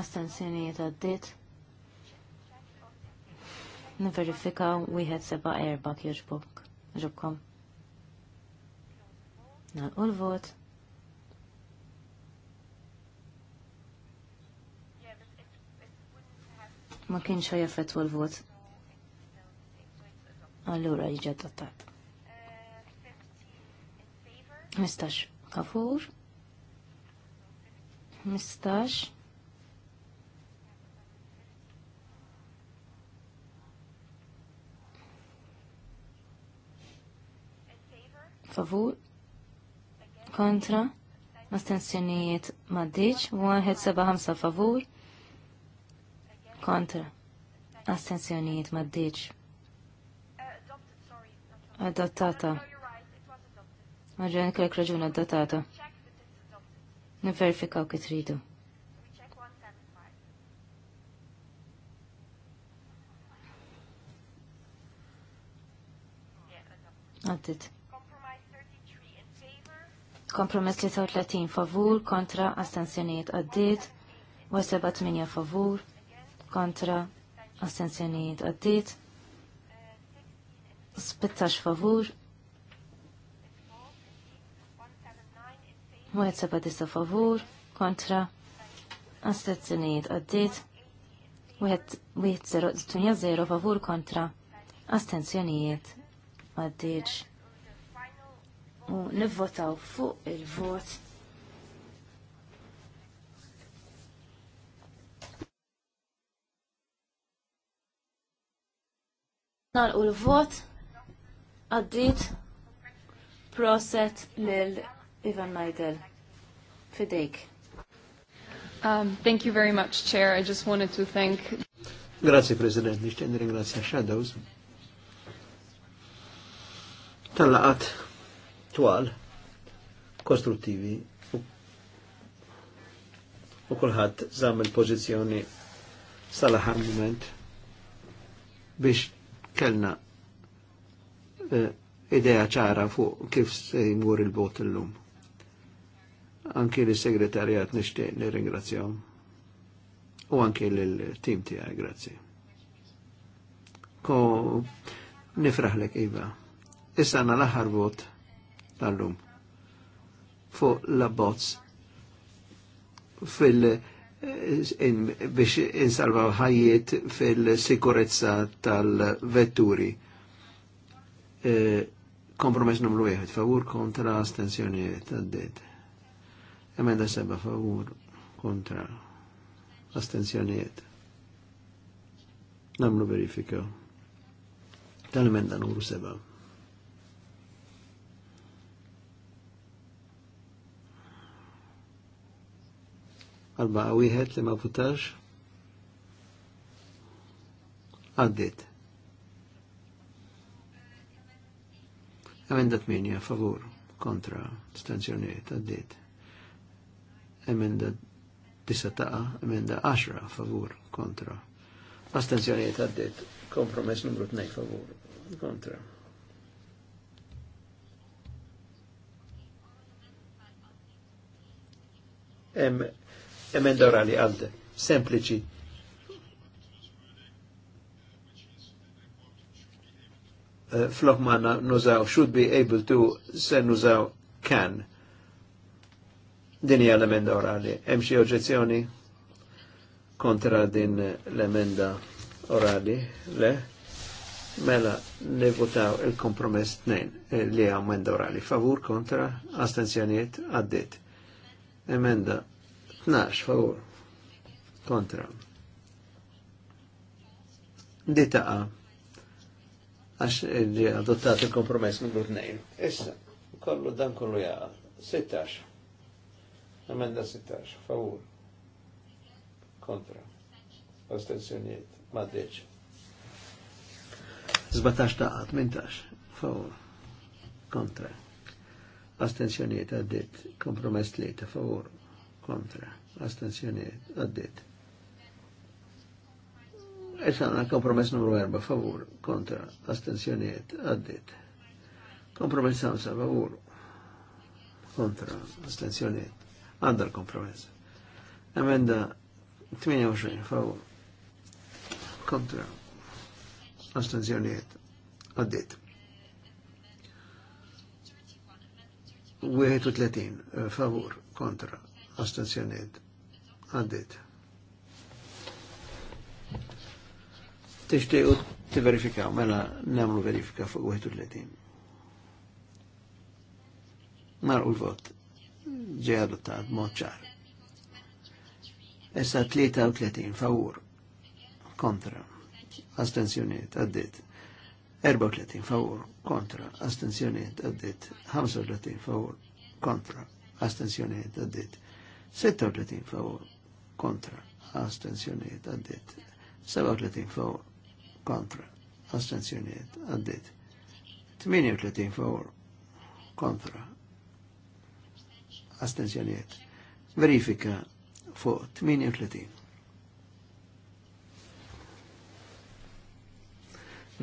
Astenzjonijiet għaddit. Niverifika wieħed seba' erba' kjoġbok. Ġubkom. Nalqu l-vot. ma kienx jaffettwa l-vot. Allura jiġi adottat. Mistax kafur. Mistax favur kontra astensjonijiet maddiċ, 175 favur kontra astensjonijiet maddiċ. Adottata. Maġġan kellek raġun adottata. Niverifikaw kif tridu. Għaddit. Kompromess 33 favur kontra astensjonijiet għaddit. Waseba 8 favur kontra astensjonijiet għaddit. 16 favur. Mwet seba disa favur kontra astensjonijiet għaddit. Wieħed zero favur kontra astensjonijiet għaddit u nivvotaw fuq il-vot Nal u l-vot għaddit proset lil Ivan Majdel. Fidejk. Um, thank you very much, Chair. I just wanted to thank... Grazie, President. Nishtendri, grazie, Shadows. Tal-laqat twal, kostruttivi u, u kulħadd żamm il-pożizzjoni sal moment biex kellna uh, idea ċara fuq kif se jmur il-bot illum. Anki l-segretarjat nishtiq nirringrazzjahom u anki l-tim tiegħi grazzi. Ko nifraħlek Iva. Issa għandna l-aħħar vot tal-lum fuq l-abbozz fil- eh, in, biex insalvaw ħajiet fil-sikurezza tal-vetturi. E, kompromess numru jħed, favur kontra astensjonijiet għaddit. Emenda seba favur kontra astensjonijiet. Namlu verifika. Tal-emenda numru seba'. Arbaqa wieħed li ma votax. Għaddit. Emenda 8, favur, kontra, stanzjoniet, għaddit. Emenda 9 taqa, emenda 10, favur, kontra. Astenzjoniet għaddit, kompromess numru 2, favur, kontra. Em emenda orali għalde, sempliċi. Flokmana eh, Flok nużaw should be able to, se nużaw can. Din hija l-emenda orali. Hemm xi kontra din l-emenda orali? Le? Mela votaw il-kompromess t-nejn eh, li għamenda orali. Favur kontra Astenzjoniet? għaddit. Emenda 12 favur kontra. Di taqa għax ġi adottat il-kompromess numru 2. Issa, kollu dan kollu jaqa. 16. Amenda 16, favur. Kontra. Astenzjoniet, maddeċ. 17 taqa, 18, favur. Kontra. Astenzjoniet, għaddit, kompromess li 3, favur kontra, astensjoniet, għaddit. Issa kompromess numru 4, favur, kontra, astensjoniet, għaddit. Kompromess 5, favur, kontra, astensjoniet, għadda l-kompromess. Emenda 28, favur, kontra, astensjoniet, għaddit. 31, eh, favur, kontra, astenzjoniet għaddit. Tixtiq u t-verifikaw, mela namlu verifika fuq 31. Mar u l-vot ġej adottat mod Essa 33 fawur, kontra astenzjoniet għaddit. 34 fawur, kontra astenzjoniet għaddit. 35 fawur, kontra astenzjoniet għaddit. 36 favur kontra astensjoniet għaddit 37 favur kontra astensjoniet għaddit 38 favur kontra astensjoniet verifika fuq 38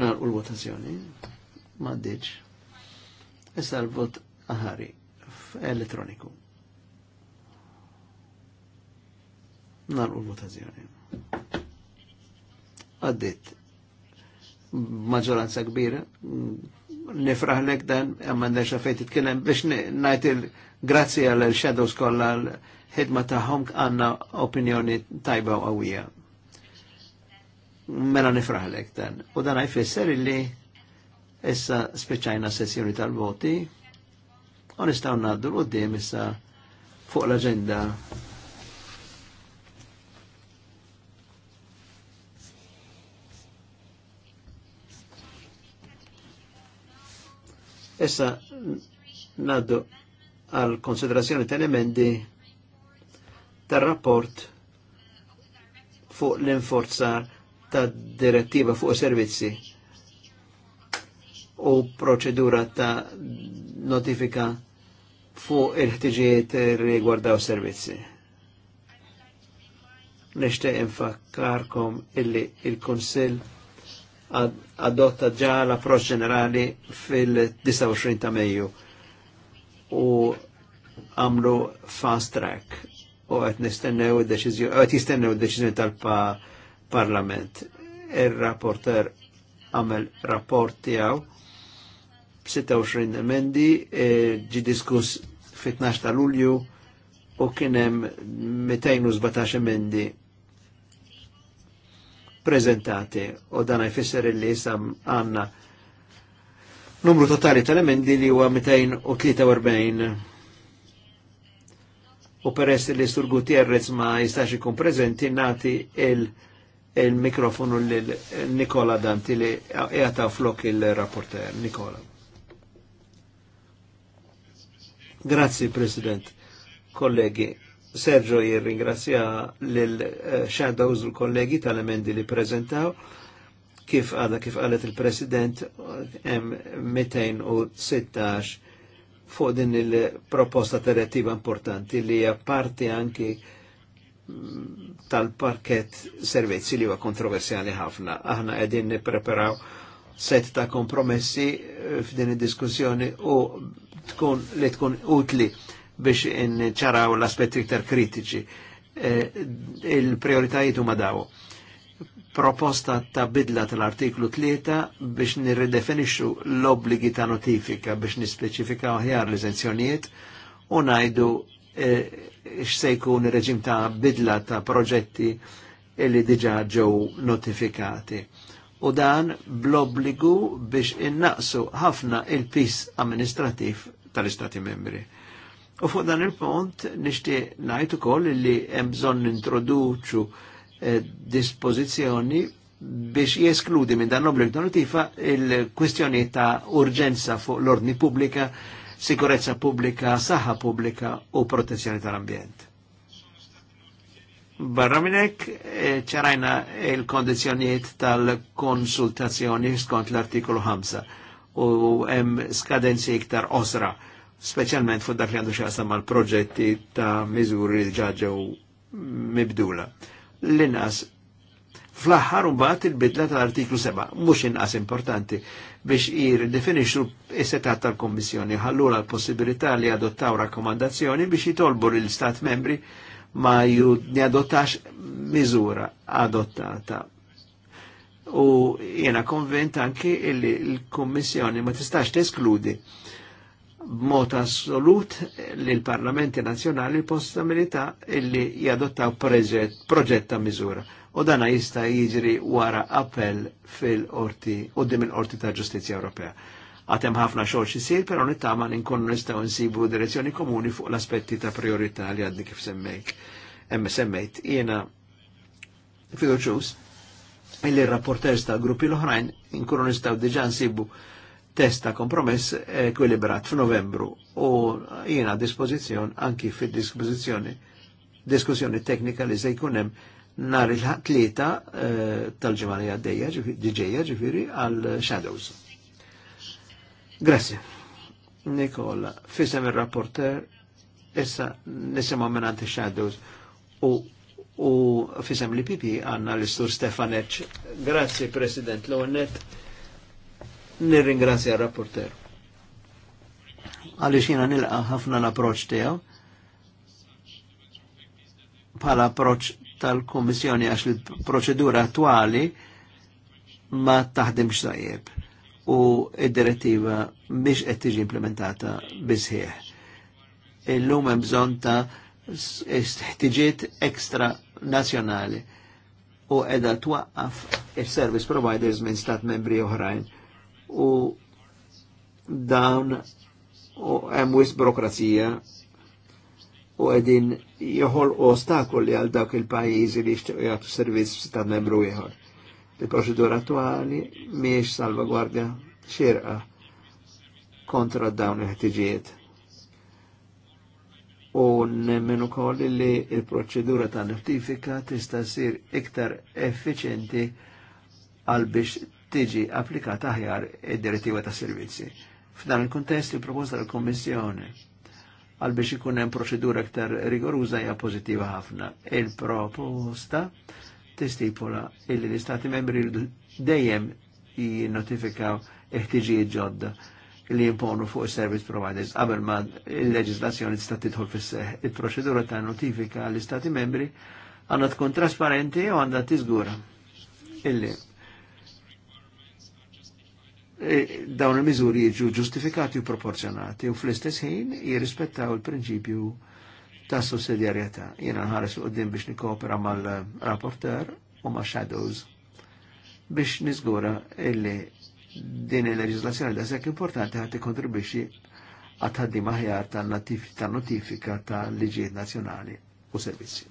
nar u votazzjoni ma ddiċ issa l-vot aħari f-elettroniku Narqu l-votazzjoni. Għaddit. Maġoranza kbira. Nifraħlek dan, għamma nerxa fejt it-kellem biex najt il-grazzi għal-shadows kolla l-ħidma taħħom għanna opinjoni tajba u għawija. Mela nifraħlek dan. U dan għajfisser illi issa speċajna sessjoni tal-voti u naddu l-qoddim issa fuq l-agenda Issa naddu għal konsiderazzjoni tal-emendi tar-rapport fuq l-inforzar ta' direttiva fuq servizzi u proċedura ta' notifika fuq il-ħtiġijiet riguardaw servizzi. Nishtiq infakkarkom illi il-Konsil il konsil il adotta ġa l-approċ ġenerali fil-29 ta' Mejju u għamlu fast track u għet nistennew id-deċizjoni tal-parlament. Il-rapporter għamel rapport tijaw 26 emendi e, ġi diskuss fit-12 ta' Lulju u kienem 217 emendi prezentati u dan jfisser li jisam għanna numru totali tal-emendi li huwa 243 u peress li Sur Gutierrez ma jistax ikun prezenti nati il- il-mikrofonu l-Nikola Danti li jgħata flok il-rapporter. Nikola. Grazie, President, kollegi. Sergio jirringrazzja l-Shadows eh, u l-kollegi tal-emendi li prezentaw kif għada kif għalet il-President M216 fuq din il-proposta direttiva importanti li hija parti anki mm, tal-parket servizzi li huwa kontroversjali ħafna. Aħna qegħdin nippreparaw set ta' kompromessi eh, f'din id-diskussjoni u tkun li tkun utli biex ċaraw l-aspetti iktar kritiċi. E, il-prioritajiet huma daw. Proposta ta' bidla tal-artiklu 3 biex nirredefinixxu l-obbligi ta' notifika biex nispeċifika aħjar l-eżenzjonijiet u ngħidu e, x'se jkun reġim ta' bidla ta' proġetti li diġà ġew notifikati u dan blobbligu biex innaqsu ħafna il-pis amministrativ tal-Istati membri. U fuq dan il-pont najt ngħid ukoll li hemm bżonn introduċu eh, biex jeskludi minn dan l-obbligo tifa il-kwistjoni ta' urġenza fuq l-ordni pubblika, sikurezza pubblika, saħħa pubblika u protezzjoni tal-ambjent. Barra minnek eh, ċarajna il-kondizjoniet tal-konsultazzjoni skont l-artikolu 5 u hemm skadenzi iktar osra specialment fuq dak li għandu ma' l proġetti ta' miżuri li ġaġew mibdula. L-inqas fl-aħħar mbagħad il-bidla tal-artiklu 7 mhux inqas importanti biex ir definixu is-setat tal-Kommissjoni ħallula l-possibilità li adottaw rakkomandazzjoni biex jitolbu l stat membri ma jadottax miżura adottata. U jiena konvent anki il l-Kommissjoni ma tistax teskludi b'mod assolut lil parlamenti nazzjonali l-possibilità illi jadottaw proġett ta' miżura. U dana jista' jiġri wara appell fil-qorti qudiem il-Qorti ta' ġustizja Ewropea. Għatem ħafna xogħol xisir, però nittama nkunu nistgħu nsibu direzzjoni komuni fuq l-aspetti ta' priorità li għaddi kif semmejt. Emme semmejt, jiena fiduċus illi rapporters ta' gruppi l-oħrajn nkunu nistgħu diġà nsibu testa kompromess ekwilibrat f'Novembru u jiena dispożizzjon anki fid-dispożizzjoni diskussjoni teknika li se jkun hemm nhar il-tlieta eh, tal ġimali għaddeja, għaddejja diġejja ġifieri għal Shadows. Grazie. Nikola, fissem il-rapporter, issa nisimaw minnanti Shadows u u fisem li pipi għanna l-istur Stefanec. Grazie, President Lonet nirringrazzja rapporter Għalli xina nilqa ħafna l-approċ tijaw, pala approċ tal-Kummissjoni għax il-proċedura attuali ma taħdimx tajjeb u id-direttiva mhix qed tiġi implementata bisħieħ. Illum hemm bżonn ta' ħtiġiet ekstra nazzjonali u edha twaqqaf il-service providers minn stat membri oħrajn u dawn u hemm wis burokrazija u qegħdin joħol ostakoli għal dawk il-pajjiżi li jixtiequ jagħtu servizz ta' membru ieħor. Il-proċedura attwali mhijiex salvagwardja xirqa kontra dawn il-ħtiġijiet. U nemmen ukoll li il-proċedura ta' notifika tista' sir iktar effiċenti għal biex tiġi applikata aħjar id-direttiva ta' servizzi. F'dan il-kontest il-proposta tal-Kommissjoni għal biex ikun hemm proċedura aktar rigoruża hija pożittiva ħafna. Il-proposta tistipula illi l-Istati membri dejjem jinnotifikaw eħtiġijiet ġodda li jimponu fuq service providers qabel ma il-leġislazzjoni tista' tidħol fis-seħ. Il-proċedura ta' notifika l-Istati membri għandha tkun trasparenti u għandha tiżgura illi E dawn il-miżuri jiġu ġustifikati u proporzjonati u fl-istess ħin jirrispettaw il-prinċipju ta' sussidjarjetà. Jiena nħares qudiem biex nikopera mal-rapporter u ma' shadows biex nizgura illi din il-leġislazzjoni da' sekk importanti ħadd ikkontribwixxi għatħaddi maħjar ta' notifika ta' liġijiet nazjonali u servizzi.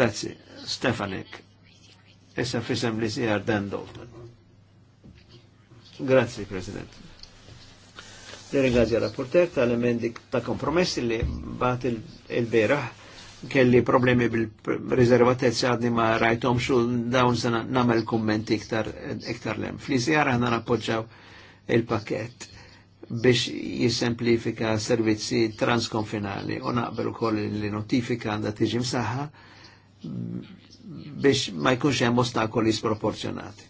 Grazie. Stefanik. Issa fissem li sijar Dan Dalton. Grazie President. la rapporter tal-emendi ta' kompromessi li bat il-beraħ kelli problemi bil-rezervatezza għadni ma rajtom xu dawn se namel kummenti iktar, iktar lem. Fl-izjar nana nappoġġaw il-pakket biex jisemplifika servizzi transkonfinali u naqbel koll li notifika għanda tiġim saħħa biex ma jkunx hemm ostakoli sproporzjonati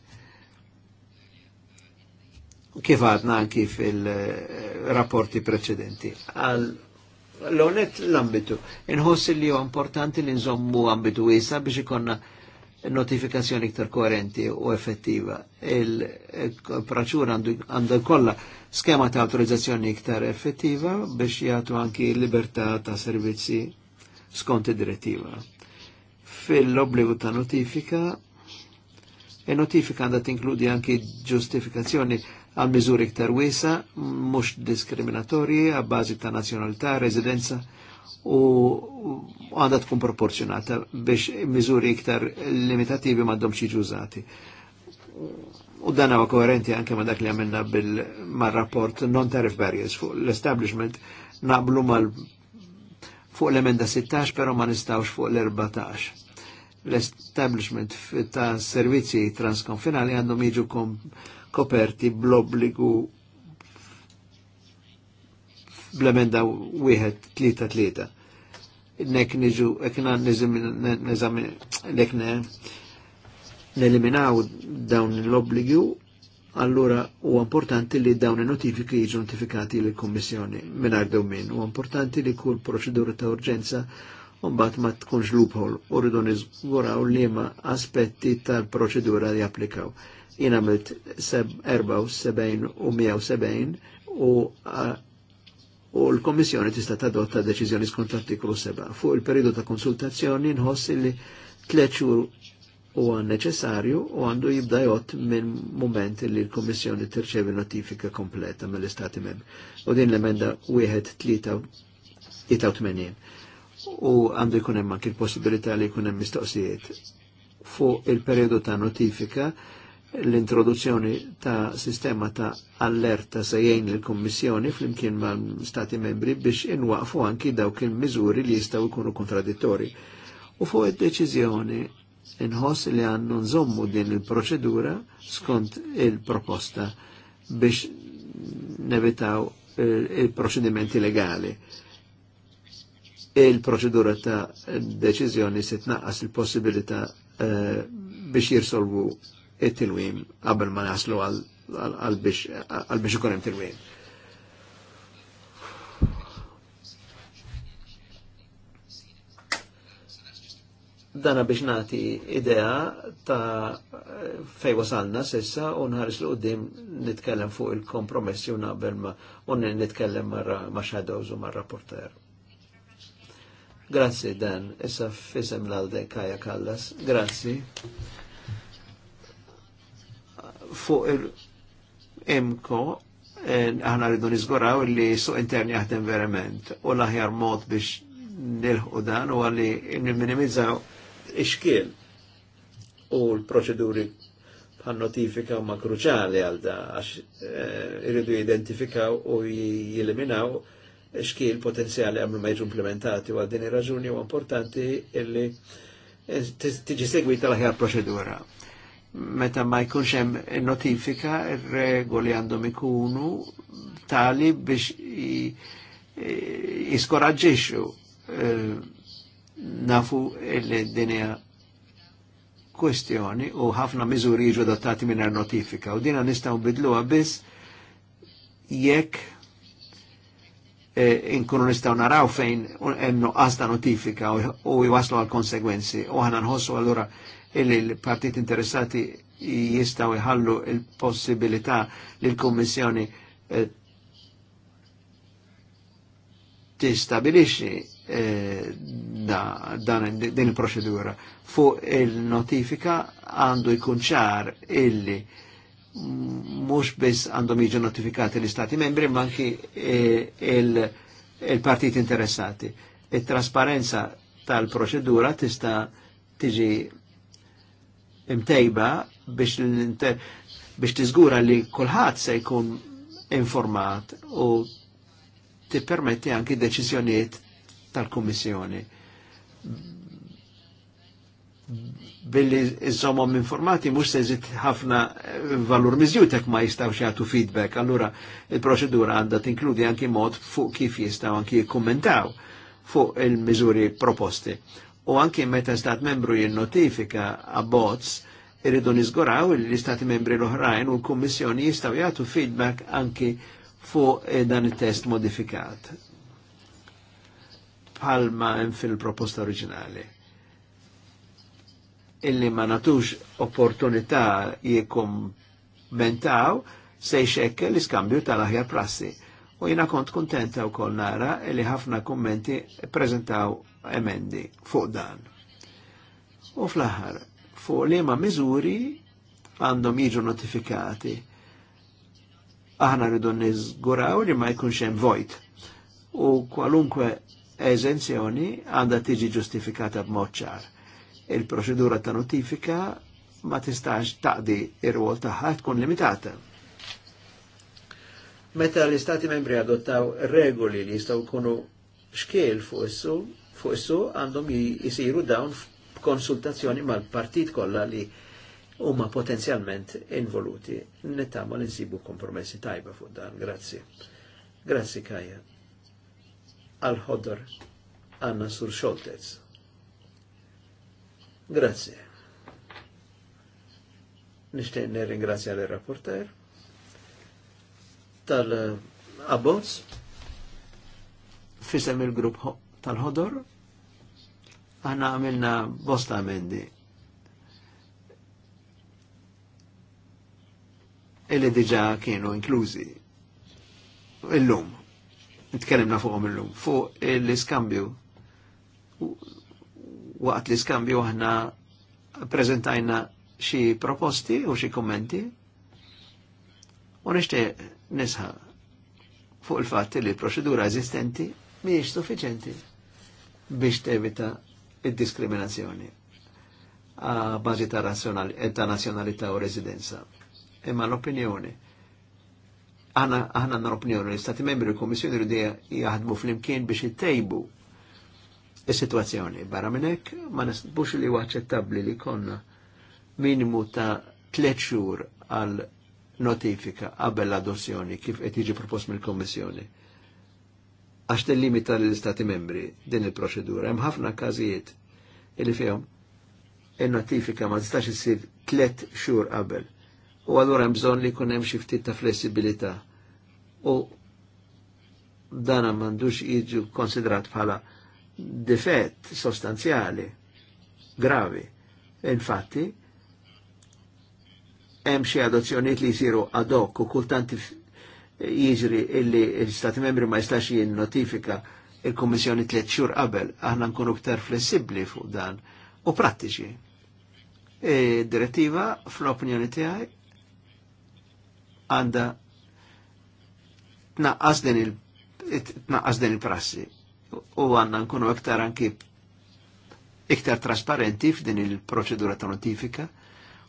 kif għadna anki fil-rapporti preċedenti. L-onet l-ambitu. Inħoss li ju importanti li nżommu ambitu jisa biex ikonna notifikazzjoni iktar koerenti u effettiva. il praċur għandu kolla skema ta' autorizzazzjoni iktar effettiva biex jgħatu anki libertà ta' servizzi skont direttiva. Fil-obbligu ta' notifika, e notifika għandha tinkludi anki ġustifikazzjoni għal miżuri iktar wiesa, mhux diskriminatorji għabbażi ta' nazzjonalità, residenza u għandha tkun proporzjonata biex miżuri iktar limitativi m'għandhomx jiġu użati. U dan huwa koherenti anke ma' dak li għamilna bil-rapport non-tariff barriers fuq l-establishment naqblu mal fuq l-emenda 16 pero ma nistawx fuq l-14 l-establishment ta' servizzi transkonfinali għandhom jiġu koperti bl-obbligu emenda wieħed 1-3-3. Nek niġu, ekna nekne neliminaw dawn l-obbligu, allura u importanti li dawn il-notifiki jiġu notifikati l-Kommissjoni minar min. U importanti li kull proċedura ta' urġenza Umbat ma tkunx loophole u rridu nizguraw li ma aspetti tal-proċedura li applikaw jina għamilt 74 u 170 u u uh, l-Komissjoni tista' tadotta deċiżjoni skont l 7. Fuq il-periodu ta' konsultazzjoni nħoss li tliet xhur huwa neċessarju u għandu jibda jgħod minn moment li l-Komissjoni tirċevi notifika kompleta mill-Istati Mem. U din l-emenda wieħed tlieta U għandu jkun hemm anke l-possibilità li jkun hemm mistoqsijiet fuq il-periodu ta' notifika l-introduzzjoni ta' sistema ta' allerta se jgħin l-Kommissjoni fl-imkien ma' stati membri biex inwaqfu anki dawk il-miżuri li jistaw ikunu kontradittori. U fuq id-deċiżjoni inħoss li għannu nżommu din il-proċedura skont il-proposta biex nevitaw il-proċedimenti legali. Il-proċedura ta' deċizjoni se il possibilita eh, biex jirsolvu it-tilwim qabel ma naslu għal biex ikun hemm tilwim. Dana biex nagħti idea ta' fej wasalna sissa u nħares l qudiem nitkellem fuq il-kompromessi u naqbel ma u nitkellem ma' shadows u ma' rapporter. Grazzi Dan, issa fisem l-għalde Kaja Kallas. Grazzi fuq il-imko e, ħana rridu nizguraw li suq intern jaħdem verament u l-aħjar mod biex nilħu dan u għalli n-minimizzaw iċkiel u l-proċeduri bħal notifika ma kruċali għal da għax e, irridu identifikaw u jeliminaw iċkiel potenzjali għamlu ma implementati u għal din raġuni u importanti illi e, tiġi segwita l-ħjar proċedura meta ma jkunx hemm notifika ir-regoli għandhom ikunu tali biex jiskoraġġixxu eh, nafu l-dinja kwestjoni u ħafna miżuri jiġu adattati minn notifika u dina nistgħu bidluha biss jekk eh, inkunu nistgħu naraw fejn hemm nuqqas ta' notifika u jwaslu għal konsegwenzi u aħna nħossu allura illi l-partit interessati jistaw iħallu il-possibilità li l-Kommissjoni eh, tistabilixi eh, din il-proċedura. Fuq il-notifika għandu jkunċar illi mux biss għandhom jiġu notifikati l-Istati membri, manki eh, il-partiti interessati. Il-trasparenza e tal-proċedura tista' tiġi imtejba biex biex tiżgura li kulħadd se jkun informat u tippermetti anki deċiżjonijiet tal-Kummissjoni billi iżommom informati mux seżit ħafna valur miżjutek ma jistaw jagħtu feedback, allura il-proċedura għanda tinkludi anki mod fuq kif jistaw anki jikkommentaw fuq il-mizuri proposti u anki meta stat membru jinnotifika abbozz irridu nizguraw li Stati membri l-oħrajn u l kommissjoni jistaw jgħatu feedback anki fuq eh, dan il test modifikat palma hemm fil-proposta oriġinali illi ma natux opportunità mentaw se jxekkel l-iskambju tal-aħjar prassi. U jina kont kontenta u kol nara illi ħafna kommenti prezentaw emendi fuq dan. U fl-aħħar, fuq li ma miżuri għandhom jiġu notifikati. Aħna rridu niżguraw li ma jkunx hemm vojt. U kwalunkwe eżenzjoni għandha tiġi ġustifikata b'mod ċar. Il-proċedura ta' notifika ma tistax taqdi ir-rwol tagħha tkun limitata. Meta l-Istati membri adottaw regoli li jistgħu jkunu xkiel fuq is-sum, fuq su għandhom jisiru dawn konsultazzjoni mal-partit kollha li huma potenzjalment involuti. Nittama li nsibu kompromessi tajba fuq dan, grazzi. Grazzi Kaja. Al-ħodor għanna sur xoltez. Grazzi. Nishtiq nirringrazzja l-rapporter tal-abbozz fisem il-grupp tal-ħodor Għana għamilna bosta mendi. Illi diġa kienu inklużi. Illum. Nitkellimna fuqhom illum. Fuq l-iskambju. Waqt l-iskambju aħna prezentajna xi proposti u xi kommenti. U nishti nisħa fuq il-fatt li l-proċedura eżistenti miex suffiċenti biex tevita id-diskriminazzjoni a bażi ta' nazjonalità eh, u residenza. Imma l-opinjoni aħna għanna opinjoni li stati membri u kommissjoni li jaħdmu fl-imkien biex jittejbu il-situazzjoni. Barra minnek, ma nisbux li għacċettabli li konna minimu ta' tliet xhur għal notifika qabel l-adozzjoni kif qed jiġi propost mill-Kommissjoni għax tal-limita l-Istati membri din il-proċedura. Hemm ħafna każijiet illi fihom in-notifika ma tistax issir tliet xhur qabel. U allura hemm bżonn li jkun hemm xi ftit ta' flessibilità. U dan m'għandux jiġu konsidrat bħala difett sostanzjali gravi. Infatti, hemm xi adozzjonijiet li jsiru ad hoc u kultant jiġri illi l-Stati membri ma jistax jinnotifika il-Kommissjoni tliet xhur qabel, aħna nkunu ktar flessibbli fuq dan u prattiċi. E, direttiva fl-opinjoni tiegħi għandha tnaqqas din il tnaqqas din il-prassi u għandna nkunu iktar anki iktar trasparenti f'din il-proċedura ta' notifika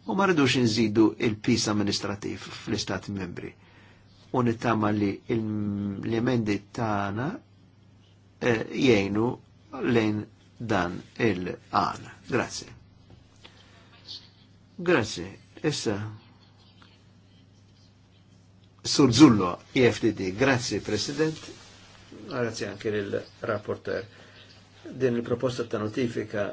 u ma rridux nżidu il-pis amministrativ fl-Istati membri u nittama li l-emendi tagħna eh, jgħinu lejn dan il-għana. Grazie. Grazie. Issa. Surzullo, IFDD. E Grazie, President. Grazie anche il-rapporter. Din il-proposta ta' notifika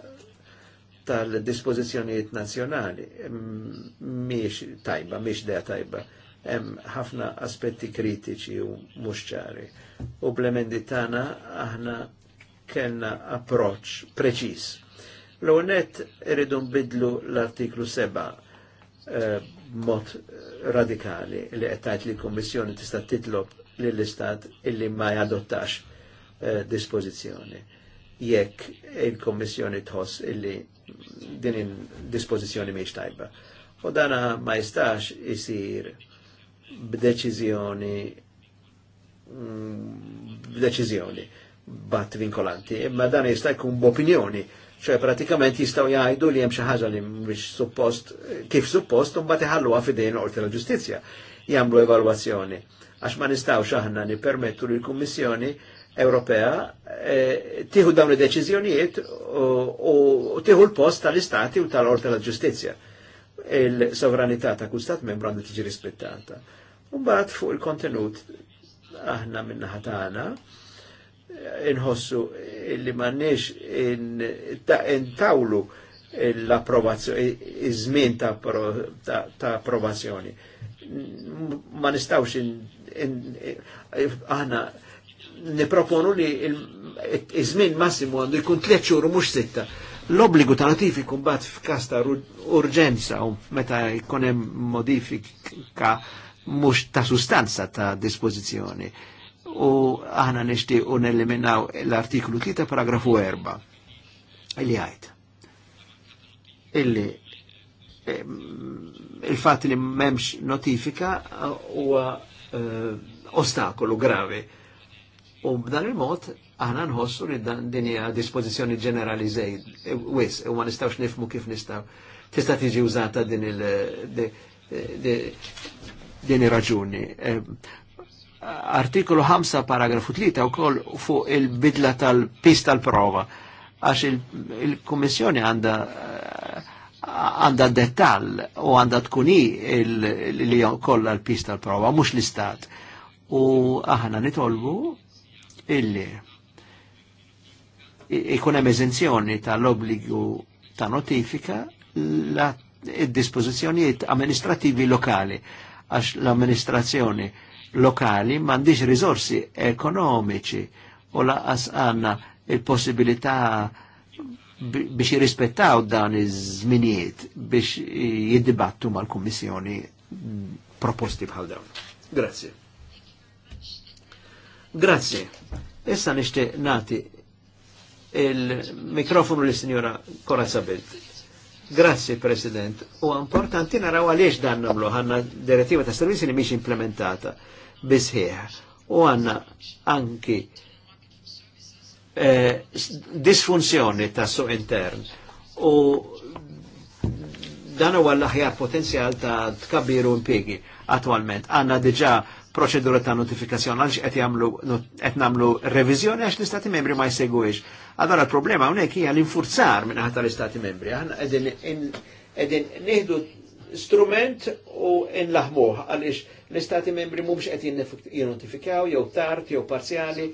tal-dispozizjonijiet nazjonali mm, miex tajba, miex dea tajba hemm ħafna aspetti kritiċi u mhux ċari. U blemendi tagħna aħna kellna approċċ preċiż. L-ewwel net irridu nbidlu l-artiklu 7 eh, mod radikali li qed tgħid li l-Kummissjoni tista' titlob lill-Istat illi ma jadottax eh, dispożizzjoni jekk il-Kommissjoni tħoss illi din il-dispożizzjoni miex tajba. U dana ma jistax isir b'deċiżjoni mm, b'deċiżjoni bat vinkolanti, imma dan jista' jkun b'opinjoni, ċoj pratikament jistgħu jgħidu li hemm xi ħaġa li mhix suppost kif suppost u mbagħad iħalluha f'idejn qorti tal-ġustizzja jagħmlu evalwazzjoni. Għax ma nistgħux aħna nippermettu li l-Kummissjoni Ewropea eh, tieħu dawn id-deċiżjonijiet u tieħu l-post tal-Istati u tal-Qorti tal-Ġustizzja. Il-sovranità ta' kull stat membru għandu tiġi rispettata. Mbagħad fuq il-kontenut aħna minna ħatana inħossu illi m'għandniex intawlu in l-approvazzjoni, żmien ta' approvazzjoni. Ma nistawx aħna niproponu li iż-żmien massimu għandu jkun tliet xhur mhux sitta. L-obbligu ta' notifik mbagħad f'każ ta' urġenza u meta jkun hemm modifika mhux ta' sustanza ta' dispożizzjoni. U aħna nixtiequ neliminaw l-artiklu 3 paragrafu 4 illi għajt. Illi il-fat li memx notifika huwa eh, ostakolu gravi. U b'dan il-mod aħna nħossu li dan din hija ġenerali zejd, eh, wis u ma nistawx nifmu kif nistaw. tista' tiġi użata din il din raġuni. Eh, artikolu 5 paragrafu 3 u koll fuq il-bidla tal-pista tal-prova għax il komissjoni għanda eh, għanda dettal u għanda tkuni li kolla l-pista tal prova mux l-istat. U aħna nitolbu illi ikun hemm eżenzjoni tal-obbligu ta' notifika id-dispożizzjonijiet amministrativi lokali għax l-amministrazzjoni lokali mandiġ risorsi ekonomiċi u laqas għanna il-possibilità biex jirrispettaw dan iż-żminijiet biex jiddibattu mal-Kummissjoni proposti bħal dawn. Grazie. Grazie. Issa nixtieq nati il-mikrofonu l-Sinjora Korazza Grazie President. U importanti naraw għaliex dan namlu għanna direttiva ta' servizzi li miex implementata bisħieħ. U għanna anki eh, disfunzjoni ta' su intern. U dan huwa l-aħjar potenzjal ta' tkabbiru impiegi attualment. Għanna diġa' proċedura ta' notifikazzjoni għalx qed jagħmlu qed nagħmlu reviżjoni għax l-Istati membri ma jsegwix. Allora l-problema hawnhekk hija l-infurzar minn ħadd tal-Istati membri. Aħna qegħdin qegħdin nieħdu strument u inlaħmuh għaliex l-Istati membri mhumx qed jinnotifikaw jew tard jew parzjali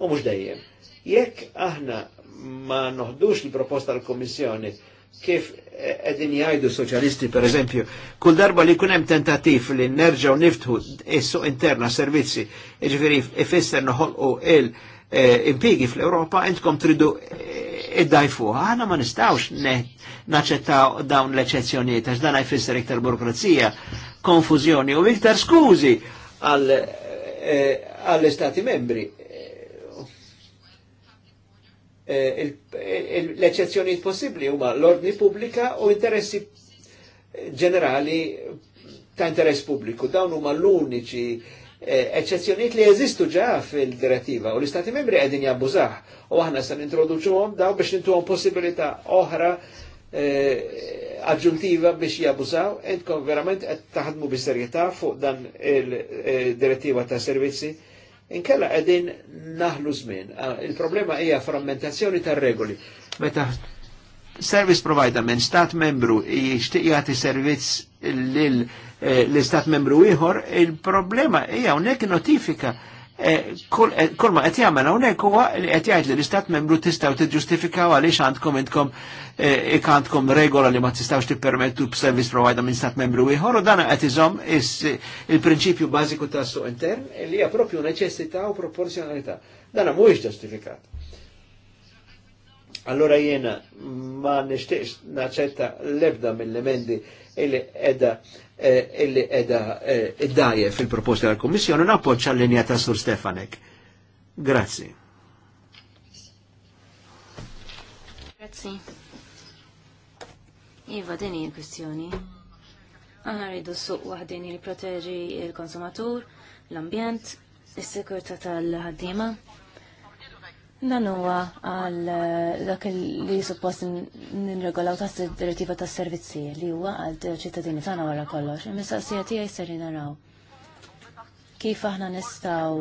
u mhux dejjem. Jekk aħna ma noħdux il-proposta tal-Kommissjoni kif edin jajdu soċjalisti per eżempju, kull darba li kunem tentativ li nerġaw niftħu issu interna servizzi, ġifiri ifisser u il-impigi eh, fl-Europa, intkom tridu eh, id-dajfu. Għana ma nistawx naċċettaw dawn l-eċezzjoniet, għax dan jfisser iktar burokrazija, konfuzjoni u iktar skużi eh, għall-istati membri Eh, l-eċezzjonijiet possibbli huma l-ordni pubblika u interessi ġenerali ta' interess pubbliku. Dawn huma l-uniċi eh, eċezzjonijiet li jeżistu ġa fil-direttiva u l-Istati membri għedin jabbużaħ u aħna se nintroduċuhom daw biex nintuhom possibilita oħra eh, aġġuntiva biex jabbużaw entkom verament qed taħdmu bis-serjetà fuq dan il-direttiva ta' servizzi Inkella qegħdin naħlu żmien. Ah, il-problema hija frammentazzjoni tar-regoli. Meta service provider minn stat membru jixtieq jagħti servizz lil Stat eh, istat membru ieħor, il-problema hija hawnhekk notifika kol eh, ma qed jagħmel hawnhekk huwa li qed jgħid li l-istat membru tistgħu tiġġustifikaw għaliex għandkom intkom eh, għandkom regola li ma tistgħux tippermettu b'service provider minn stat membru ieħor u dan qed iżomm il-prinċipju bażiku tas-suq intern li hija propju neċessità u proporzjonalità. Dan mhuwiex ġustifikat. Allora jiena ma nixtieqx naċċetta l-ebda mill-emendi illi edha Eh, illi edha eh, id-daje fil-proposta tal-Kommissjoni nappoġġa għall linja ta' Sur Stefanek. Grazzi. Grazzi. Iva, din hija kwistjoni. Aħna rridu suq waħdini li proteġi l-konsumatur, l-ambjent, il-sekurta tal-ħaddiema Dan huwa għal eh, dak li suppost nirregolaw ta' direttiva tas servizzi li huwa għal ċittadini tagħna wara kollox. il mistaqsija tiegħi ser naraw kif aħna nistgħu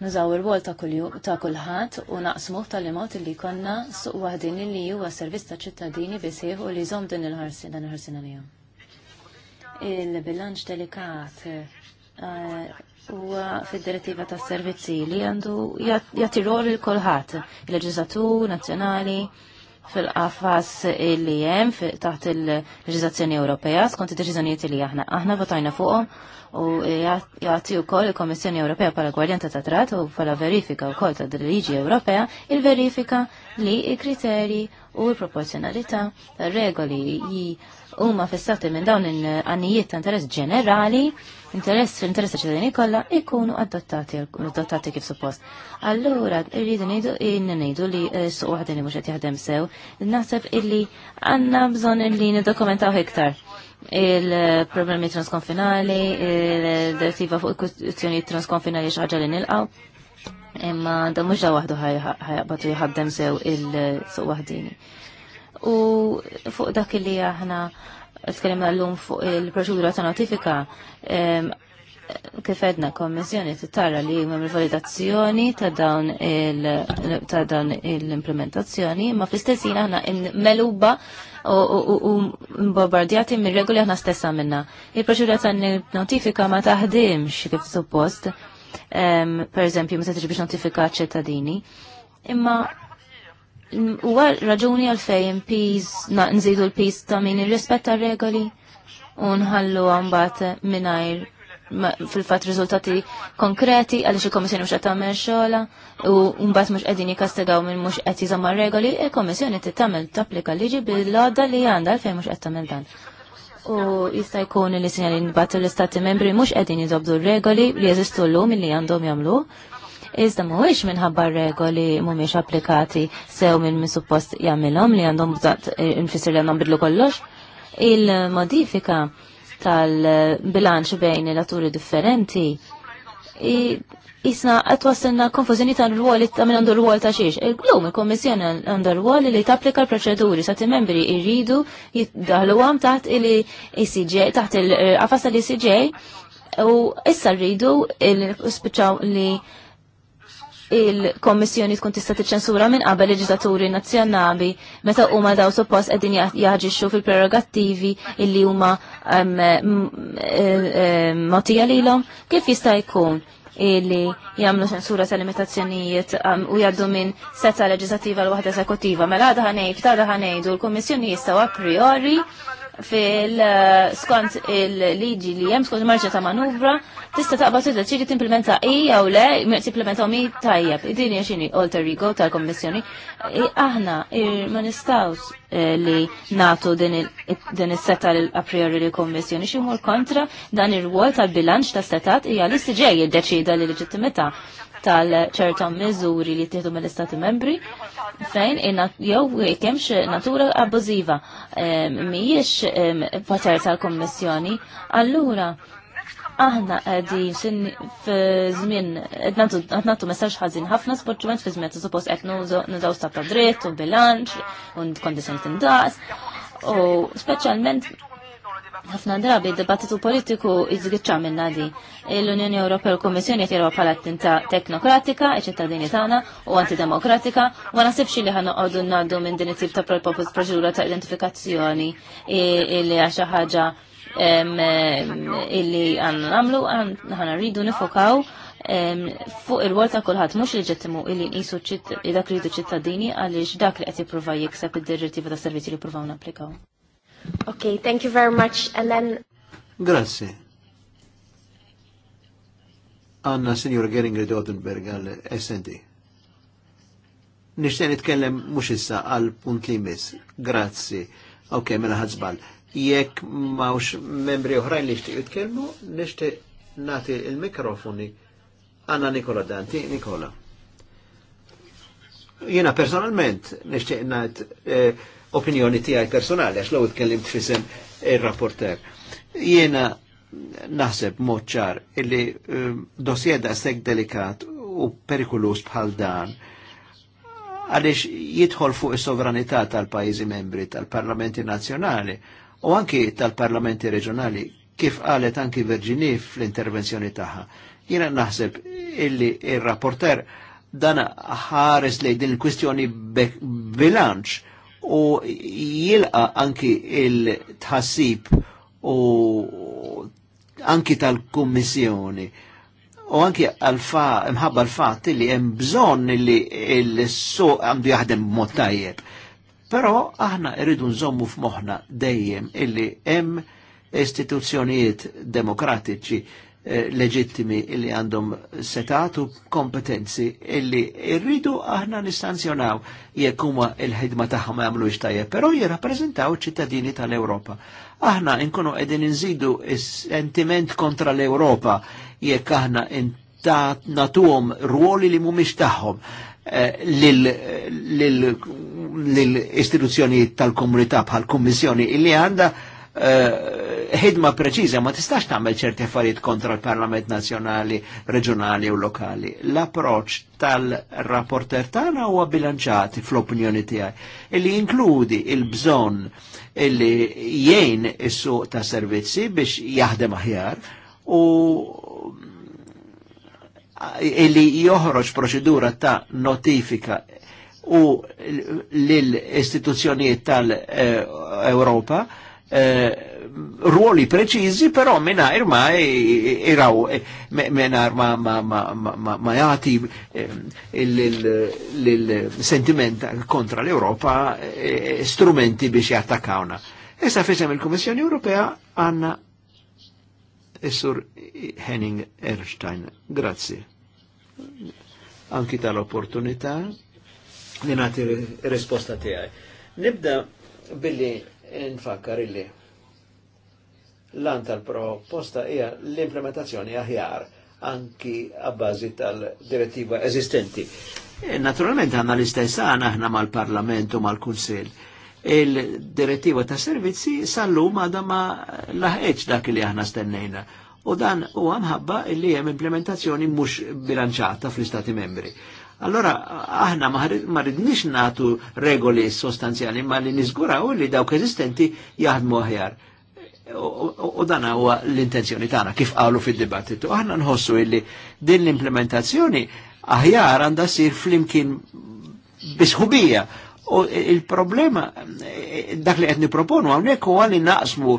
nużaw ir wol ta' kulħadd u naqsmu tal-imot li konna suq waħdin li huwa servizz ta' ċittadini bisih u li jżomm din il-ħarsin dan il-ħarsin għalihom. Il-bilanċ delikat eh, u fid-direttiva tas servizzi li għandu jagħti il kulħadd il-leġislatur nazzjonali fil-qafas li hemm taħt il-leġiżlazzjoni Ewropea skont id-deċiżjonijiet li aħna aħna votajna fuqhom u jagħti wkoll il-Kommissjoni Ewropea bħala gwardjan ta' tat-trat u bħala verifika wkoll ta' liġi Ewropea il-verifika li il-kriterji u l-proporzjonalità tar regoli huma fissati minn dawn il-għannijiet ta' interess ġenerali interess fil-interess ċittadini kollha ikunu adottati adottati kif suppost. Allura rridu ngħidu ngħidu li eh, suq waħdini mhux qed jaħdem sew, naħseb illi għandna bżonn illi niddokumentaw iktar il-problemi transkonfinali, il dirtiva fuq il-kustjoni transkonfinali xaġa li nilqaw. Imma da mhux da waħdu ħajqbatu jħaddem sew il-suq U fuq dak li aħna tkellimna għallum fuq il-proċedura ta' notifika, kif edna kommissjoni tittara li jgħem il-validazzjoni ta' dawn il-implementazzjoni, ma fl-istessin aħna meluba u bombardjati minn regoli aħna stessa minna. Il-proċedura ta' notifika ma taħdimx kif suppost, per eżempju, ma tiġi biex notifika ċittadini. Imma u raġuni għalfej impiż nżidu l piz ta' min irrispetta regoli u nħallu għambat minnajr fil-fat riżultati konkreti għaliex il-Komissjoni mhux qed tagħmel xola u mbagħad mhux qegħdin jikkastigaw minn mhux qed jiżamma regoli, il-Komissjoni tittamel tapplika liġi bil-għadda li għandha għalfejn mhux qed tagħmel dan. U jista' jkun li sinjali nbagħtu l-Istati membri mhux qegħdin jiżobdu r-regoli li jeżistu llum li għandhom jagħmlu iżda mhuwiex minħabba regoli mhumiex applikati sew minn min suppost jagħmilhom li għandhom infisser li għandhom bidlu kollox. Il-modifika tal-bilanċ bejn il-atturi differenti jisna għatwasilna konfuzjoni ta' r-ruoli ta' minn għandu r-ruol ta' xiex. Il-glum il-Komissjoni għandu r-ruoli li tapplika l-proċeduri sa' membri irridu jiddaħlu għam taħt il-ICJ, taħt il-għafasa eh, l-ICJ, u issa rridu il-spiċaw li il-Kommissjoni tkun tista' tiċċensura minn qabel leġislaturi nazzjonali meta huma daw suppost qegħdin jaġixxu fil-prerogattivi illi huma mogħtija lilhom kif jista' jkun illi jagħmlu ċensura ta' limitazzjonijiet u jgħaddu minn setta leġislattiva l waħda eżekuttiva. Mela għadha ħanejt, għadha ħanejdu l-Kummissjoni jistgħu a priori fil-skont eh, il-liġi li jem, skont marġa ta' manuvra, tista taqbad tidda ċiġi timplementa i jew le, timplementa mi tajjeb. id-dini għaxini alter ego tal-Kommissjoni. Aħna ma nistgħux eh, li natu din is setta a priori li kommissjoni xi kontra dan ir wol tal-bilanċ ta' setat hija li siġej jiddeċida li leġittimità tal-ċerta miżuri li tieħdu mill-Istati membri fejn jew kemx natura abbużiva mhijiex pater tal-Kommissjoni, allura aħna għedi xin f-zmin, għetnatu messaġ ħazin ħafna sportiment f-zmin ta' suppost għetnu nizaw sta' ta' dritt, u bilanċ, un kondizjoni tindaqs, u specialment ħafna drabi dibattitu politiku iżgitxa minna di. L-Unjoni Ewropea u l-Kommissjoni jtiru bħala tinta teknokratika, iċ-ċittadini tagħna u antidemokratika, u ma nasibx li għoddu qogħdu ngħaddu minn din it-tip ta' proċedura ta' identifikazzjoni li għal xi ħaġa illi għanna namlu ħana rridu nifokaw fuq il-wol ta' kulħadd mhux leġittimu illi nqisu dak li ċittadini għaliex dak li qed jipprova jikseb id-direttiva ta' servizzi li jippruvaw napplikaw. Okay, thank you very much. And then... Grazie. Anna Signora Geringer Dodenberg għal SND. Nishtiq nitkellem mhux issa għal punt li miss. Grazzi. Ok, mela ħadżbal. Jekk mawx membri oħrajn li jixtiequ jitkellmu, nixtieq nagħti il-mikrofoni Anna Nikola Danti, Nikola. Jiena personalment nixtieq ngħid eh, opinjoni tiegħi personali għax l-ewwel tkellimt fisem ir-rapporter. Jiena naħseb moċċar illi ehm, dosjeda da sek delikat u perikulus bħal dan għaliex jidħol fuq is-sovranità tal-pajjiżi membri tal-parlamenti nazzjonali u anki tal-parlamenti reġjonali kif qalet anki Virginie fl-intervenzjoni tagħha. Jiena naħseb illi il rapporter dana dan ħares li din il-kwistjoni bilanċ u jilqa anki il-tħassib u anki tal-Kummissjoni u anki għalfa, mħabba l-fat li hemm bżonn li l-suq għandu jaħdem b'mod tajjeb. Però aħna rridu nżommu f'moħħna dejjem illi hemm istituzzjonijiet demokratiċi Eh, leġittimi illi għandhom setatu kompetenzi illi irridu aħna nistanzjonaw jekk huma il-ħidma tagħhom ma jagħmlux tajjeb, però jirrappreżentaw ċittadini tal europa Aħna nkunu qegħdin inżidu sentiment kontra l-Ewropa jekk aħna natuhom ruoli li mhumiex tagħhom eh, lill istituzzjoni tal-komunità bħal-Kummissjoni illi għandha eh, ħidma preċiża ma tistax tagħmel ċerti affarijiet kontra l-Parlament Nazzjonali, Reġjonali u Lokali. L-approċċ tal-rapporter tagħna huwa bilanċati fl-opinjoni tiegħi, illi inkludi il-bżonn illi jgħin is-suq ta' servizzi biex jaħdem aħjar u illi joħroġ proċedura ta' notifika u l-istituzzjonijiet tal uh, Eh, ruoli preċizi, però minna irma iraw, eh, minna irma ma, jati eh, l sentiment kontra l-Europa strumenti biex jattakawna. Issa fisem il komissjoni Ewropea għanna Essur Henning Erstein. Grazie. Anki tal-opportunità li nati risposta tijaj. Nibda billi nfakkar illi l-an tal-proposta hija l-implementazzjoni aħjar anki għabbażi tal-direttiva eżistenti. E, naturalment għanna l-istess għana ħna mal-parlamentu mal-kunsil. Il-direttiva ta' servizzi sal-lum għada ma laħeċ dak li aħna stennejna. U dan u għamħabba li jem implementazzjoni mux bilanċata fl-istati membri. Allora, aħna ma rridniex natu regoli sostanzjali, ma li u li dawk eżistenti jaħdmu aħjar. U dan huwa l-intenzjoni tagħna kif qalu fid-dibattitu. Aħna nħossu illi din l-implementazzjoni aħjar għandha sir flimkien bisħubija U il-problema dak li għetni proponu, hawnhekk huwa għalli naqsmu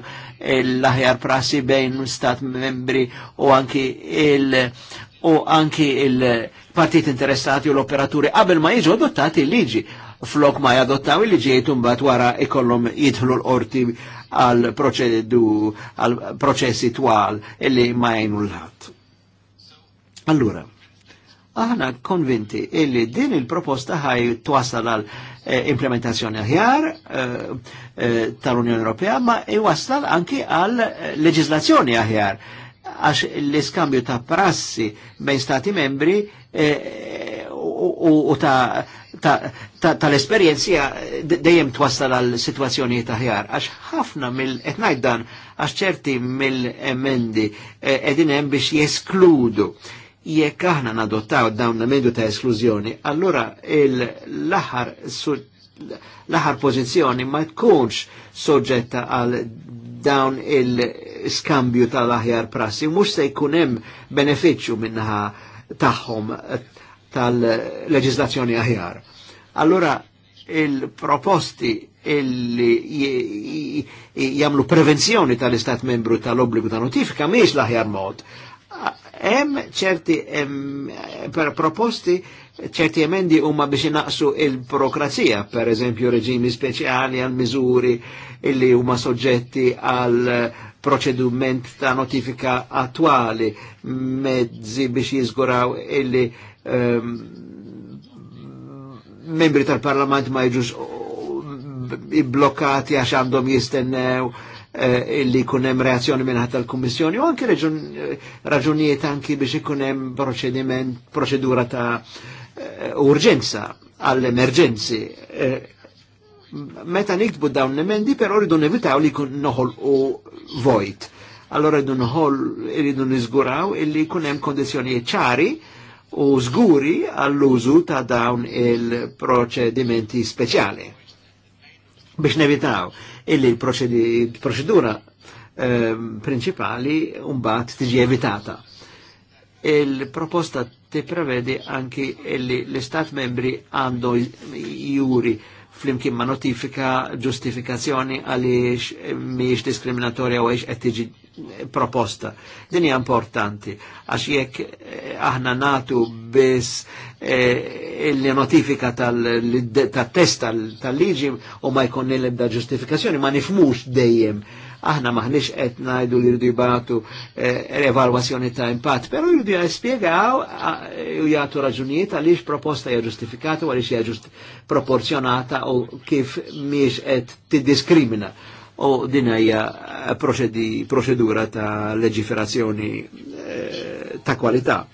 l-aħjar prassi bejn stat membri u anki il- u anki il-partit interessati u l-operaturi qabel ma jiġu adottati il liġi Flok ma jadottaw il-liġi bat wara ikollhom jidħlu l orti għal proċedu, għal proċessi twal illi ma jgħinu l-ħat. Allura, Aħna konvinti illi din il-proposta ħaj twasal għal eh, implementazzjoni aħjar eh, eh, tal-Unjoni Ewropea, ma iwasal anki għal leġislazzjoni aħjar għax l-iskambju ta' prassi bejn stati membri u ta' tal-esperienzi dejjem twassal għal situazzjoni ħjar. Għax ħafna mill etnajdan dan, għax ċerti mill-emendi edinem hemm biex jeskludu jekk aħna nadottaw dawn l-medju ta' esklużjoni, allura l-aħar l aħħar pozizjoni ma tkunx soġġetta għal dawn il-skambju tal-aħjar prassi, mux se jkun hemm beneficju minnaħa tagħhom tal-leġislazzjoni aħjar. Allura il-proposti illi jamlu prevenzjoni tal-Istat membru tal-obbligu ta' notifika miex l-aħjar mod Hemm ċerti per proposti ċerti emendi huma biex inaqsu il-prokrazija, per eżempju reġimi speċjali għal miżuri illi huma soġġetti għal proċedument ta' notifika attuali, mezzi biex jizguraw illi um, membri tal-parlament ma jġux blokkati għax għandhom jistennew Eh, illi kunem reazzjoni minn ħatta l-Kommissjoni u anki eh, raġunijiet anki biex ikunem proċediment, proċedura ta' eh, urġenza għall-emerġenzi. Meta niktbu dawn l-emendi, però rridu nevitaw li kun noħol u vojt. Allora rridu noħol, rridu nizguraw illi kunem kondizjonijiet ċari u zguri għall-użu ta' dawn il-proċedimenti speċjali biex nevitaw illi l-proċedura ehm, prinċipali umbat tiġi evitata. Il-proposta ti prevedi anki illi l-Istat membri għandu juri flimkien ma' notifika ġustifikazzjoni għaliex miex diskriminatorja u għiex għettiġi proposta. Din hija importanti għax jekk eh, aħna natu biss eh, il-notifika tal-test tal-liġi u ma jkun l-ebda ġustifikazzjoni ma nifmux dejjem aħna maħniex qed ngħidu li jridu jibatu revalwazzjoni eh, ta' impatt, però jridu jispjegaw u jagħtu raġunijiet għaliex proposta hija ġustifikata u għaliex hija ġust proporzjonata u kif miex qed tiddiskrimina u din hija eh, proċedura ta' leġiferazzjoni eh, ta' kwalità.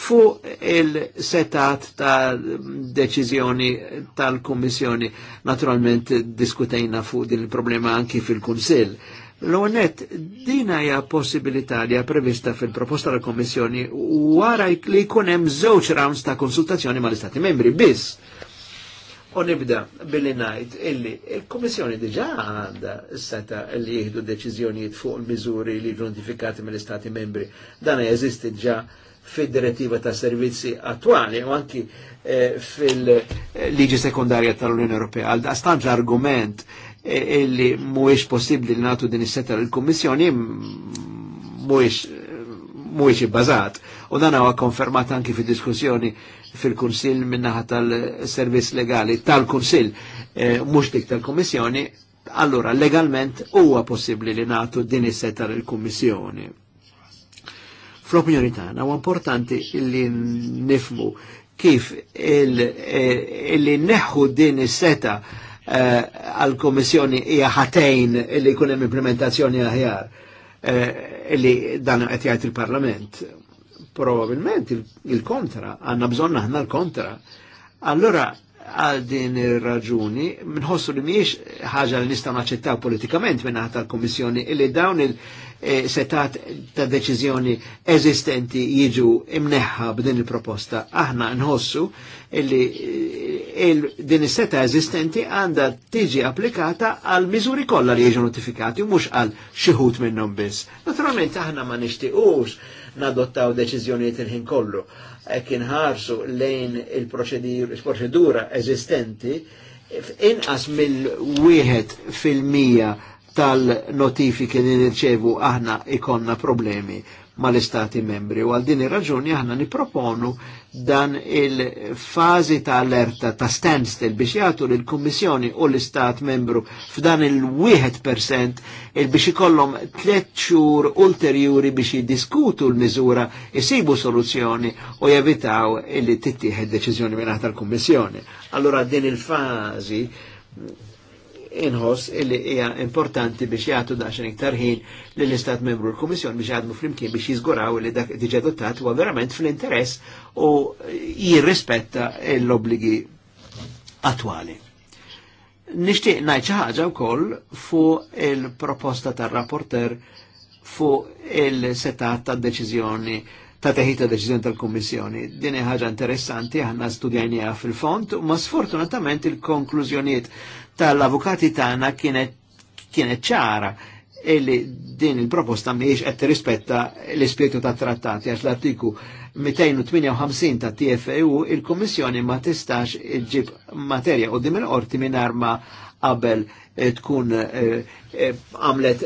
Fu il-setat ta' deċiżjoni tal-Kummissjoni, naturalment diskutejna fuq din il-problema anki fil-Kunsill. L-onet, dina hija possibilità li ja prevista fil-proposta tal komissjoni wara li jkun hemm żewġ rounds ta' konsultazzjoni mal-Istati membri biss U nibda billi najt illi il-Komissjoni diġa għanda s-seta li jihdu deċizjonijiet fuq il-mizuri li notifikati mill-Istati membri. Dan jeżisti ġa fil-direttiva ta' servizzi attuali u anki eh, fil-liġi sekundarja tal-Unjoni Ewropea. Għal daqstant l-argument eh, illi muwiex possibli li natu din s seta l-Komissjoni muwiex eh, muwiex ibbażat. U dan għu konfermat anki fid-diskussjoni fil-Kunsil minnaħa tal-Servizz Legali tal-Kunsil, eh, mux dik tal-Kommissjoni, allora legalment huwa possibbli li natu din is-seta l-Kummissjoni. Fl-opinjoni tagħna huwa importanti li nifmu kif illi eh, neħu din is-seta eh, għal-Kommissjoni hija ħatejn li jkun hemm implementazzjoni aħjar illi dan qed il-Parlament probabilment il-kontra, il għanna bżonna aħna l-kontra. Allora, għal din ir-raġuni, minħossu li miex ħaġa li nistaw naċċettaw politikament minn ħata l-Komissjoni, illi dawn il-setat e, ta' deċiżjoni eżistenti jiġu imneħħa b'din il-proposta. Aħna nħossu illi e, il din is-seta eżistenti għandha tiġi applikata għal miżuri kollha li jiġu notifikati, mhux għal xi ħut minnhom biss. Naturalment aħna ma nixtiequx nadottaw deċiżjonijiet il-ħin kollu. Ek inħarsu lejn il-proċedura eżistenti inqas mill wieħed fil-mija tal-notifiki li nirċevu aħna ikonna problemi mal-istati membri u għal din ir-raġuni aħna niproponu dan il-fazi ta' alerta ta' standstill biex jagħtu l kummissjoni u l-istat membru f'dan il-1% il biex ikollhom tliet xhur ulterjuri biex jiddiskutu l-miżura isibu soluzzjoni u jevitaw illi tittieħed deċiżjoni mingħajr tal-kummissjoni. Allora din il-fażi inħoss illi hija importanti biex jagħtu daqsxejn iktar ħin lill istat membru l-Kummissjoni biex jgħadmu flimkien biex jiżguraw li dak diġà adottat huwa verament fl-interess u jirrispetta l-obbligi attwali. Nixtieq ngħid xi ħaġa wkoll fuq il-proposta tar-rapporter fuq il-setat ta' deċiżjoni ta' teħita deċiżjoni tal-Kummissjoni. Din ħaġa interessanti, aħna studjajnija fil-font, ma sfortunatament il-konklużjoniet tal-avukati tagħna kienet kienet ċara illi din il-proposta miex qed rispetta l-ispirtu tat trattati għax l-artiku 258 ta' TFEU il-Kommissjoni ma tistax iġib materja u dim il-qorti mingħajr ma qabel eh, tkun eh, eh, għamlet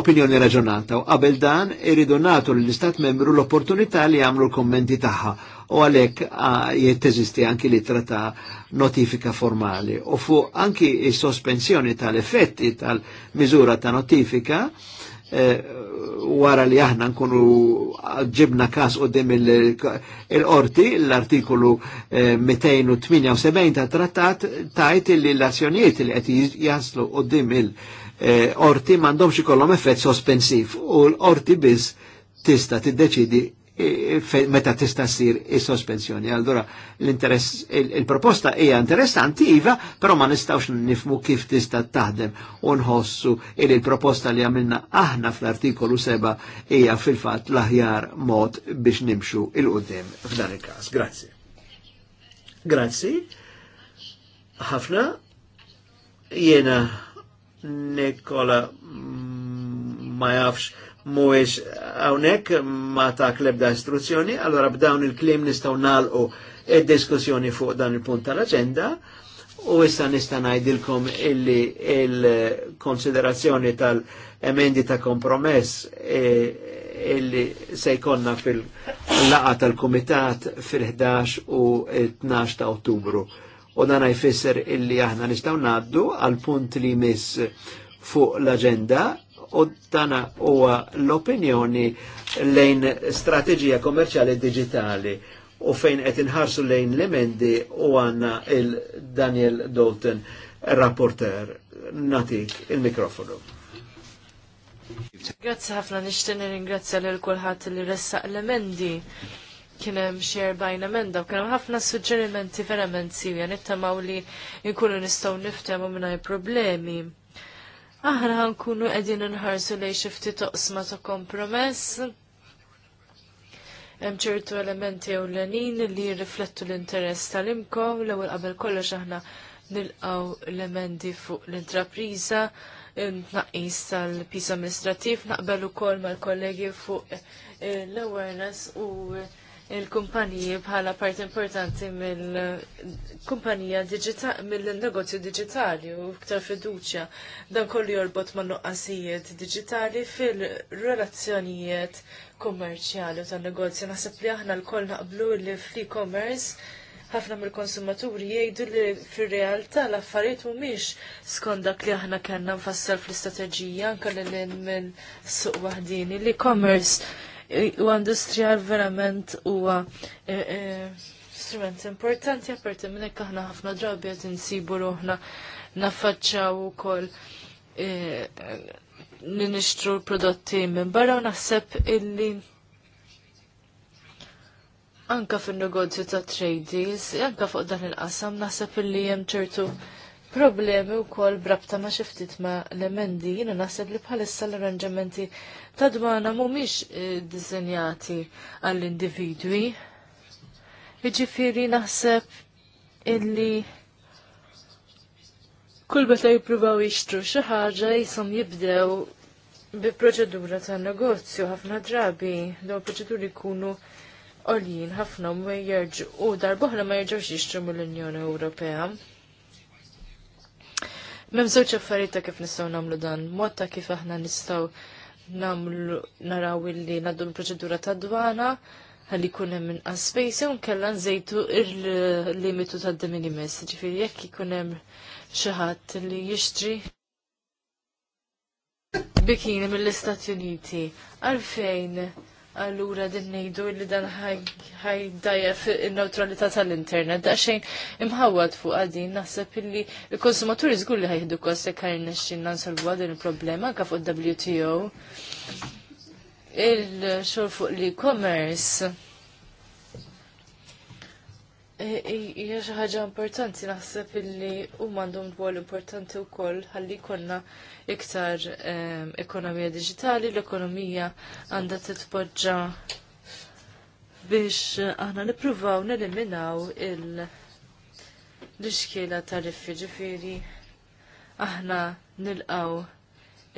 opinjoni raġonata u qabel dan irridu natu l-istat membru l-opportunità li għamlu l-kommenti taħħa u għalek ah, jitteżisti anki li trata notifika formali u fu anki il-sospensjoni tal-effetti tal mizura ta' notifika eh, wara li aħna nkunu ġibna kas u dim il-orti, l-artikolu 278 eh, ta' trattat, tajt li l-azzjonijiet li għet jaslu u dim il-orti eh, mandomx ikollom effett sospensiv u l-orti bis tista tiddeċidi meta tista' ssir is-sospensjoni. Allora l-interess il-proposta hija interessanti iva, però ma nistgħux nifmu kif tista' taħdem u nħossu il il-proposta li għamilna aħna fl-artikolu 7 hija fil-fatt l-aħjar mod biex nimxu il-qudiem f'dan il-każ. Grazzi. Grazzi. Ħafna jiena Nikola mm, ma jafx mhuwiex hawnhekk ma ta' klebda istruzzjoni, allora b'dawn il-klim nistgħu nagħlqu il diskussjoni fuq dan il-punt tal-aġenda u issa nista' ngħidilkom illi il-konsiderazzjoni tal-emendi ta' kompromess e, illi se jkollna fil-laqa tal-Kumitat fil-11 u 12 ta' Ottubru. U dan jfisser illi aħna nistgħu ngħaddu għal punt li miss fuq l-agenda u dana huwa l-opinjoni lejn strateġija kommerċjali digitali u fejn qed inħarsu lejn l-emendi u għanna il-Daniel Dalton, rapporter. Natik il-mikrofonu. Grazzi ħafna nixtieni ringrazzja lil kulħadd li ressaq l-emendi kien hemm xi bajn emenda u kien ħafna suġġerimenti verament sivja nittamaw li nkunu nistgħu niftehmu mingħajr problemi. Aħna ħankunu qegħdin inħarsu lejn xi ftit toqsma ta' kompromess. Hemm ċertu elementi ewlenin li jirriflettu l-interess tal-imkom l-ewwel qabel kollox aħna nilqgħu l-emendi fuq l-intrapriża naqis tal-pis amministrativ naqbel ukoll mal-kollegi fuq l-awareness u il-kumpaniji bħala part importanti mill-kumpanija mill-negozju digitali u iktar fiduċja dan kollu jorbot ma' nuqqasijiet digitali fil-relazzjonijiet kummerċjali u tan-negozju. Naħseb li aħna l-koll naqblu li fl-e-commerce ħafna mill-konsumaturi jgħidu li fir-realtà l-affarijiet mhumiex skont dak li aħna kellna nfassal fl-istrateġija anke lil minn suq waħdini li commerce u industrial verament huwa eh, eh, strument importanti apparti minn hekk aħna ħafna drabi qed insibu ruħna naffaċċaw ukoll li eh, nixtru prodotti minn barra u naħseb illi anka fin-negozju ta' deals, anka fuq dan il-qasam naħseb illi hemm ċertu problemi u kol brabta ma xiftit ma l-emendi, jina nasib li bħalissa l-arranġamenti ta' dwana mumiex eh, dizenjati għall-individwi. Iġifiri naħseb illi kull beta jipruvaw jixtru xi ħaġa jisom jibdew bi proċedura ta' negozju ħafna drabi, do proċeduri jkunu għoljin ħafna u ma jerġu u darbohra ma jerġawx jixtru mill-Unjoni Ewropea. Mem żewġ affarijiet ta' kif nistgħu nagħmlu dan, mod ta' kif aħna nistgħu namlu naraw illi naddu l-proċedura ta' dwana għalli jkun hemm inqas spejs kellan nkella nżejtu il-limitu ta' de minimis, ġifieri jekk ikun hemm xi ħadd li jixtri bikini mill-Istati Uniti għalfejn Allura din ngħidu li dan ħajdajja fin-newtralità tal-internet daqsxejn imħawad fuq għadin naħseb illi il-konsumaturi żgur li ħajħdu kost jekk nesċin nansolvu din il-problema anke fuq WTO. Il-xogħol fuq l-e-commerce E, e, hija xi ħaġa importanti naħseb illi huma għandhom dwol importanti wkoll ħalli jkollna iktar e, ekonomija diġitali, l-ekonomija għandha titpoġġa biex aħna nippruvaw neliminaw il liġkila iskela tariffi ġifieri aħna nilqaw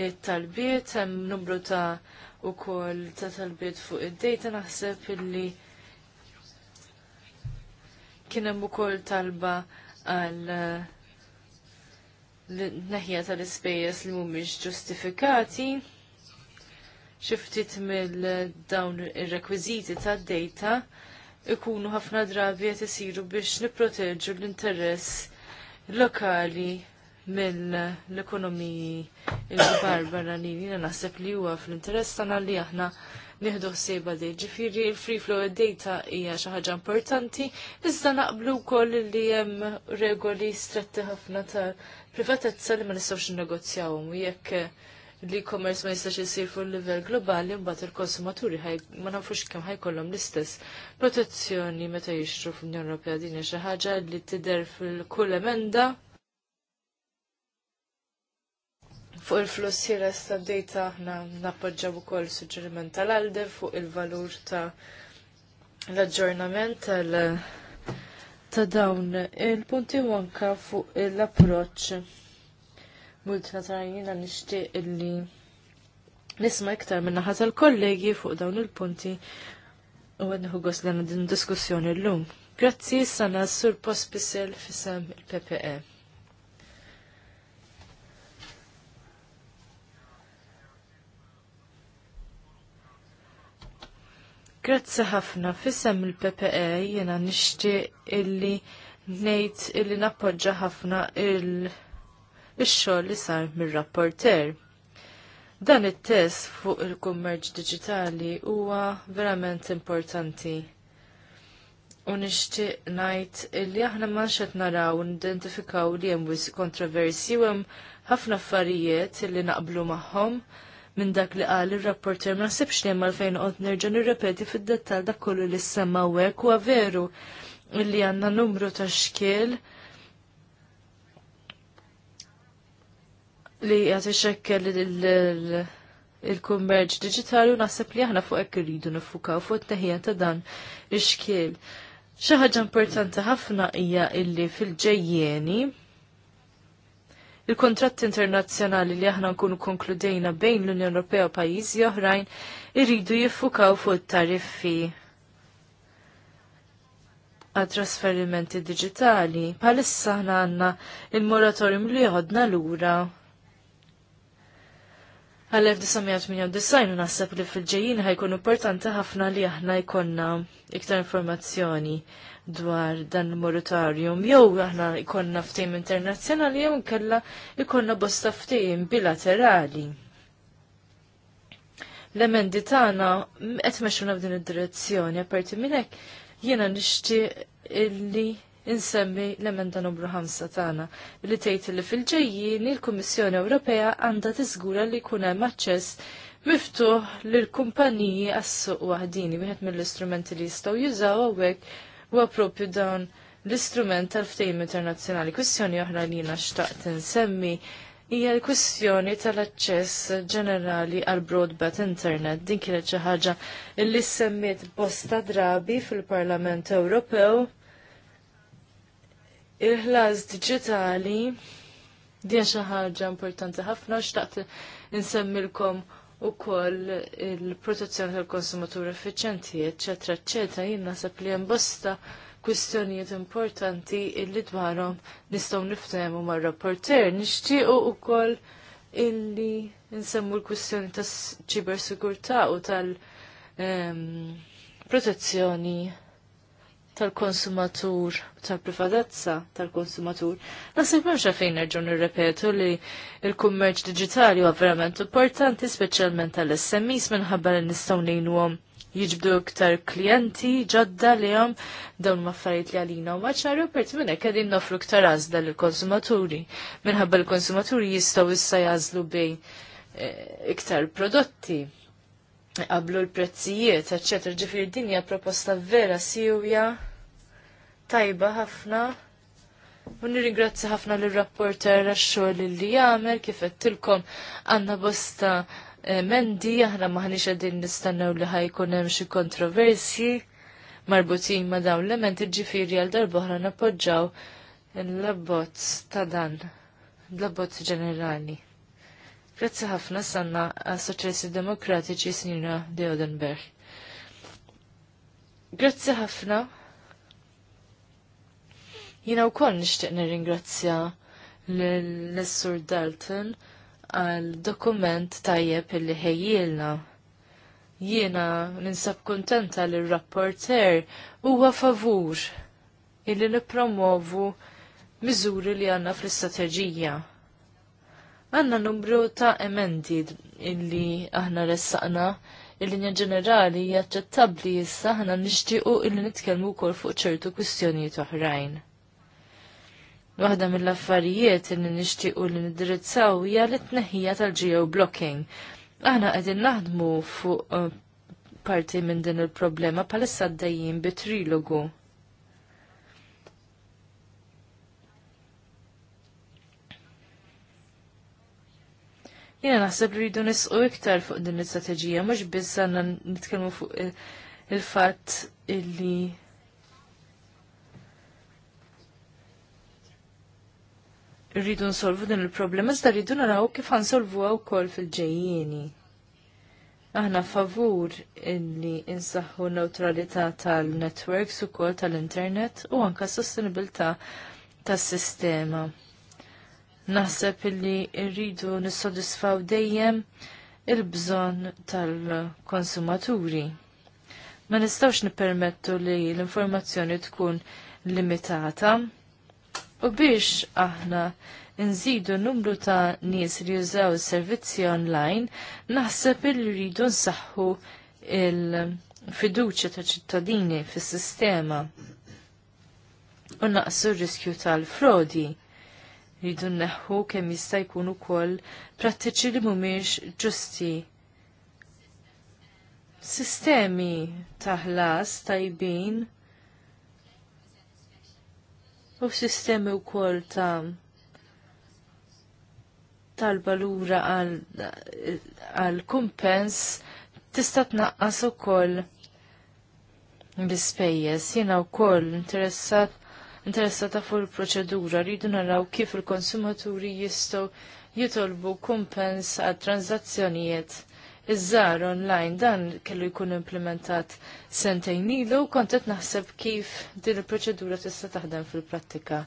it-talbiet hemm numru ta' koll ta' talbiet fuq id-dejta naħseb illi Kien hemm ukoll talba għal eh, naħja tal-ispejjeż li mhumiex ġustifikati xiftit mill-dawn eh, ir-rekwiżiti tad-data ikunu ħafna drabi qed isiru biex nipproteġu l-interess lokali mill-ekonomiji il-barbarani li naħseb li huwa fl-interess tagħna li aħna nieħdu ħsieba di. Ġifieri l-free flow data hija xi ħaġa importanti, iżda naqblu wkoll li hemm regoli stretti ħafna ta' privatezza li ma nistgħux innegozjawhom jekk eh, l-e-commerce ma jistax jisir fuq livell globali mbagħad il-konsumaturi ma nafux kemm ħajkollhom l-istess protezzjoni meta jixtru fl-Unjoni Ewropea din hija xi ħaġa li tidher fil-kull emenda Fuq il flussi resta ta' aħna nappoġġaw ukoll suġġeriment tal-għalde fuq il-valur ta' l-aġġornament ta' dawn il-punti wanka fuq l-approċ multinazzjonali nixtieq illi nisma iktar minna ħasal kollegi fuq dawn il-punti u għedniħu għos l din diskussjoni l-lum. Grazzi sana sur pospisil fisem il-PPE. Grazzi ħafna, fissem il-PPE jena nishti illi nejt illi nappoġġa ħafna il-xol li sar mir-rapporter. Dan it-test fuq il-kummerġ digitali huwa verament importanti. U nixtieq ngħid illi aħna ma xed naraw nidentifikaw li hemm wis kontroversi u hemm ħafna affarijiet illi naqblu magħhom minn dak li qal ir-rapporter ma sebx li hemm għalfejn qod nerġa' nirrepeti fid-dettall dak kollu li semma hekk huwa veru li għandna numru ta' xkiel li għat ixekkel il-kummerġ digitali u naħseb li aħna fuq hekk irridu nifukaw fuq it-teħija ta' dan ix-xkiel. Xi ħaġa importanti ħafna hija illi fil-ġejjieni il kontrat internazzjonali li aħna nkunu konkludejna bejn l-Unjoni Ewropea u pajjiżi oħrajn irridu jiffukaw fuq it-tariffi għat trasferimenti digitali. Palissa aħna għandna il-moratorium li jħodna lura. Għal-1998 naħseb li fil-ġejjin ħajkun importanti ħafna li aħna jkollna iktar informazzjoni dwar dan il-moratorium. Jew aħna ikonna ftehim internazzjonali jew nkella ikonna bosta ftehim bilaterali. L-emendi tagħna qed mexxuna f'din id-direzzjoni, apparti minn hekk jiena nixtieq illi insemmi l-emenda numru 5 tagħna li tgħid li fil-ġejjin il-Kummissjoni Ewropea għandha tiżgura li jkun hemm aċċess miftuħ lil kumpaniji għas-suq waħdini wieħed mill-istrumenti li jistgħu jużaw hawnhekk huwa propju dawn l-istrument tal ftejm internazzjonali. Kwistjoni oħra li jiena xtaqt insemmi hija l-kwistjoni tal-aċċess ġenerali għal broadband internet. Din kienet xi ħaġa li semmiet bosta drabi fil-Parlament Ewropew. Il-ħlas diġitali din xi ħaġa importanti ħafna xtaqt insemmilkom u koll il-protezzjoni tal-konsumatur effiċenti, eccetera, eccetera, jien nasab li bosta kwistjonijiet importanti illi dwarhom nistgħu niftehmu mar-rapporter. Nixtiequ ukoll illi nsemmu l-kwistjoni tas ċibersigurtà u tal- ehm, protezzjoni tal-konsumatur, tal-privatezza tal-konsumatur. Nasib marxa fejn nerġu nirrepetu li il-kummerċ digitali huwa verament importanti, speċjalment tal-SMEs minħabba li nistgħu għom jiġbdu iktar klijenti ġodda li għom dawn maffariet li għalina u maċċaru pert minn hekk qegħdin nofru iktar għazda lill-konsumaturi. Minħabba l-konsumaturi jistgħu issa jażlu bejn eh, iktar prodotti qablu l-prezzijiet, eccetera. Ġifiri dinja proposta vera siwja, tajba ħafna. U nirringrazzi ħafna l-rapporter għax-xogħol li jagħmel kif għettilkom għandna bosta eh, mendi aħna maħniex qegħdin nistannaw li ħajkun hemm xi kontroversji marbutin ma' dawn l-elementi ġifiri għal darba napoġġaw l labbot ta' dan l labbot ġenerali. Grazzi ħafna sanna għas-Soċjalisti Demokratiċi Sinjura Deodenberg. Grazzi ħafna. Jina u koll nishtiq nirringrazzja l-Sur Dalton għal dokument tajjeb illi ħejjilna. Jiena ninsab kontenta li r-rapporter huwa favur illi nipromovu miżuri li għanna fl-istrateġija. Għanna numru ta' emendi illi aħna ressaqna il-linja ġenerali jaċċettabli jissa aħna nixtiequ illi nitkellmu wkoll fuq ċertu kwistjonijiet oħrajn. Waħda mill-affarijiet illi nixtiequ li nidrizzaw hija l-tneħħija tal geoblocking blocking. Aħna qegħdin naħdmu fuq eh, parti minn din il-problema palissa d dajjim bitrilogu. trilogu Jena naħseb li rridu nisqu iktar fuq din l-istrateġija, mhux biss għandna nitkellmu fuq il-fatt illi rridu nsolvu din il-problema, iżda rridu naraw kif ħansolvuha wkoll fil-ġejjieni. Aħna favur illi insaħħu neutralità tal-networks ukoll tal-internet u anka sostenibilità tas-sistema. Ta Naħseb illi rridu nissodisfaw dejjem il-bżon tal-konsumaturi. Ma nistawx nipermettu li l-informazzjoni tkun limitata u biex aħna nżidu n-numru ta' nies li jużaw servizzi online, naħseb li rridu nsaħħu il-fiduċa ta' ċittadini fis sistema u naqsu r riskju tal-frodi rridu neħu kemm jista' jkun ukoll prattiċi li mhumiex ġusti. Sistemi ta' ħlas tajbin u sistemi wkoll ta' tal-balura għal kumpens tista' tnaqqas ukoll l-ispejjeż. Jiena wkoll interessat interessata fuq il-proċedura. Rridu naraw kif il-konsumaturi jistgħu jitolbu kumpens għat tranzazzjonijiet iż-żar online dan kellu jkun implementat sentejn ilu kontet naħseb kif din il-proċedura tista' taħdem fil-prattika.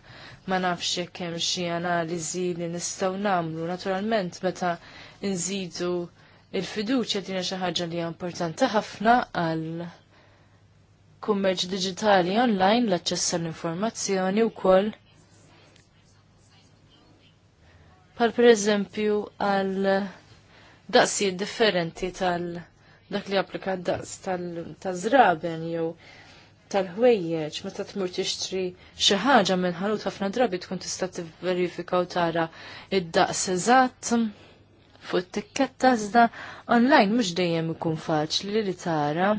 Ma nafx jekk hemm xi analiżi li nistgħu nagħmlu naturalment meta nżidu il-fiduċja din xi ħaġa li hija importanti ħafna għal kummerċ digitali online, l-aċċess għall-informazzjoni wkoll. Pal pereżempju għal daqsijiet differenti tal- dak li applika daqs tal-żraben jew tal-ħwejjeġ, meta tmur tixtri xi ħaġa minn ħanut ħafna drabi tkun tista' tivverifika u tara id-daqs eżatt fuq it-tikketta iżda online mhux dejjem ikun faċli li tara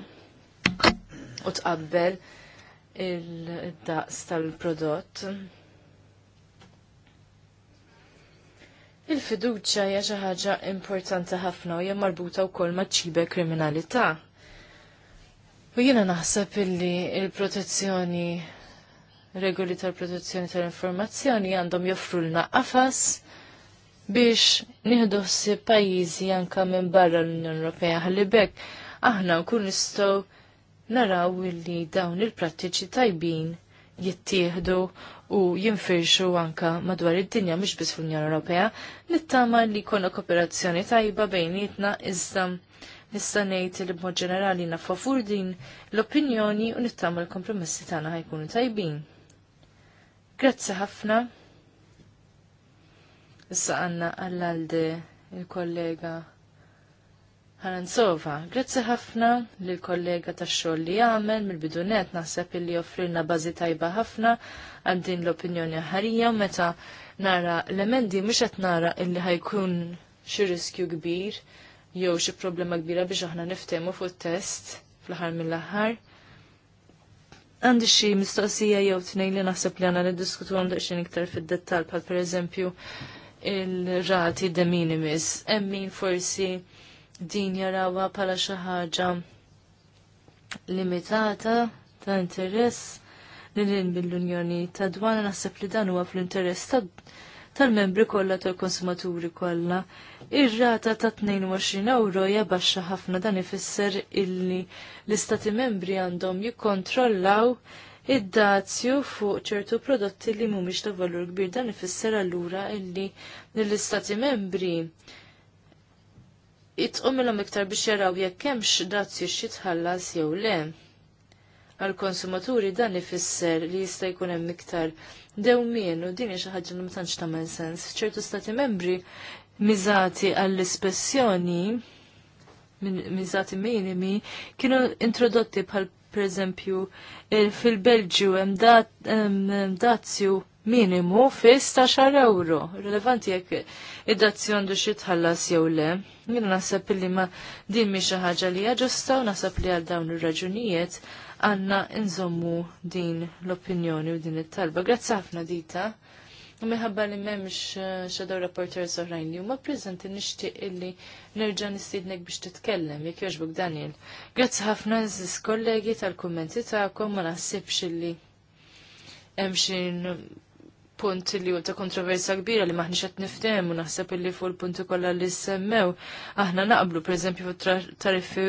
u tqabbel il-daqs tal-prodott. Il-fiduċa hija xi ħaġa importanti ħafna u hija marbuta wkoll maċ-ċibe kriminalità. U jiena naħseb illi il-protezzjoni regoli tal-protezzjoni tal-informazzjoni għandhom joffru lna qafas biex nieħdu ħsieb pajjiżi anke minn barra l-Unjoni Ewropea ħalli bekk aħna nkun nistgħu naraw illi dawn il-prattiċi tajbin jittieħdu u jinfirxu anka madwar id-dinja mhux biss fl-Unjoni Ewropea, nittama li jkollna kooperazzjoni tajba bejnietna iżda nista' ngħid li b'mod ġenerali na din l-opinjoni u nittama l-kompromessi tagħna ħajkunu tajbin. Grazzi ħafna. Issa għanna għall-għalde il-kollega Haranzova, grazzi ħafna lill kollega tax xogħol li għamel mill-bidunet naħseb illi joffrilna bażi tajba ħafna għal din l-opinjoni ħarija meta nara l-emendi mhux qed nara illi ħajkun xi riskju kbir jew xi problema kbira biex aħna niftehmu fuq it-test fl-aħħar mill-aħħar għandi xi mistoqsija jew tnejn li naħseb li għandna niddiskutu għandek xejn iktar fid-dettall bħal pereżempju il-rati de minimis. Emmin forsi din jarawa bħala xi ħaġa limitata ta' interess li lin mill-Unjoni ta' dwana naħseb li dan huwa fl-interess tal-membri kollha tal-konsumaturi kollha. Ir-rata ta' 22 euro baxxa ħafna dan ifisser illi l-istati membri għandhom jikkontrollaw id-dazju fuq ċertu prodotti li mhumiex ta' valur kbir dan ifisser allura illi l-istati membri jitqomilhom iktar biex jaraw jekk hemmx xi tħallas jew le. Għal-konsumaturi dan ifisser li jista' jkun hemm iktar dewmien u din xi ħaġa li ma tantx tagħmel sens. F'ċertu stati membri miżati għall-ispessjoni miżati minimi kienu introdotti bħal pereżempju eh, fil-Belġju hemm dazzju minimu fi 16 euro. Rilevanti jekk id-dazzjon du xi tħallas jew le. Jien naħseb li ma din mi xi ħaġa li ġusta u naħseb li għal dawn ir-raġunijiet għandna nżommu din l-opinjoni u din it-talba. Grazzi ħafna dita. U minħabba li m'hemmx xadaw eh, rapporter soħrajn li huma preżenti nixtieq illi nerġa' nistiednek biex titkellem jekk jogħġbok Daniel. Grazzi ħafna żis kollegi tal-kummenti tagħkom ma naħsibx illi hemm xi punt li ta' kontroversja kbira li maħni xat niftem u naħseb li fuq il-punti kollha li semmew, aħna naqblu per eżempju fuq tariffi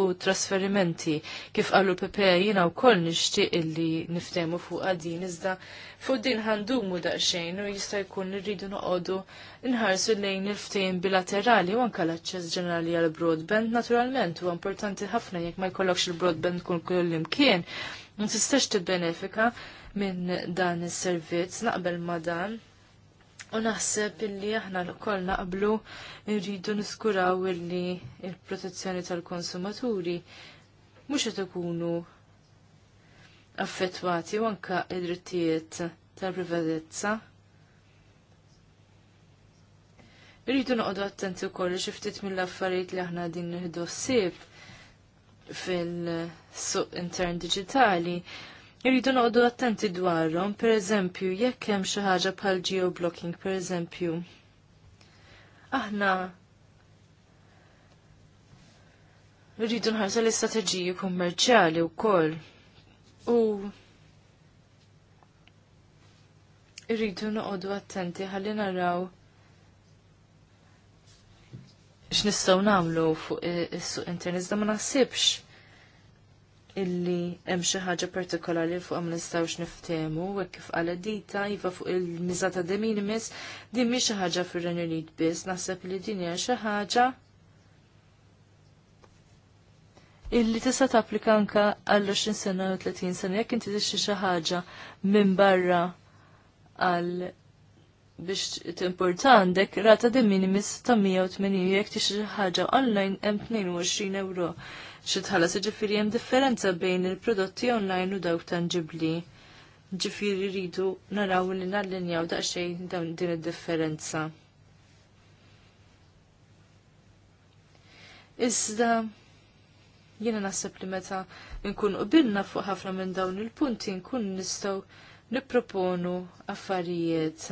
u trasferimenti. Kif qalu Pepe jina u koll nixtieq li niftemu fuq għadin iżda fuq din ħandumu daqsxejn u jista' jkun rridu noqogħdu nħarsu lejn il ftejn bilaterali u anke l-aċċess ġenerali għal broadband naturalment huwa importanti ħafna jekk ma jkollokx il-broadband kull kull imkien. Ma tistax tibbenefika minn dan is-servizz, naqbel ma dan. U naħseb illi aħna l-koll naqblu rridu niskuraw illi il-protezzjoni tal-konsumaturi mhux qed ikunu affettwati u anka id-drittijiet tal-privatezza. Rridu noqogħdu attenti wkoll xi ftit mill-affarijiet li aħna din nieħdu ssib fil-suq intern diġitali Irridu noqdu attenti dwarhom, pereżempju, jekk hemm xi ħaġa bħal geoblocking, pereżempju. Aħna rridu nħarsu l-istrateġiji kummerċjali wkoll. U rridu noqogħdu attenti ħalli naraw x'nistgħu nagħmlu fuq is-suq internet da ma naħsibx illi hemm xi ħaġa partikolari fuq ma nistgħux niftehmu hekk kif qal dita iva fuq il-miża ta' de minimis din mhi xi ħaġa fir-Renju Unit biss, naħseb li din hija xi ħaġa illi tista' tapplika anke għal 20 sena u 30 sena jekk inti tixtri xi ħaġa minn barra għal biex t-importa għandek rata de minimis ta' 180 jek tixri ħaġa online hemm 22 euro xi tħallas ġifieri hemm differenza bejn il-prodotti online u dawk tangibbli. Ġifieri rridu naraw li nallinjaw daqsxejn din id-differenza. Iżda jiena naħseb li meta nkun qbilna fuq ħafna minn dawn il-punti nkun nistgħu nipproponu affarijiet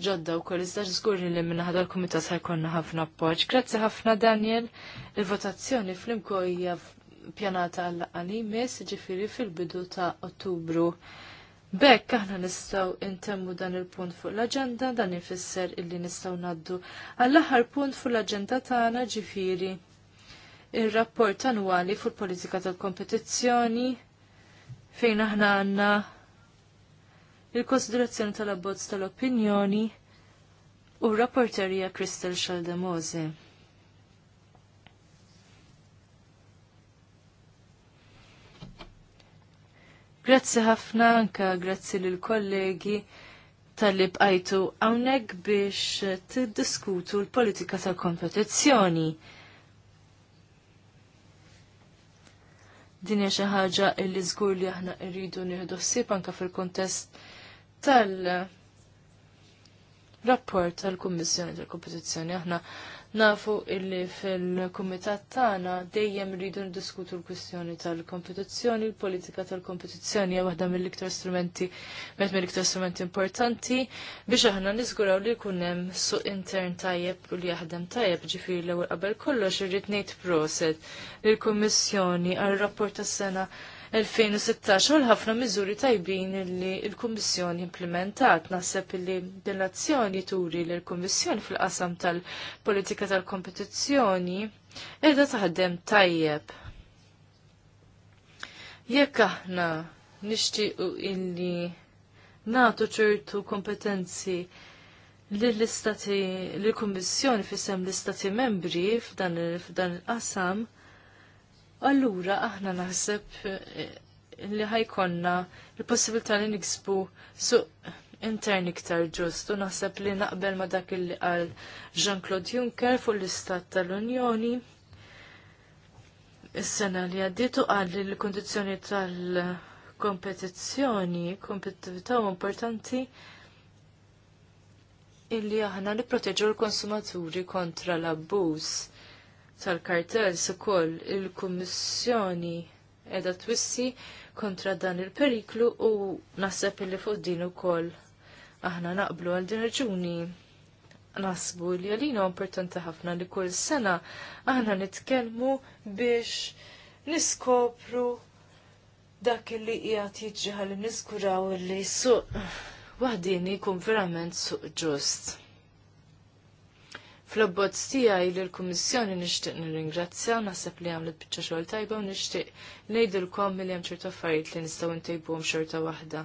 ġodda u koll iżda żgurri li minna ħadha l-kumitat ħajkonna ħafna appoġġ. Grazzi ħafna Daniel, il-votazzjoni flimko hija pjanata għal għalimis ġifiri fil-bidu ta' Ottubru. Bekk aħna nistgħu intemmu dan il-punt fuq l-aġenda dan ifisser illi nistgħu naddu għall-aħħar punt fuq l-aġenda tagħna ġifiri il-rapport annwali fuq politika tal-kompetizzjoni fejn aħna għandna il-konsiderazzjoni tal-abbozz tal-opinjoni u rapporterija Kristel Xaldemose. Grazzi ħafna anka grazzi lil kollegi tal-li bqajtu hawnhekk biex tiddiskutu l-politika tal kompetizzjoni. Dinja xi ħaġa li żgur li aħna rridu nieħdu ħsieb anke fil kontest tal-rapport tal-Kummissjoni tal-Kompetizzjoni. Aħna nafu illi fil-Kumitat tagħna dejjem rridu ndiskutu l-kwistjoni tal-kompetizzjoni, l-politika tal-kompetizzjoni hija waħda mill-iktar strumenti, wieħed mill-iktar strumenti importanti biex aħna niżguraw li jkun hemm suq intern tajjeb u li jaħdem tajjeb ġifieri l-ewwel qabel kollox irrid ngħid proset lill-Kummissjoni għar-rapport tas-sena 2016 u l-ħafna miżuri tajbin li l-Kummissjoni implementat. Naħseb li dell-azzjoni turi li l-Kummissjoni fil-qasam tal-politika tal-kompetizzjoni edha taħdem tajjeb. Jekk aħna nixtiequ illi nagħtu ċertu kompetenzi lill istati l kummissjoni fisem l-istati membri f'dan il-qasam, allura aħna naħseb eh, li ħajkonna il-possibilità li niksbu su intern iktar ġust u naħseb li naqbel ma dak li qal Jean-Claude Juncker fuq l-Istat tal-Unjoni is-sena li għaddiet u qal li l kundizzjoni tal-kompetizzjoni, kompetittività u importanti illi aħna nipproteġu l-konsumaturi kontra l-abbuż tal-kartels ukoll il-Kummissjoni edha twissi kontra dan il-periklu u naħseb li fuq din ukoll aħna naqblu għal din raġuni nasbu li għalina importanti ħafna li kull sena aħna nitkellmu biex niskopru dak li qiegħed jiġri ħalli niskuraw li suq waħdin jkun verament suq ġust. Fl-abbozz tiegħi lill-Kummissjoni nixtieq nirringrazzja naħseb li għamlet bieċa xogħol tajba u nixtieq ngħidilkom li hemm ċertu affarijiet li nistgħu ntejbuhom xorta waħda.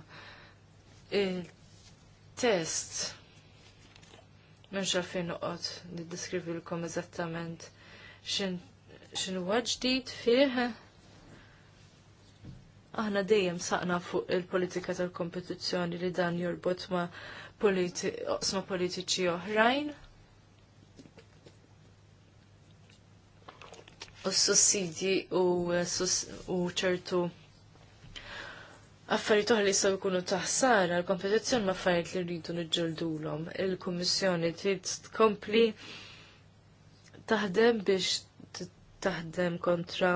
Il-test m'hemmx għalfejn noqgħod niddeskrivilkom eżattament x'inhuwa ġdid fih aħna dejjem saqna fuq il-politika tal-kompetizzjoni li dan jorbot ma politiċi oħrajn u s-sussidji eh, u ċertu Affarijiet oħra li jistgħu jkunu taħsara l-kompetizzjoni ma' affarijiet li rridu niġġoldulhom. Il-Kummissjoni trid tkompli taħdem biex taħdem kontra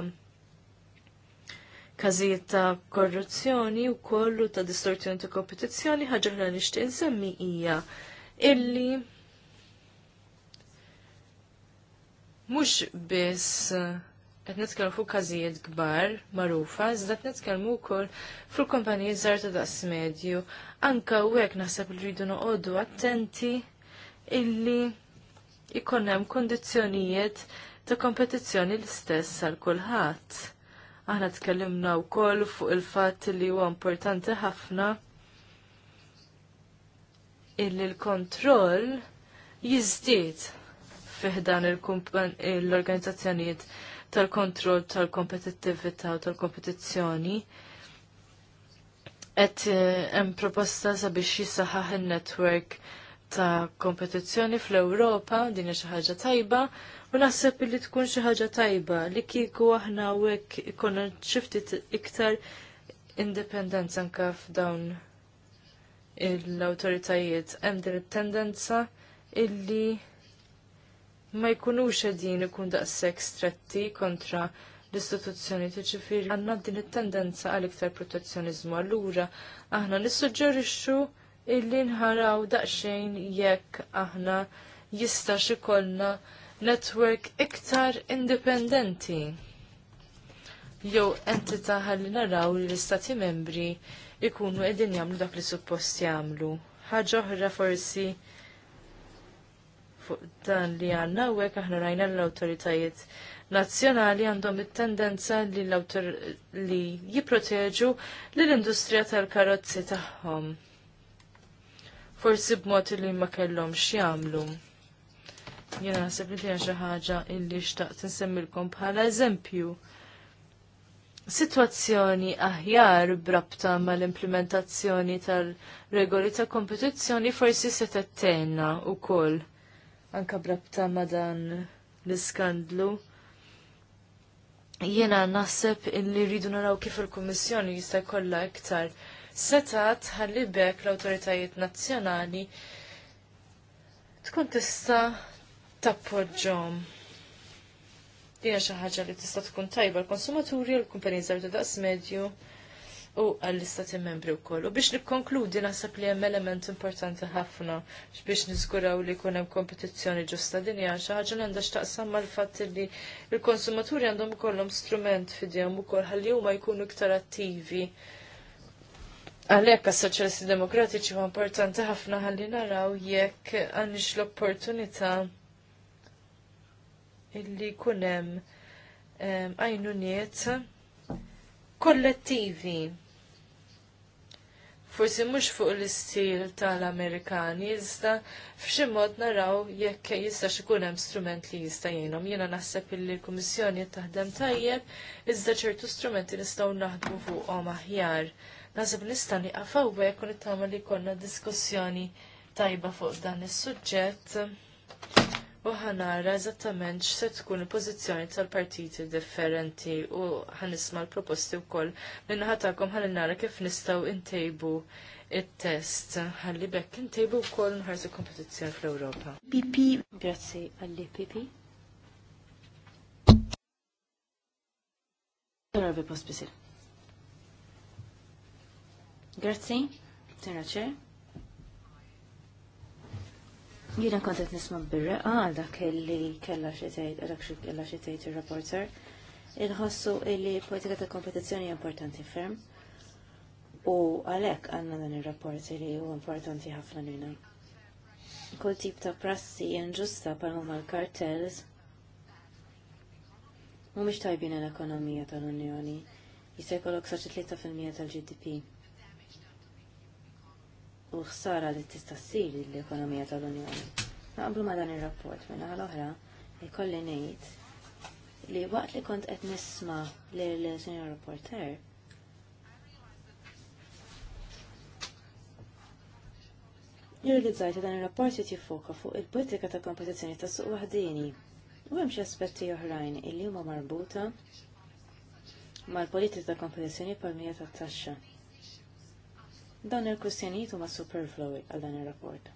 każijiet ta' korruzzjoni u kollu ta' distorzjoni ta' kompetizzjoni ħaġa li nixtieq insemmi hija illi mhux biss eh, qed nitkellmu fuq każijiet kbar magħrufa, iżda qed nitkellmu wkoll fuq kompanijiet zarta ta' daqs medju. Anka hekk naħseb li rridu noqogħdu attenti illi ikun hemm ta' kompetizzjoni l-istess għal kulħadd. Aħna tkellimna wkoll fuq il-fatt li huwa importanti ħafna illi l-kontroll jiżdied fiħdan l-organizzazzjonijiet tal-kontroll tal-kompetittività u tal-kompetizzjoni. Et eh, hemm proposta sabiex jisaħħaħ in-netwerk ta' kompetizzjoni fl-Ewropa din xi ħaġa tajba u naħseb li tkun xi ħaġa tajba li kieku aħna hekk ikollna xiftit iktar indipendenza anka f'dawn l awtoritajiet hemm din it-tendenza illi ma jkunux għedin ikun daqshekk stretti kontra l-istituzzjoni tiġifieri għandna din it-tendenza għal iktar protezzjonizmu. Allura aħna nissuġġerixxu illi nħaraw daqsxejn jekk aħna jistax ikollna network iktar indipendenti jew entità ħalli naraw li l-istati membri ikunu qegħdin jagħmlu dak li suppost jagħmlu. Ħaġa oħra forsi fuq dan li għanna u għek aħna rajna l-autoritajiet nazzjonali għandhom it-tendenza li l li jiproteġu l-industrija tal-karozzi tagħhom. Forsi b'mod li ma kellhomx jagħmlu. Jiena naħseb li hija xi ħaġa illi xtaqt insemmilkom bħala eżempju situazzjoni aħjar brabta ma l-implementazzjoni tal-regoli ta' kompetizzjoni forsi se tettenna u koll anka brabta ma' dan l-iskandlu. Jiena naħseb illi rridu naraw kif il-Kummissjoni jista' jkollha iktar setat ħalli bekk l-awtoritajiet nazzjonali tkun tista' tappoġġhom dina xi ħaġa li tista' tkun tajba l-konsumaturi u l-kumpaniji ta' daqs medju u għall-istati membri wkoll. U biex nikkonkludi naħseb li hemm element importanti ħafna biex niżguraw li jkun hemm kompetizzjoni ġusta din hija xi ħaġa għandha x'taqsam mal-fatt li l-konsumaturi għandhom ikollhom strument f'idejhom ukoll ħalli huma jkunu iktar attivi. Għalhekk għas-soċjalisti demokratiċi ma importanti ħafna ħalli naraw jekk għannix l-opportunità illi kunem eh, għajnu niet kollettivi. Forsi mhux fuq l-istil tal-Amerikani, iżda f'xi mod naraw jekk jista' ikun hemm strument li jista' jgħinhom. Jiena naħseb illi l-Kummissjoni taħdem tajjeb, iżda ċertu strumenti nistgħu naħdmu fuqhom aħjar. Naħseb nista' nieqaf hawnhekk u nittama li jkollna diskussjoni tajba fuq dan is-suġġett u ħanara eżattament x'se tkun il-pożizzjoni tal-partiti differenti u ħanisma' l-proposti wkoll minnaħa tagħkom ħalli nara kif nistgħu intejbu it-test ħalli bekk intejbu wkoll nħarsu kompetizzjoni fl-Ewropa. Pipi, grazzi għalli PP. Grazzi, Tera Jiena kont qed nisma' bir għal dak li kellha xi tgħid dak xi kellha xi tgħid ir-rapporter. il li politika ta' kompetizzjoni importanti ferm u għalhekk għandna dan ir-rapport li huwa importanti ħafna lilna. Kull tip ta' prassi inġusta bħalma mal-kartels mhumiex tajbin l-ekonomija tal-Unjoni. Jista' jkollok fil 3% tal-GDP u ħsara li tista' ssir l-ekonomija tal-Unjoni. Naqblu ma dan ir-rapport minn l-oħra ikolli ngħid li waqt li kont qed nisma' lil Senior Reporter Jirrealizzajt dan ir-rapport jrid jiffoka fuq il-politika ta' kompetizzjoni ta' suq waħdini u hemm xi aspetti oħrajn illi huma marbuta mal-politika ta' kompetizzjoni pal-mija tat-taxxa. Dan il-kwistjonijiet huma superflowi għal dan ir-rapport.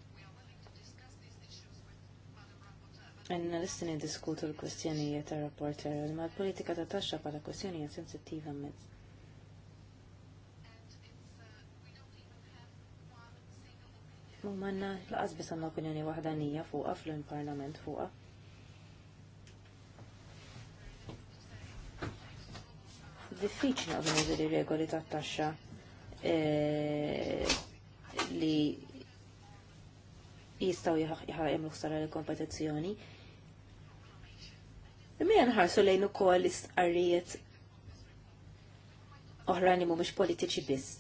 Għanna l-istini diskutu l-kwistjonijiet tar rapporter ma l-politika ta' taxxa pala kwistjonijiet sensittiva mezz. Manna laqas bis għanna opinjoni waħdanija fuqa fl-Parlament fuqa. Diffiċli naqbel li regoli ta' taxxa Eh, li jistaw jgħamlu ħsara l-kompetizzjoni. Imma nħarsu lejn ukoll istqarrijiet oħrajn li mhumiex politiċi biss.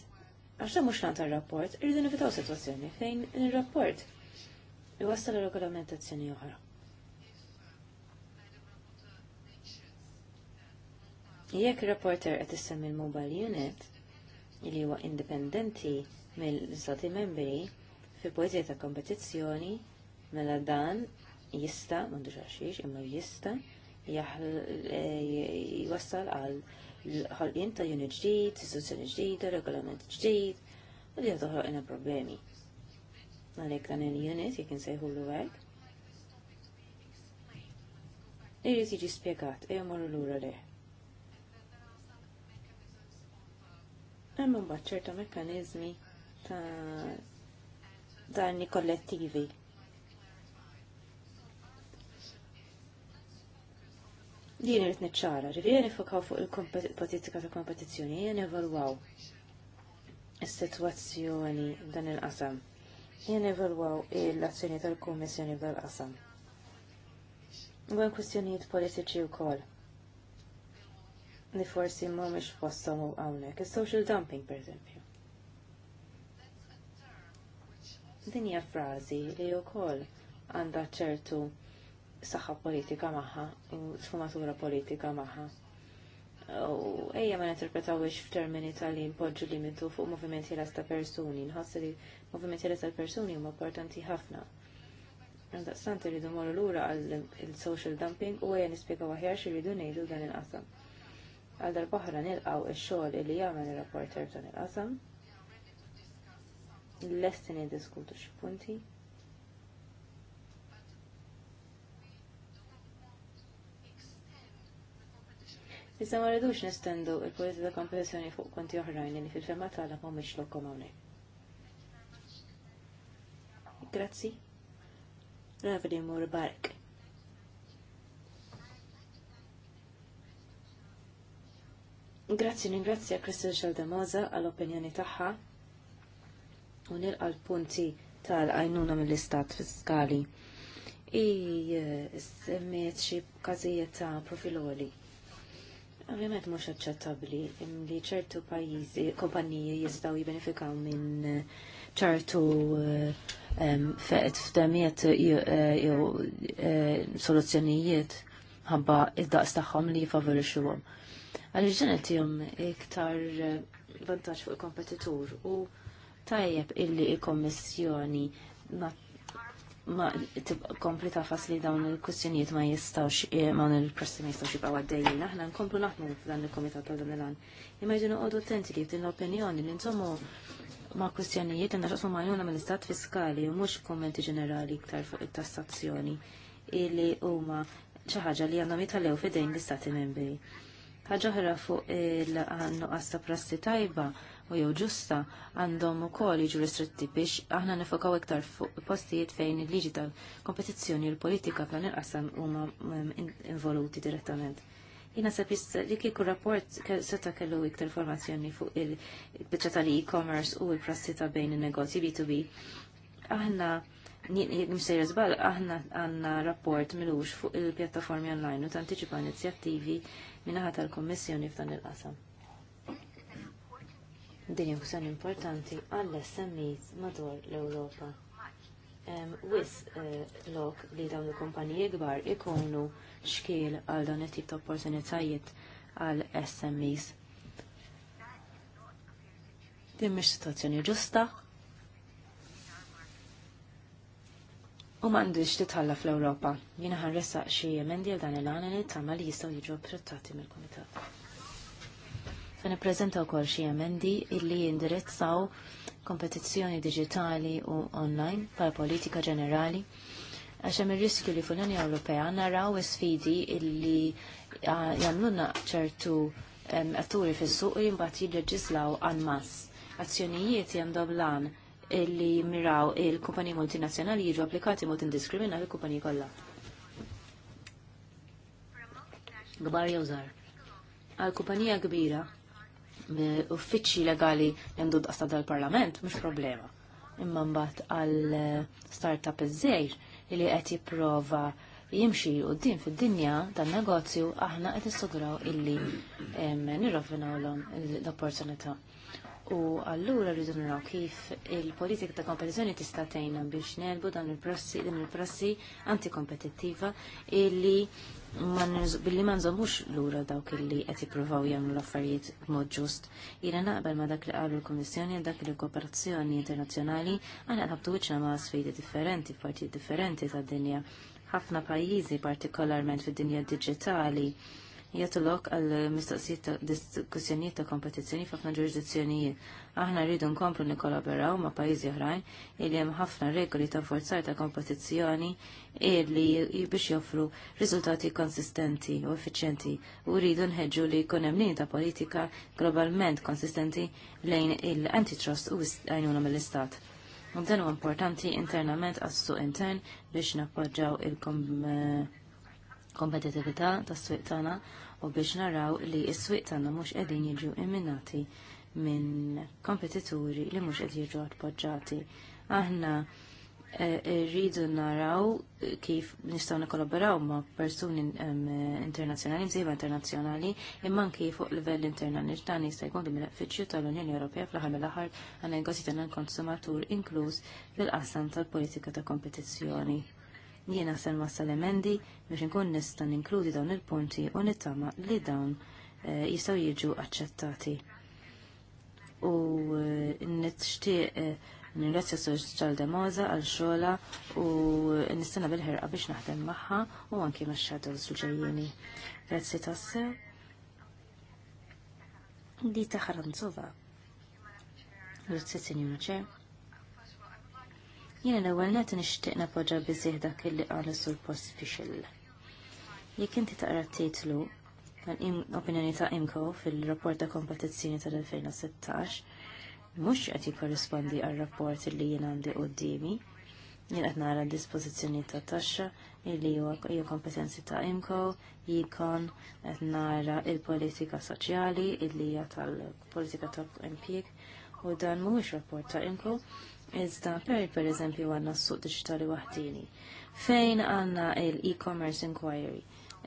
Għax mhux tant ir-rapport, irridu nifitaw sitwazzjoni fejn ir-rapport l regolamentazzjoni oħra. Jekk reporter qed issemmi l-mobile unit, li huwa indipendenti mill istati membri fi poezija ta' kompetizzjoni mela dan jista, m'għandux għaxiex, imma jista e, jwassal għal ħolqien ta' unit ġdid, istituzzjoni ġdida, regolament ġdid, u li ħolqina problemi. Għalhekk dan il-unit, jek nsejħu l-għek, irrit jiġi spiegat, e morru l għura leħ. Emma mbagħad ċerta mekkaniżmi ta' danni kollettivi. Din irid niċċara, ġifieri nifokaw fuq il-politika ta' kompetizzjoni, jien evalwaw is-sitwazzjoni dan il-qasam. Jien evalwaw l-azzjoni tal-Kummissjoni dal-qasam. Għan kwistjonijiet politiċi wkoll li forsi ma fossom u hawnhekk, is-social dumping per Din hija frażi li wkoll għandha ċertu saħħa politika magħha u sfumatura politika magħha. U ejja ma ninterpretawiex f'termini tal-li npoġġu limitu fuq movimenti l ta' persuni. Nħassi li movimenti l ta' persuni huma importanti ħafna. Għandaqstant irridu l lura għal il-social dumping u għajja nispjega waħjar xirridu ngħidu dan il-qasam. Għal baħra nilqaw il-xogħol li jagħmel ir-rapporter dan il-qasam. Lesti niddiskutu xi punti. Issa ma rridux nistendu il-politi ta' kompetizzjoni fuq konti oħrajn li fil-femma tagħna mhumiex lokkom hawnhekk. Grazzi. Ravri Mur Bark. Grazzi ningrazzja Kristin Xaldamoza għall-opinjoni tagħha u nilqa l-punti tal-għajnuna mill-istat fiskali. I eh, semmiet xi każijiet ta' profiloli. Ovvjament mhux aċċettabbli li ċertu pajjiżi, kompaniji jistgħu jibbenefikaw minn eh, ċertu eh, f'demiet jew soluzzjonijiet ħabba id-daqs tagħhom li jifavorixxuhom għal ġenet jom iktar eh, vantaġġ fuq il-kompetitur u tajjeb illi il-Kommissjoni ma ma tibkompli ta' fasli dawn il kustjonijiet ma jistawx eh, ma il-presti ma jistawx jibqa' għaddejjin. Aħna nkomplu naħmu f'dan il-komitat ta' dan il-għan. Imma jdu noqogħdu attenti li din l-opinjoni li insommu ma' kwistjonijiet għandna ma' magħjuna mill-istat fiskali u mhux kommenti ġenerali iktar fuq it-tassazzjoni illi huma xi ħaġa li għandhom jitħallew f'idejn l-istati membri ħaġa fuq il-nuqqas ta' prassi tajba u jew ġusta għandhom ukoll jiġu ristretti biex aħna nifokaw iktar fuq postijiet fejn il-liġi tal-kompetizzjoni l-politika f'dan il u huma mm, involuti direttament. Jina sepp li kieku rapport seta kellu iktar informazzjoni fuq il-bicċa tal-e-commerce u l-prassi ta' bejn il-negozji B2B. Aħna Msejra zbal, aħna għanna rapport milux fuq il-pjattaformi online u tantiċipa inizjattivi minnaħat tal-Kommissjoni f'dan il-qasam. Din hija importanti għall-SMEs madwar l-Ewropa. Wis eh, lok li dawn il-kumpaniji kbar ikunu xkiel għal dan it-tip ta' opportunitajiet għall SMEs. Din mhix situazzjoni ġusta, u m'għandix titħalla fl-Ewropa. Jiena ħanressaq xi emendi għal dan il-għana li tama li jistgħu jiġu apprezzati mill-Kumitat. Se nippreżenta wkoll xi emendi illi jindirizzaw kompetizzjoni diġitali u online bħal politika ġenerali għax hemm ir-riskju li fl-Unjoni Ewropea naraw sfidi illi jamluna ċertu atturi fis-suq li mbagħad jilleġislaw għan mass. Azzjonijiet jandoblan li miraw il-kumpaniji multinazzjonali jiġu applikati mod indiskrimina il kumpaniji kollha. Gbar jew żgħar. Għal kumpanija kbira uffiċċji legali li għandu daqsta dal-parlament mhux problema. Imma mbagħad għal eh, startup iż-żejr li qed jipprova jimxi u din fil-dinja tan negozju aħna qed nistograw illi nirrovinaw l-om l-opportunità. U allura rridu naraw kif il-politika ta' kompetizzjoni tista' tgħinna biex nelbu dan il prossi din il prossi antikompetittiva illi billi ma nżommux lura dawk illi qed jippruvaw jagħmlu l-affarijiet b'mod ġust. Jiena naqbel ma dak li qalu l-Kummissjoni dak li kooperazzjoni internazzjonali għandna ħabtu wiċċna ma' sfidi differenti f'partijiet differenti tad-dinja. Ħafna pajjiżi partikolarment fid-dinja diġitali jagħtu lok għal mistoqsijiet ta' diskussjonijiet ta' kompetizzjoni f'ħafna ġurisdizzjonijiet. Aħna rridu nkomplu nikollaboraw ma' pajjiżi oħrajn illi hemm ħafna regoli ta' forzar ta' kompetizzjoni illi biex joffru riżultati konsistenti u effiċjenti u rridu nħeġġu li jkun hemm ta' politika globalment konsistenti lejn il-antitrust u għajnuna mill-istat. U Dan huwa importanti internament għas-suq intern biex nappoġġaw il-kompetitività eh, tas-suq tagħna u biex naraw li s-swieq tagħna mhux qegħdin jiġu imminati minn kompetituri li mhux qed jiġu appoġġjati. Aħna eh, rridu naraw kif nistgħu nikkollaboraw ma' persuni internazzjonali, msiba internazzjonali, imma anki fuq livell internali dan jista' jkun benefiċċju tal-Unjoni Ewropea fl-aħħar mill-aħħar għal negozji tan konsumatur inkluż fil-qasam tal-politika ta' kompetizzjoni jiena sen ma sal-emendi biex nkun nista' ninkludi dawn il-punti u nittama li dawn eh, jistgħu jiġu aċċettati. U eh, nixtieq eh, Nirrazzja Soċal Demoza għal xola u nistana bil-ħerqa biex naħdem maħħa u anki maċċadu suġajjeni. Grazzi tasse. Dita taħran Grazzi, Signora Ċer. Jiena l-ewwel net nixtieq napoġġa biżih dak illi qalu sur post fixil. Jekk inti taqra titlu tal-opinjoni ta' Imko fil-rapport ta' kompetizzjoni tal-2016, mhux qed jikkorrispondi għar-rapport li jien għandi qudiemi jien qed nara dispożizzjoni ta' taxxa illi huwa hija kompetenzi ta' IMCO, jikon qed nara il-politika soċjali illi hija tal-politika ta' impjieg u dan mhuwiex rapport ta' IMCO Iżda, per per eżempju għanna s-suq digitali wahdini. Fejn għanna l-e-commerce inquiry?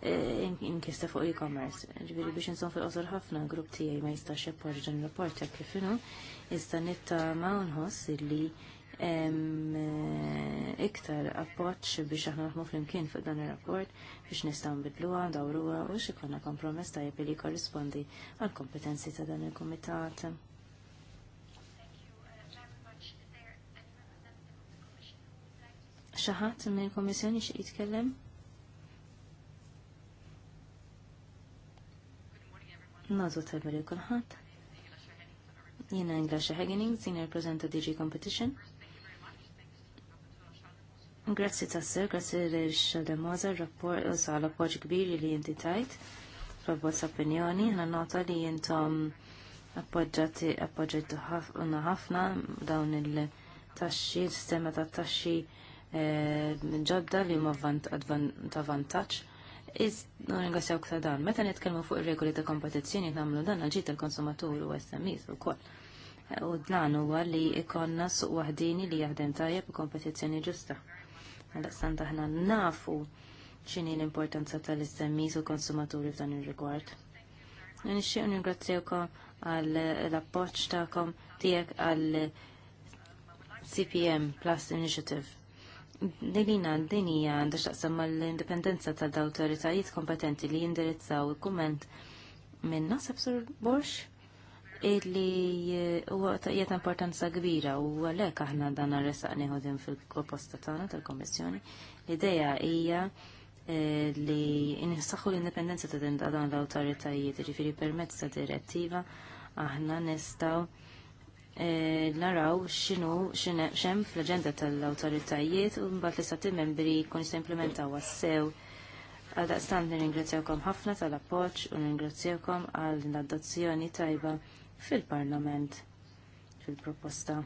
E, inkista fuq e-commerce. Ġviri biex nson fil-qosor ħafna grupp tijaj ma jistax jappoġġ dan rapport jek kifinu, iżda nitta ma unħoss illi e, iktar appoċ biex aħna naħmu fl-imkien fuq dan il-rapport biex nistaw nbidluha, dawruha u xikonna kompromess tajjeb li korrispondi għal kompetenzi ta' dan il-komitat. xi minn il kommissjoni xi jitkellem? Nazu tajba lil kulħadd. Jiena Inglasha Hagening, senior Presenta DG Competition. Grazzi tasser, grazzi l-xademoza, rapport, eh, sa' l-appoġġ kbir li jinti tajt, rabbozz opinjoni, ħna nota li jintom appoġġati appoġġajtu ħafna dawn il-taxxi, sistema ta' taxxi Eh, ġodda li huma ta' vantaċ. Iż ringrazzjawk ta' dan. Meta nitkellmu fuq ir-regoli ta' kompetizzjoni nagħmlu dan ġid il konsumaturi u SMEs ukoll. Eh, u dan huwa li ikonna suq wahdini li jaħdem tajjeb kompetizzjoni ġusta. Għal-aqstant aħna nafu x'inhi l-importanza tal-SMEs u konsumaturi f'dan ir-rigward. Nixtieq ningrazzjawkom għal l-appoġġ tagħkom tiegħek għal CPM Plus Initiative Nelina, d-dinija għandha xaqsam mal-indipendenza ta' daw autoritajiet kompetenti li jindirizzaw il-kumment minn nasab sur Borx illi eh, huwa taqiet importanza kbira u għalhekk aħna dan arresaq nieħodin fil-proposta tagħna tal-Kommissjoni. L-idea hija eh, li nsaħħu l-indipendenza ta' dan l-awtoritajiet, ġifieri permezz ta' direttiva aħna nistgħu Eh, naraw xinu xem fl-agenda tal-autoritajiet u mbagħad li stati membri jkun jimplementaw għas-sew. Għal daqstan nirringrazzjawkom ħafna tal-appoġġ u nirringrazzjawkom għal l-adozzjoni tajba fil-Parlament fil-proposta.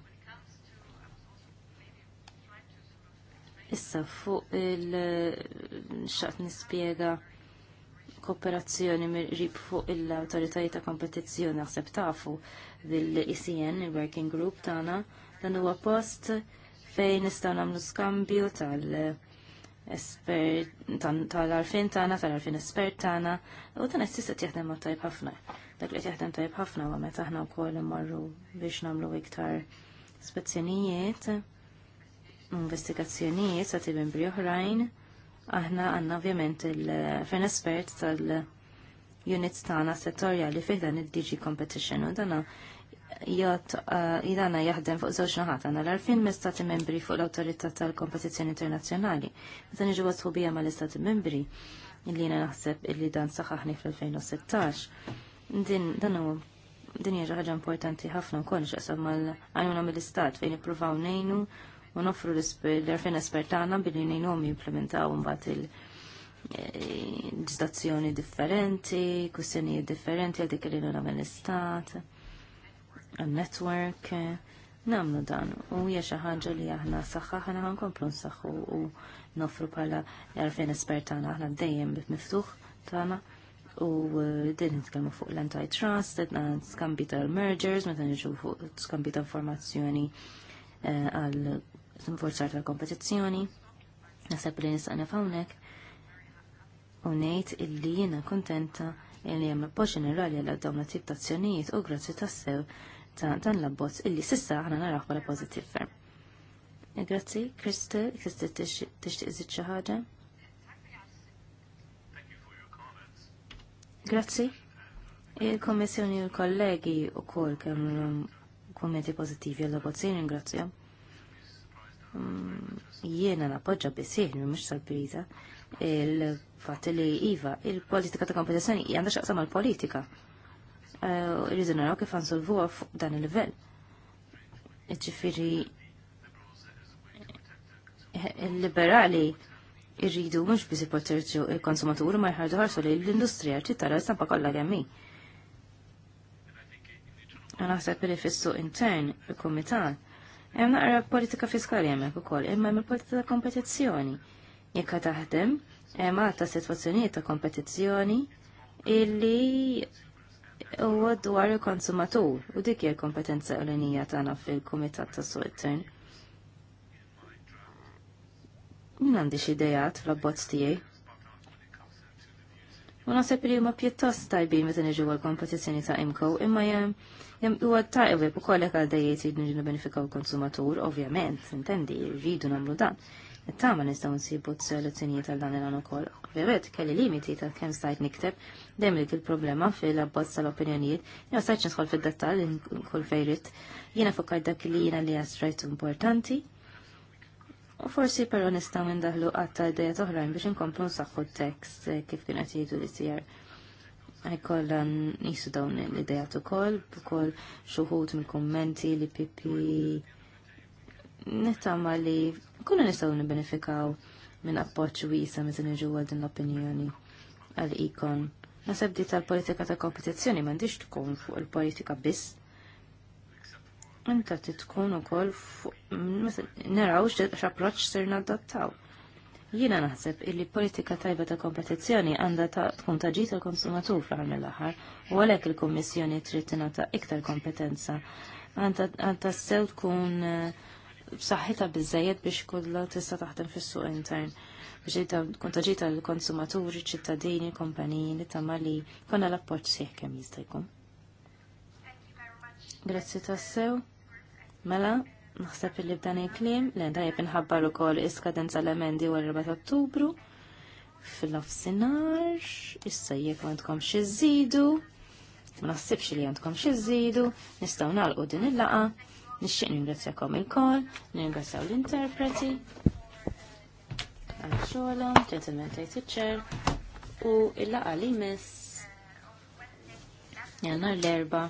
Issa fuq il-xaqt eh, nispiega kooperazzjoni mirrib fuq l-autoritajiet ta' kompetizzjoni għasab tafu bil-ICN, il-Working Group tagħna, dan huwa post fejn nistgħu nagħmlu skambju tal- tal-arfin tagħna, tal-arfin espert tagħna, u dan qed tista' jaħdem ma' tajb ħafna. Dak li jaħdem tajb ħafna huwa meta aħna wkoll immorru biex nagħmlu iktar spezzjonijiet, investigazzjonijiet sa' tibim oħrajn aħna għanna ovvjament il-fen espert tal-unit tagħna settorjali fih dan id-DG Competition u dana jgħat eh, jidana jaħdem fuq żewġ naħat għandna l-arfin stati membri fuq l-autorità tal-kompetizzjoni internazzjonali. Meta niġu wasħu bija mal-istati membri illi jiena naħseb illi dan saħaħni fl-2016. Din dan huwa din hija ħaġa importanti ħafna wkoll x'qasam mal-għajnuna mill-istat fejn ippruvaw ngħinu u nofru l-erfen espertana billi nejnom jimplementaw mbagħad il- eh, ġdazzjoni differenti, kussjoni differenti għal dik li nagħmel l-istat, għal-network, namlu dan. U hija xi ħaġa li aħna saħħa għan ħankomplu nsaħħu u nofru bħala l-arfin espertana aħna dejjem bit miftuħ tagħna u eh, din nitkellmu fuq l-antitrust, edna skambi tal-mergers, meta niġu fuq skambi ta' informazzjoni eh, għal forzar tal-kompetizzjoni. Nasab li nistaqna fawnek u nejt illi jena kontenta illi jem l-appoġġ ġenerali għal dawn tip ta'zzjonijiet azzjonijiet u grazzi tassew ta' dan l-abbozz illi sissa ħana naraw bħala pożittiv ferm. E grazzi, Krista, Krista tixtieq xi ħaġa? Grazzi. Il-Kommissjoni u l-kollegi u kol kemm um, kommenti pozitivi għal bozzin ringrazzjam jiena napoġġa bisieħni mux sorpriza, il-fatt li iva il-politika ta' kompetizzjoni għandha x'aqsam għal politika eh, Irridu naraw kif għansolvuha fuq dan il-livell. Ġifieri il-liberali irridu mhux biss ipoterġu il-konsumaturi ma jħardu ħarsu li l-industrija ċittara tara stampa kollha għammi. hi. li fissu intern il komitan Hemm naqra politika fiskali hemmhekk ukoll, imma hemm il-politika ta' kompetizzjoni. Jekk taħdem, hemm għadta sitwazzjonijiet ta' kompetizzjoni illi huwa dwar il-konsumatur u dik hija kompetenza ewlenija tagħna fil-Kumitat ta' Suq Min għandix idejat fl-abbozz tiegħi. U naħseb li huma pjuttost tajbin meta niġu għal kompetizzjoni ta' imkow, imma jem jem huwa tajbin ukoll hekk għaldejjiet jridu niġu benefikaw konsumatur, ovvjament, intendi, rridu nagħmlu dan. Tama nistgħu nsibu soluzzjonijiet għal dan il-għan ukoll. Ovvjament kelli limiti ta' kemm stajt nikteb dem li il-problema fil-abbozz tal-opinjonijiet, jew stajt nisħol fid dettal kull fejrit. Jiena fukkar dak li jena li għastrajt importanti, U forsi però nistgħu indaħlu għatta ideja oħrajn biex inkomplu nsaħħu tekst eh, kif kien qed jgħidu li tiegħek. Ħajkollha ehm, nisu dawn l-ideja ukoll, ukoll xuħut mill-kummenti li pipi nittama li kuna nistgħu nibenefikaw minn appoġġ wiesa meta niġu għal din l-opinjoni għal ikon. Naseb di tal-politika ta' kompetizzjoni mandiġ tkun fuq il-politika biss inta titkun ukoll naraw x'approċċ ser nadattaw. Jiena naħseb illi politika tajba ta' kompetizzjoni għandha ta' tkun taġi tal-konsumatur fl-aħħar mill-aħħar u għalhekk il-Kummissjoni trid tingħata iktar kompetenza għandha sew tkun eh, b'saħħitha biżejjed biex kollha tista' taħdem fis-suq intern biex tkun ġita l konsumaturi ċittadini, kompanijin, li tama li konna l-appoġġ siħkem kemm jista' jkun. Grazzi tassew. Mela, naħseb li b'dan il-klim, l-għen inħabbar nħabbar u kol iskadenza l-emendi u l-4 ottubru, fil ofsinar issa jek għandkom xizzidu, ma naħsibx li għandkom xizzidu, nistaw nalqu din il-laqa, nixxieq ningrazzjakom il-kol, ningrazzjaw l-interpreti, għal xogħolhom, gentlemen tajt iċ u il-laqa li miss jannar l-erba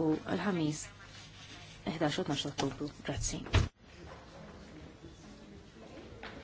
u l-ħamis 11 u 12 ottobru. Grazzi.